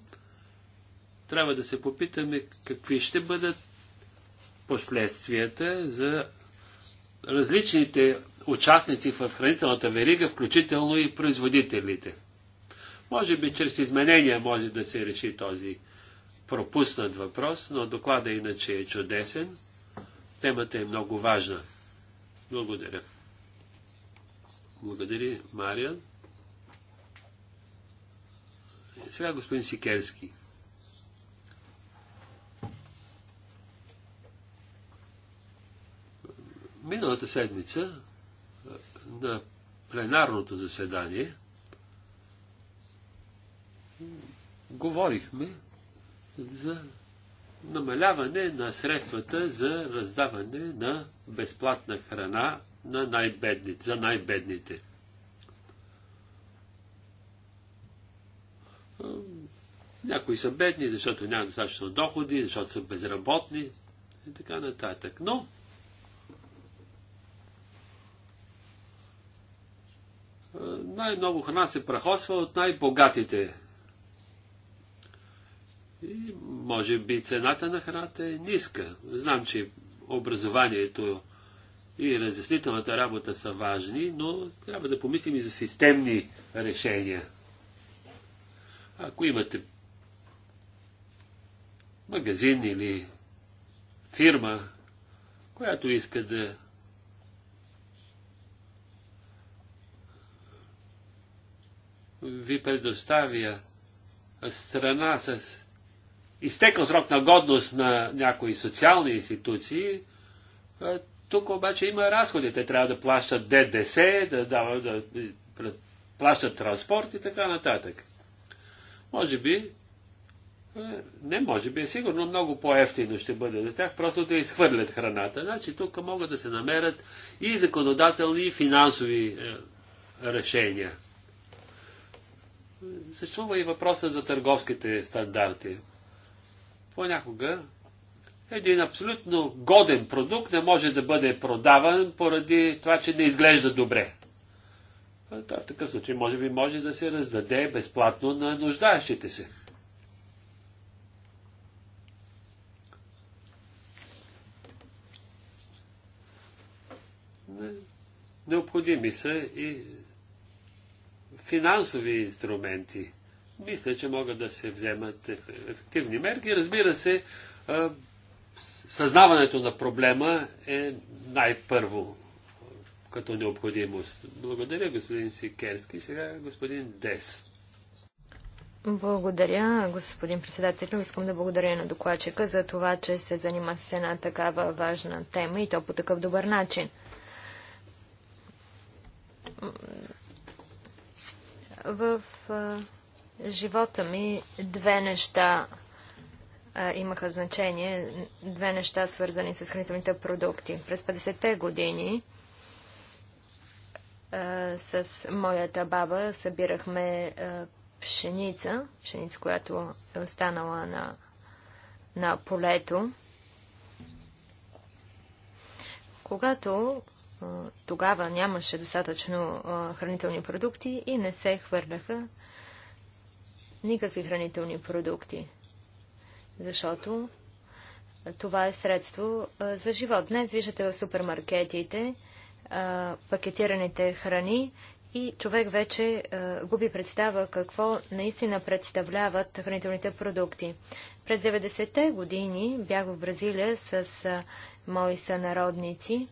трябва да се попитаме какви ще бъдат последствията за различните участници в хранителната верига, включително и производителите. Може би чрез изменения може да се реши този пропуснат въпрос, но доклада иначе е чудесен. Темата е много важна. Благодаря. Благодаря, Мариан. Сега господин Сикерски. Миналата седмица на пленарното заседание говорихме за намаляване на средствата за раздаване на безплатна храна на най-бедните, за най-бедните. Някои са бедни, защото нямат достатъчно доходи, защото са безработни и така нататък. Но най-много храна се прахосва от най-богатите и може би цената на храната е ниска. Знам, че образованието и разяснителната работа са важни, но трябва да помислим и за системни решения. Ако имате магазин или фирма, която иска да ви предоставя страна с Изтекал срок на годност на някои социални институции, е, тук обаче има разходи. Те трябва да плащат ДДС, да, да, да, да плащат транспорт и така нататък. Може би, е, не може би, е сигурно много по-ефтино ще бъде за тях, просто да изхвърлят храната. Значи тук могат да се намерят и законодателни, и финансови е, решения. Съществува и въпроса за търговските стандарти понякога един абсолютно годен продукт не може да бъде продаван поради това, че не изглежда добре. Това в такъв случай може би може да се раздаде безплатно на нуждаещите се. Необходими са и финансови инструменти мисля, че могат да се вземат ефективни мерки. Разбира се, съзнаването на проблема е най-първо като необходимост. Благодаря, господин Сикерски. Сега господин Дес. Благодаря, господин председател. Искам да благодаря на докладчика за това, че се занима с една такава важна тема и то по такъв добър начин. В живота ми две неща а, имаха значение, две неща свързани с хранителните продукти. През 50-те години а, с моята баба събирахме а, пшеница, пшеница, която е останала на, на полето. Когато тогава нямаше достатъчно хранителни продукти и не се хвърляха никакви хранителни продукти, защото това е средство за живот. Днес виждате в супермаркетите пакетираните храни и човек вече губи представа какво наистина представляват хранителните продукти. През 90-те години бях в Бразилия с мои сънародници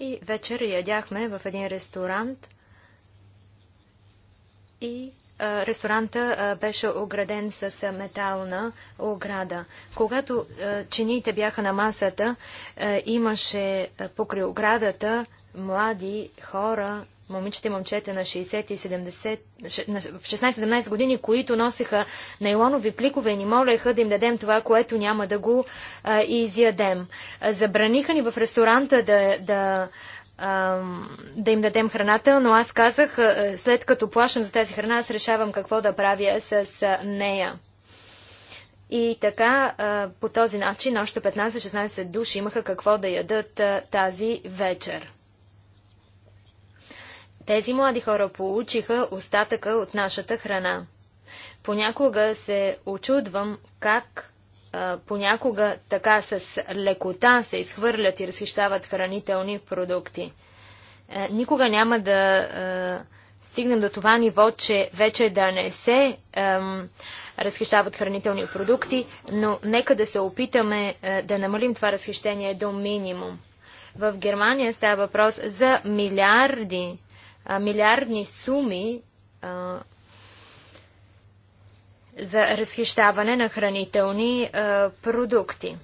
и вечер ядяхме в един ресторант – и ресторанта беше ограден с метална ограда. Когато чиниите бяха на масата, имаше покрай оградата млади хора, момичета и момчета на 60 и 70, 16-17 години, които носеха нейлонови пликове и ни молеха да им дадем това, което няма да го а, изядем. Забраниха ни в ресторанта да, да да им дадем храната, но аз казах, след като плащам за тази храна, аз решавам какво да правя с нея. И така, по този начин, още 15-16 души имаха какво да ядат тази вечер. Тези млади хора получиха остатъка от нашата храна. Понякога се очудвам как понякога така с лекота се изхвърлят и разхищават хранителни продукти. Е, никога няма да стигнем до това ниво, че вече да не се разхищават хранителни продукти, но нека да се опитаме е, да намалим това разхищение до минимум. В Германия става въпрос за милиарди, милиардни суми, за разхищаване на хранителни а, продукти.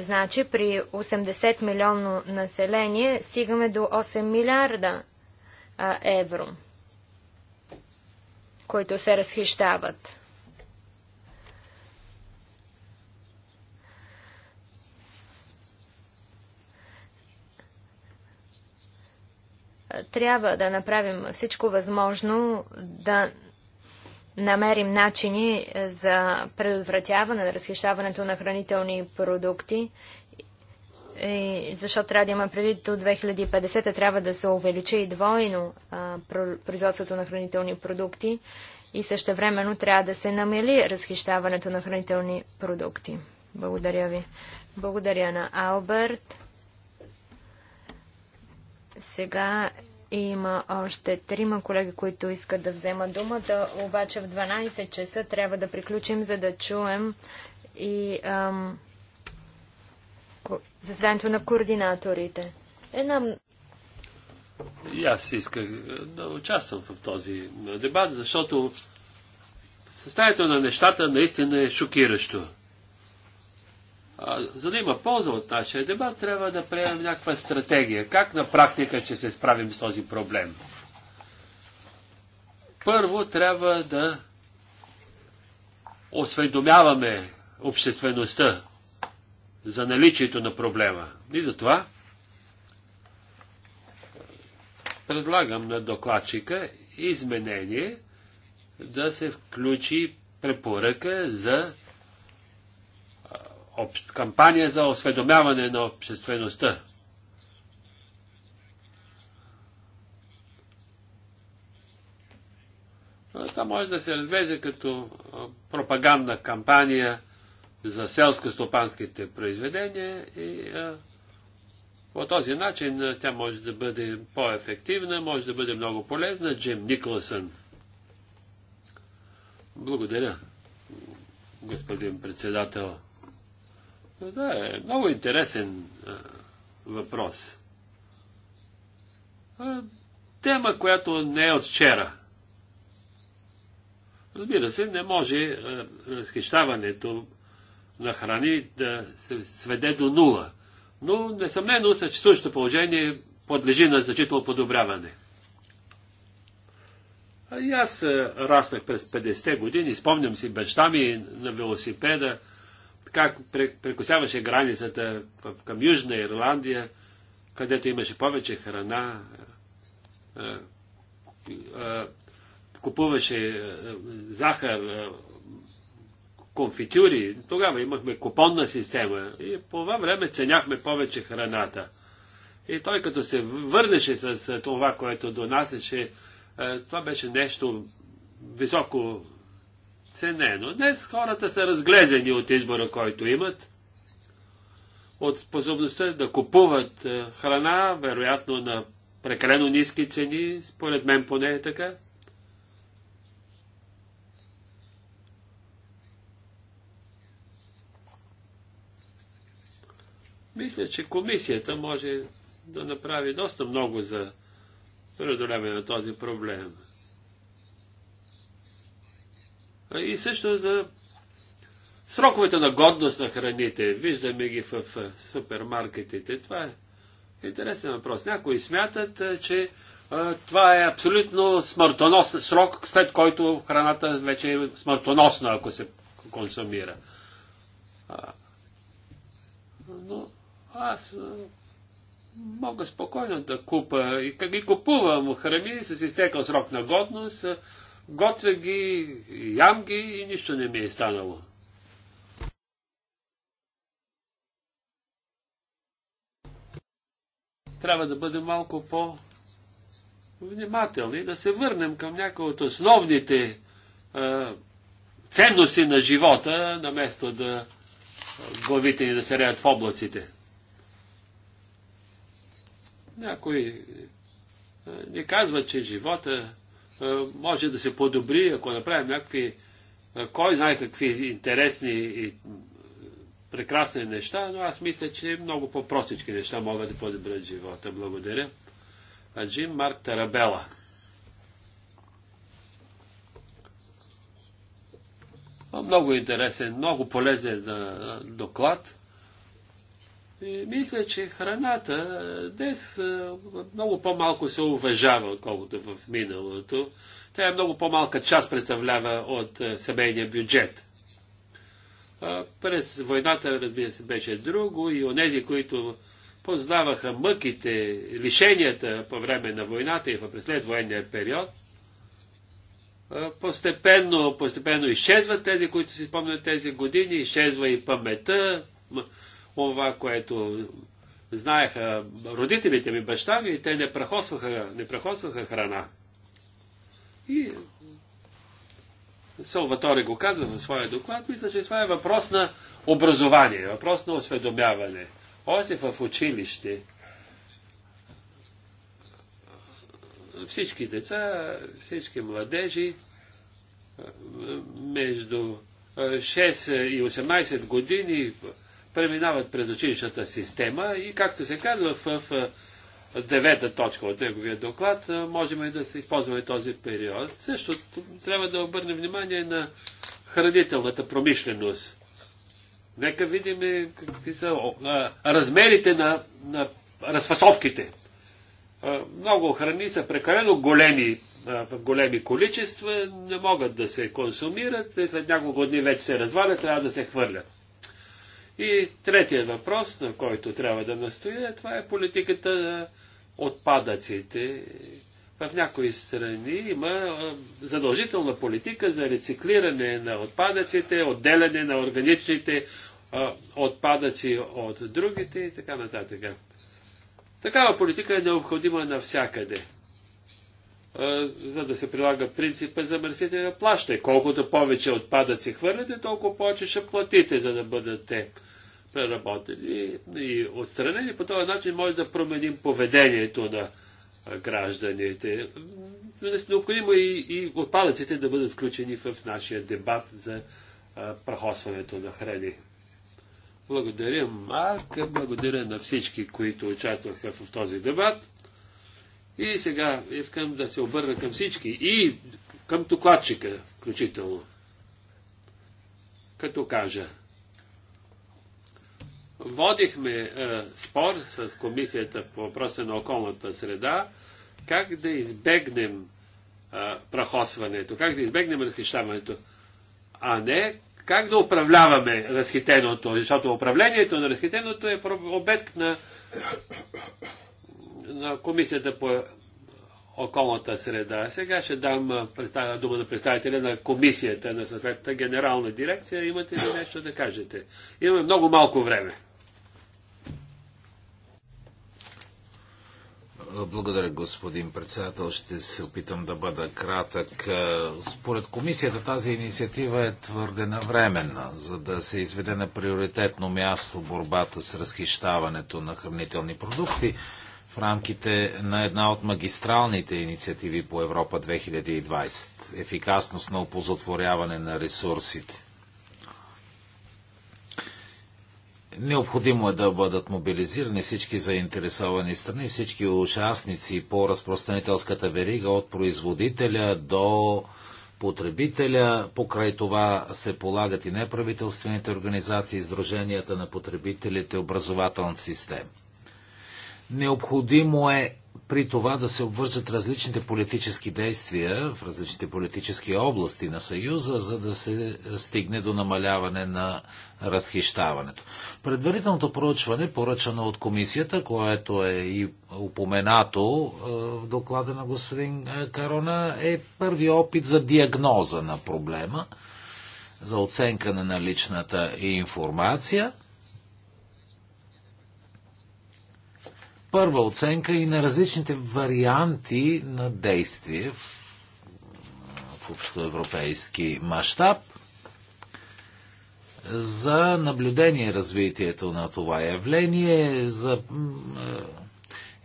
Значи при 80 милионно население стигаме до 8 милиарда а, евро, които се разхищават. Трябва да направим всичко възможно да намерим начини е, за предотвратяване на разхищаването на хранителни продукти, защото трябва да има предвид до 2050 трябва да се увеличи и двойно производството на хранителни продукти и също времено трябва да се намели разхищаването на хранителни продукти. Благодаря ви. Благодаря на Алберт. Сега има още трима колеги, които искат да вземат думата, обаче в 12 часа трябва да приключим, за да чуем и ам, заседанието на координаторите. Една... И аз исках е, да участвам в този е, дебат, защото състоянието на нещата наистина е шокиращо за да има полза от нашия дебат, трябва да приемем някаква стратегия. Как на практика ще се справим с този проблем? Първо трябва да осведомяваме обществеността за наличието на проблема. И за това предлагам на докладчика изменение да се включи препоръка за кампания за осведомяване на обществеността. Това може да се разглежда като пропагандна кампания за селско-стопанските произведения и по този начин тя може да бъде по-ефективна, може да бъде много полезна. Джим Николсън. Благодаря, господин председател. Да, е много интересен а, въпрос. А, тема, която не е от вчера. Разбира се, не може а, разхищаването на храни да се сведе до нула. Но, несъмнено, съществуващото положение подлежи на значително подобряване. А и аз раснах през 50-те години, спомням си баща ми на велосипеда, така прекусяваше границата към Южна Ирландия, където имаше повече храна, купуваше захар, конфитюри. Тогава имахме купонна система и по това време ценяхме повече храната. И той като се върнеше с това, което донасеше, това беше нещо високо ценено. Днес хората са разглезени от избора, който имат, от способността да купуват е, храна, вероятно на прекалено ниски цени, според мен поне е така. Мисля, че комисията може да направи доста много за преодоляване на този проблем. И също за сроковете на годност на храните. Виждаме ги в супермаркетите. Това е интересен въпрос. Някои смятат, че това е абсолютно смъртоносен срок, след който храната вече е смъртоносна, ако се консумира. Но аз мога спокойно да купа и купувам храни с изтекал срок на годност Готвя ги, ям ги и нищо не ми е станало. Трябва да бъдем малко по внимателни, да се върнем към някои от основните е, ценности на живота, наместо да главите ни да се реят в облаците. Някой ни казва, че живота е, може да се подобри, ако направим някакви, е, кой знае какви интересни и прекрасни неща, но аз мисля, че много по-простички неща могат да подобрят живота. Благодаря. Аджим Джим Марк Тарабела. Много интересен, много полезен е, доклад. И мисля, че храната днес е, много по-малко се уважава, отколкото в миналото. Тя е много по-малка част представлява от е, семейния бюджет. През войната, разбира се, беше друго и онези, които познаваха мъките, лишенията по време на войната и в следвоенния период, постепенно, постепенно изчезват тези, които си спомнят тези години, изчезва и паметта, това, което знаеха родителите ми, баща ми, и те не прахосваха, не прахосваха храна. И Салватори го казва в своя доклад, мисля, че това е въпрос на образование, въпрос на осведомяване. Още в училище всички деца, всички младежи между 6 и 18 години преминават през училищната система и, както се казва в, в девета точка от неговия доклад, можем и да се използваме този период. Също трябва да обърнем внимание на хранителната промишленост. Нека видим какви са а, размерите на, на разфасовките. А, много храни са прекалено големи, а, големи количества, не могат да се консумират и след няколко дни вече се развалят, трябва да се хвърлят. И третия въпрос, на който трябва да настоя, е, това е политиката на отпадъците. В някои страни има задължителна политика за рециклиране на отпадъците, отделяне на органичните отпадъци от другите и така нататък. Такава политика е необходима навсякъде, за да се прилага принципа за мърсителя плаща. Колкото повече отпадъци хвърляте, толкова повече ще платите, за да бъдат те преработени и отстранени. По този начин може да променим поведението на гражданите. Необходимо е и, и отпадъците да бъдат включени в нашия дебат за прахосването на храни. Благодаря, Марк. Благодаря на всички, които участваха в този дебат. И сега искам да се обърна към всички и към докладчика, включително. Като кажа, водихме е, спор с Комисията по въпроса на околната среда, как да избегнем е, прахосването, как да избегнем разхищаването, а не как да управляваме разхитеното, защото управлението на разхитеното е обект на, на Комисията по околната среда. Сега ще дам е, дума на представителя на комисията, на съответната генерална дирекция. Имате ли нещо да кажете? Имаме много малко време. Благодаря, господин председател. Ще се опитам да бъда кратък. Е, според комисията тази инициатива е твърде навременна, за да се изведе на приоритетно място борбата с разхищаването на хранителни продукти в рамките на една от магистралните инициативи по Европа 2020 ефикасност на опозотворяване на ресурсите. Необходимо е да бъдат мобилизирани всички заинтересовани страни, всички участници по разпространителската верига от производителя до потребителя. Покрай това се полагат и неправителствените организации, издруженията на потребителите, образователната система. Необходимо е при това да се обвържат различните политически действия в различните политически области на Съюза, за да се стигне до намаляване на разхищаването. Предварителното проучване, поръчано от комисията, което е и упоменато е, в доклада на господин е, Карона, е първи опит за диагноза на проблема, за оценка на наличната информация – първа оценка и на различните варианти на действие в, в общоевропейски мащаб за наблюдение развитието на това явление, за е,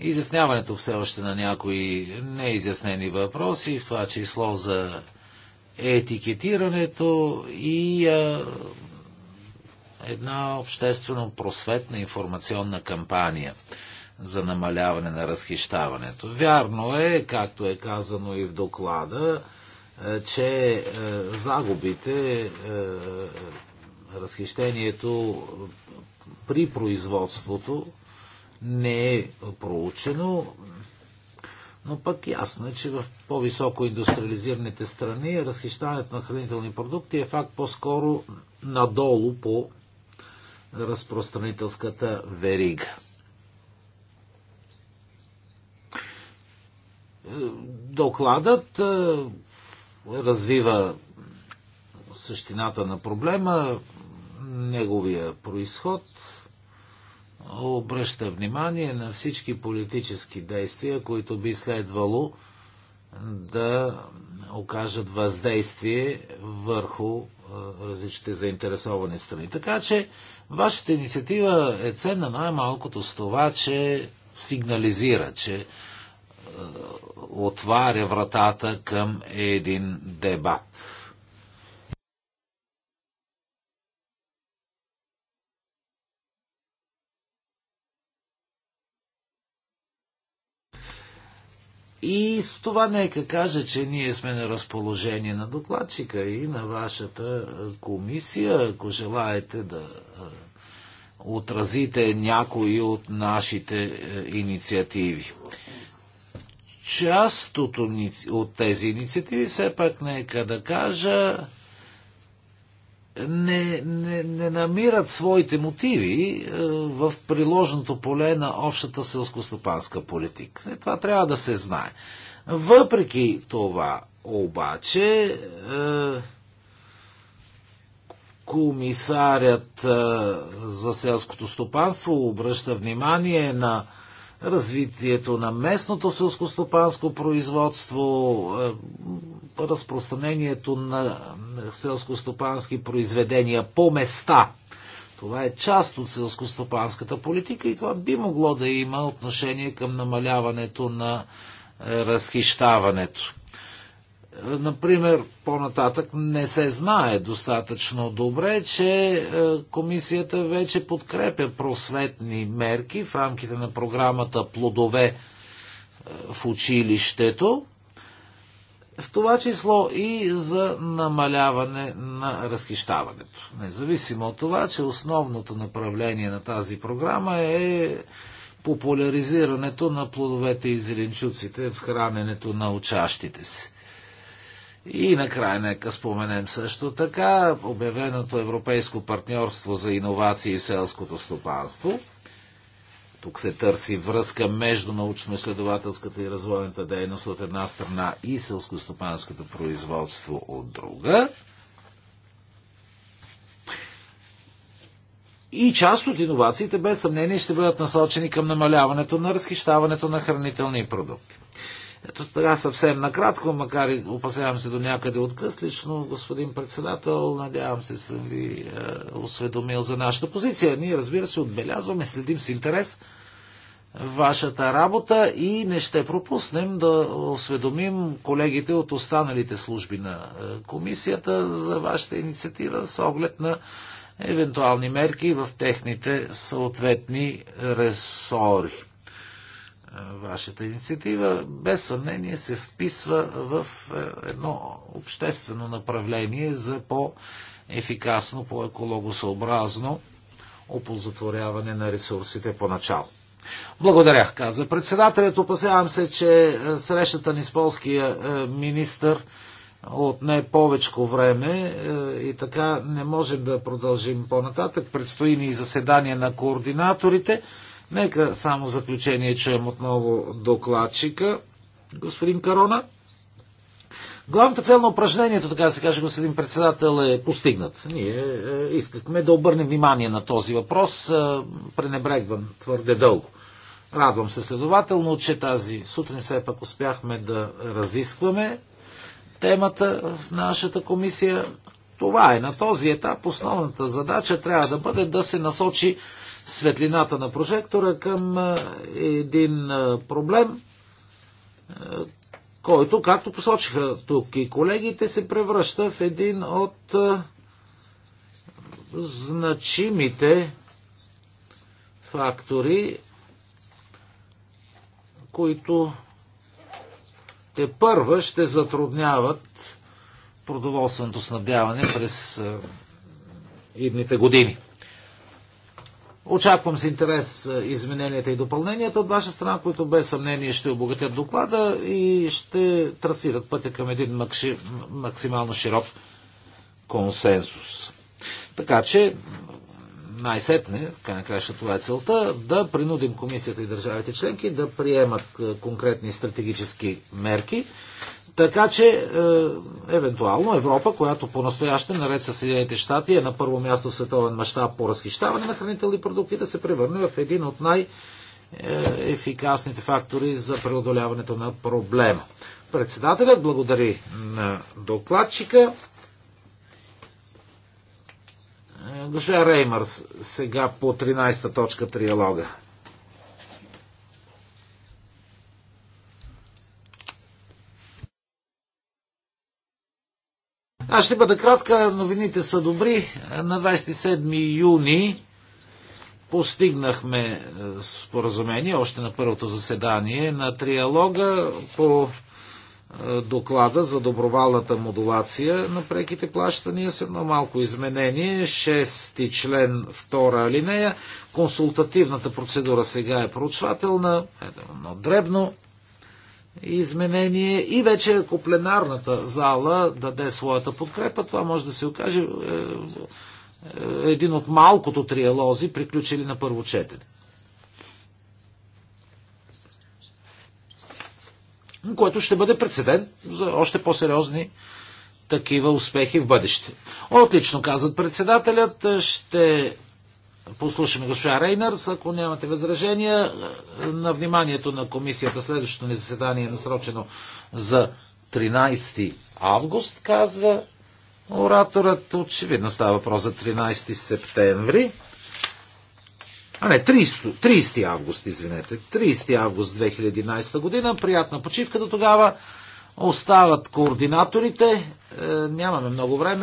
изясняването все още на някои неизяснени въпроси, в това число за етикетирането и а, е, една обществено просветна информационна кампания – за намаляване на разхищаването. Вярно е, както е казано и в доклада, е, че е, загубите, е, разхищението при производството не е проучено, но пък ясно е, че в по-високо индустриализираните страни разхищаването на хранителни продукти е факт по-скоро надолу по разпространителската верига. Докладът е, развива същината на проблема, неговия происход, обръща внимание на всички политически действия, които би следвало да окажат въздействие върху е, различните заинтересовани страни. Така че вашата инициатива е ценна най-малкото с това, че сигнализира, че е, отваря вратата към един дебат. И с това нека кажа, че ние сме на разположение на докладчика и на вашата комисия, ако желаете да отразите някои от нашите е, инициативи част от, от тези инициативи, все пак нека да кажа, не, не, не намират своите мотиви е, в приложното поле на общата селскостопанска политика. И е, това трябва да се знае. Въпреки това, обаче, е, комисарят е, за селското стопанство обръща внимание на развитието на местното селскостопанско производство, е, разпространението на селскостопански произведения по места. Това е част от селско-стопанската политика и това би могло да има отношение към намаляването на е, разхищаването. Например, по-нататък не се знае достатъчно добре, че е, комисията вече подкрепя просветни мерки в рамките на програмата Плодове е, в училището, в това число и за намаляване на разхищаването. Независимо от това, че основното направление на тази програма е популяризирането на плодовете и зеленчуците в храненето на учащите си. И накрая нека споменем също така обявеното Европейско партньорство за иновации в селското стопанство. Тук се търси връзка между научно-изследователската и развойната дейност от една страна и селско-стопанското производство от друга. И част от иновациите без съмнение ще бъдат насочени към намаляването на разхищаването на хранителни продукти. Ето така съвсем накратко, макар и опасявам се до някъде лично, господин председател, надявам се съм ви е, осведомил за нашата позиция. Ние, разбира се, отбелязваме, следим с интерес вашата работа и не ще пропуснем да осведомим колегите от останалите служби на е, комисията за вашата инициатива с оглед на евентуални мерки в техните съответни ресори вашата инициатива, без съмнение се вписва в е, едно обществено направление за по-ефикасно, по-екологосъобразно опозатворяване на ресурсите поначало. Благодаря, каза председателят. Опасявам се, че е, срещата ни с полския е, министр отне повече време и така не можем да продължим по-нататък. Предстои ни заседание на координаторите. Нека само заключение чуем отново докладчика, господин Карона. Главната цел на упражнението, така се каже, господин председател, е постигнат. Ние е, искахме да обърнем внимание на този въпрос, е, пренебрегван твърде дълго. Радвам се следователно, че тази сутрин все пак успяхме да разискваме темата в нашата комисия. Това е на този етап. Основната задача трябва да бъде да се насочи светлината на прожектора към един проблем, който, както посочиха тук и колегите, се превръща в един от значимите фактори, които те първа ще затрудняват продоволственото снабдяване през идните години. Очаквам с интерес е, измененията и допълненията от ваша страна, които без съмнение ще обогатят доклада и ще трасират пътя към един макши, максимално широк консенсус. Така че, най-сетне, край на краща това е целта, да принудим комисията и държавите членки да приемат е, конкретни стратегически мерки, така че, е, евентуално, Европа, която по-настояще, наред с Съединените щати, е на първо място в световен мащаб по разхищаване на хранителни продукти, да се превърне в един от най-ефикасните фактори за преодоляването на проблема. Председателят благодари на докладчика. Е, госпожа Реймърс, сега по 13-та точка триалога. Аз ще бъда кратка, новините са добри. На 27 юни постигнахме е, споразумение, още на първото заседание на триалога по е, доклада за добровалната модулация на преките плащания с едно малко изменение. Шести член, втора алинея. Консултативната процедура сега е проучвателна, едно дребно изменение и вече ако пленарната зала даде своята подкрепа, това може да се окаже е, е, един от малкото триалози, приключили на първо четене. Което ще бъде прецедент за още по-сериозни такива успехи в бъдеще. Отлично, казват председателят, ще послушаме госпожа Рейнърс, ако нямате възражения, е, на вниманието на комисията следващото ни заседание е насрочено за 13 август, казва ораторът. Очевидно става въпрос за 13 септември. А не, 30, 30 август, извинете. 30 август 2011 година. Приятна почивка до тогава. Остават координаторите. Е, нямаме много време.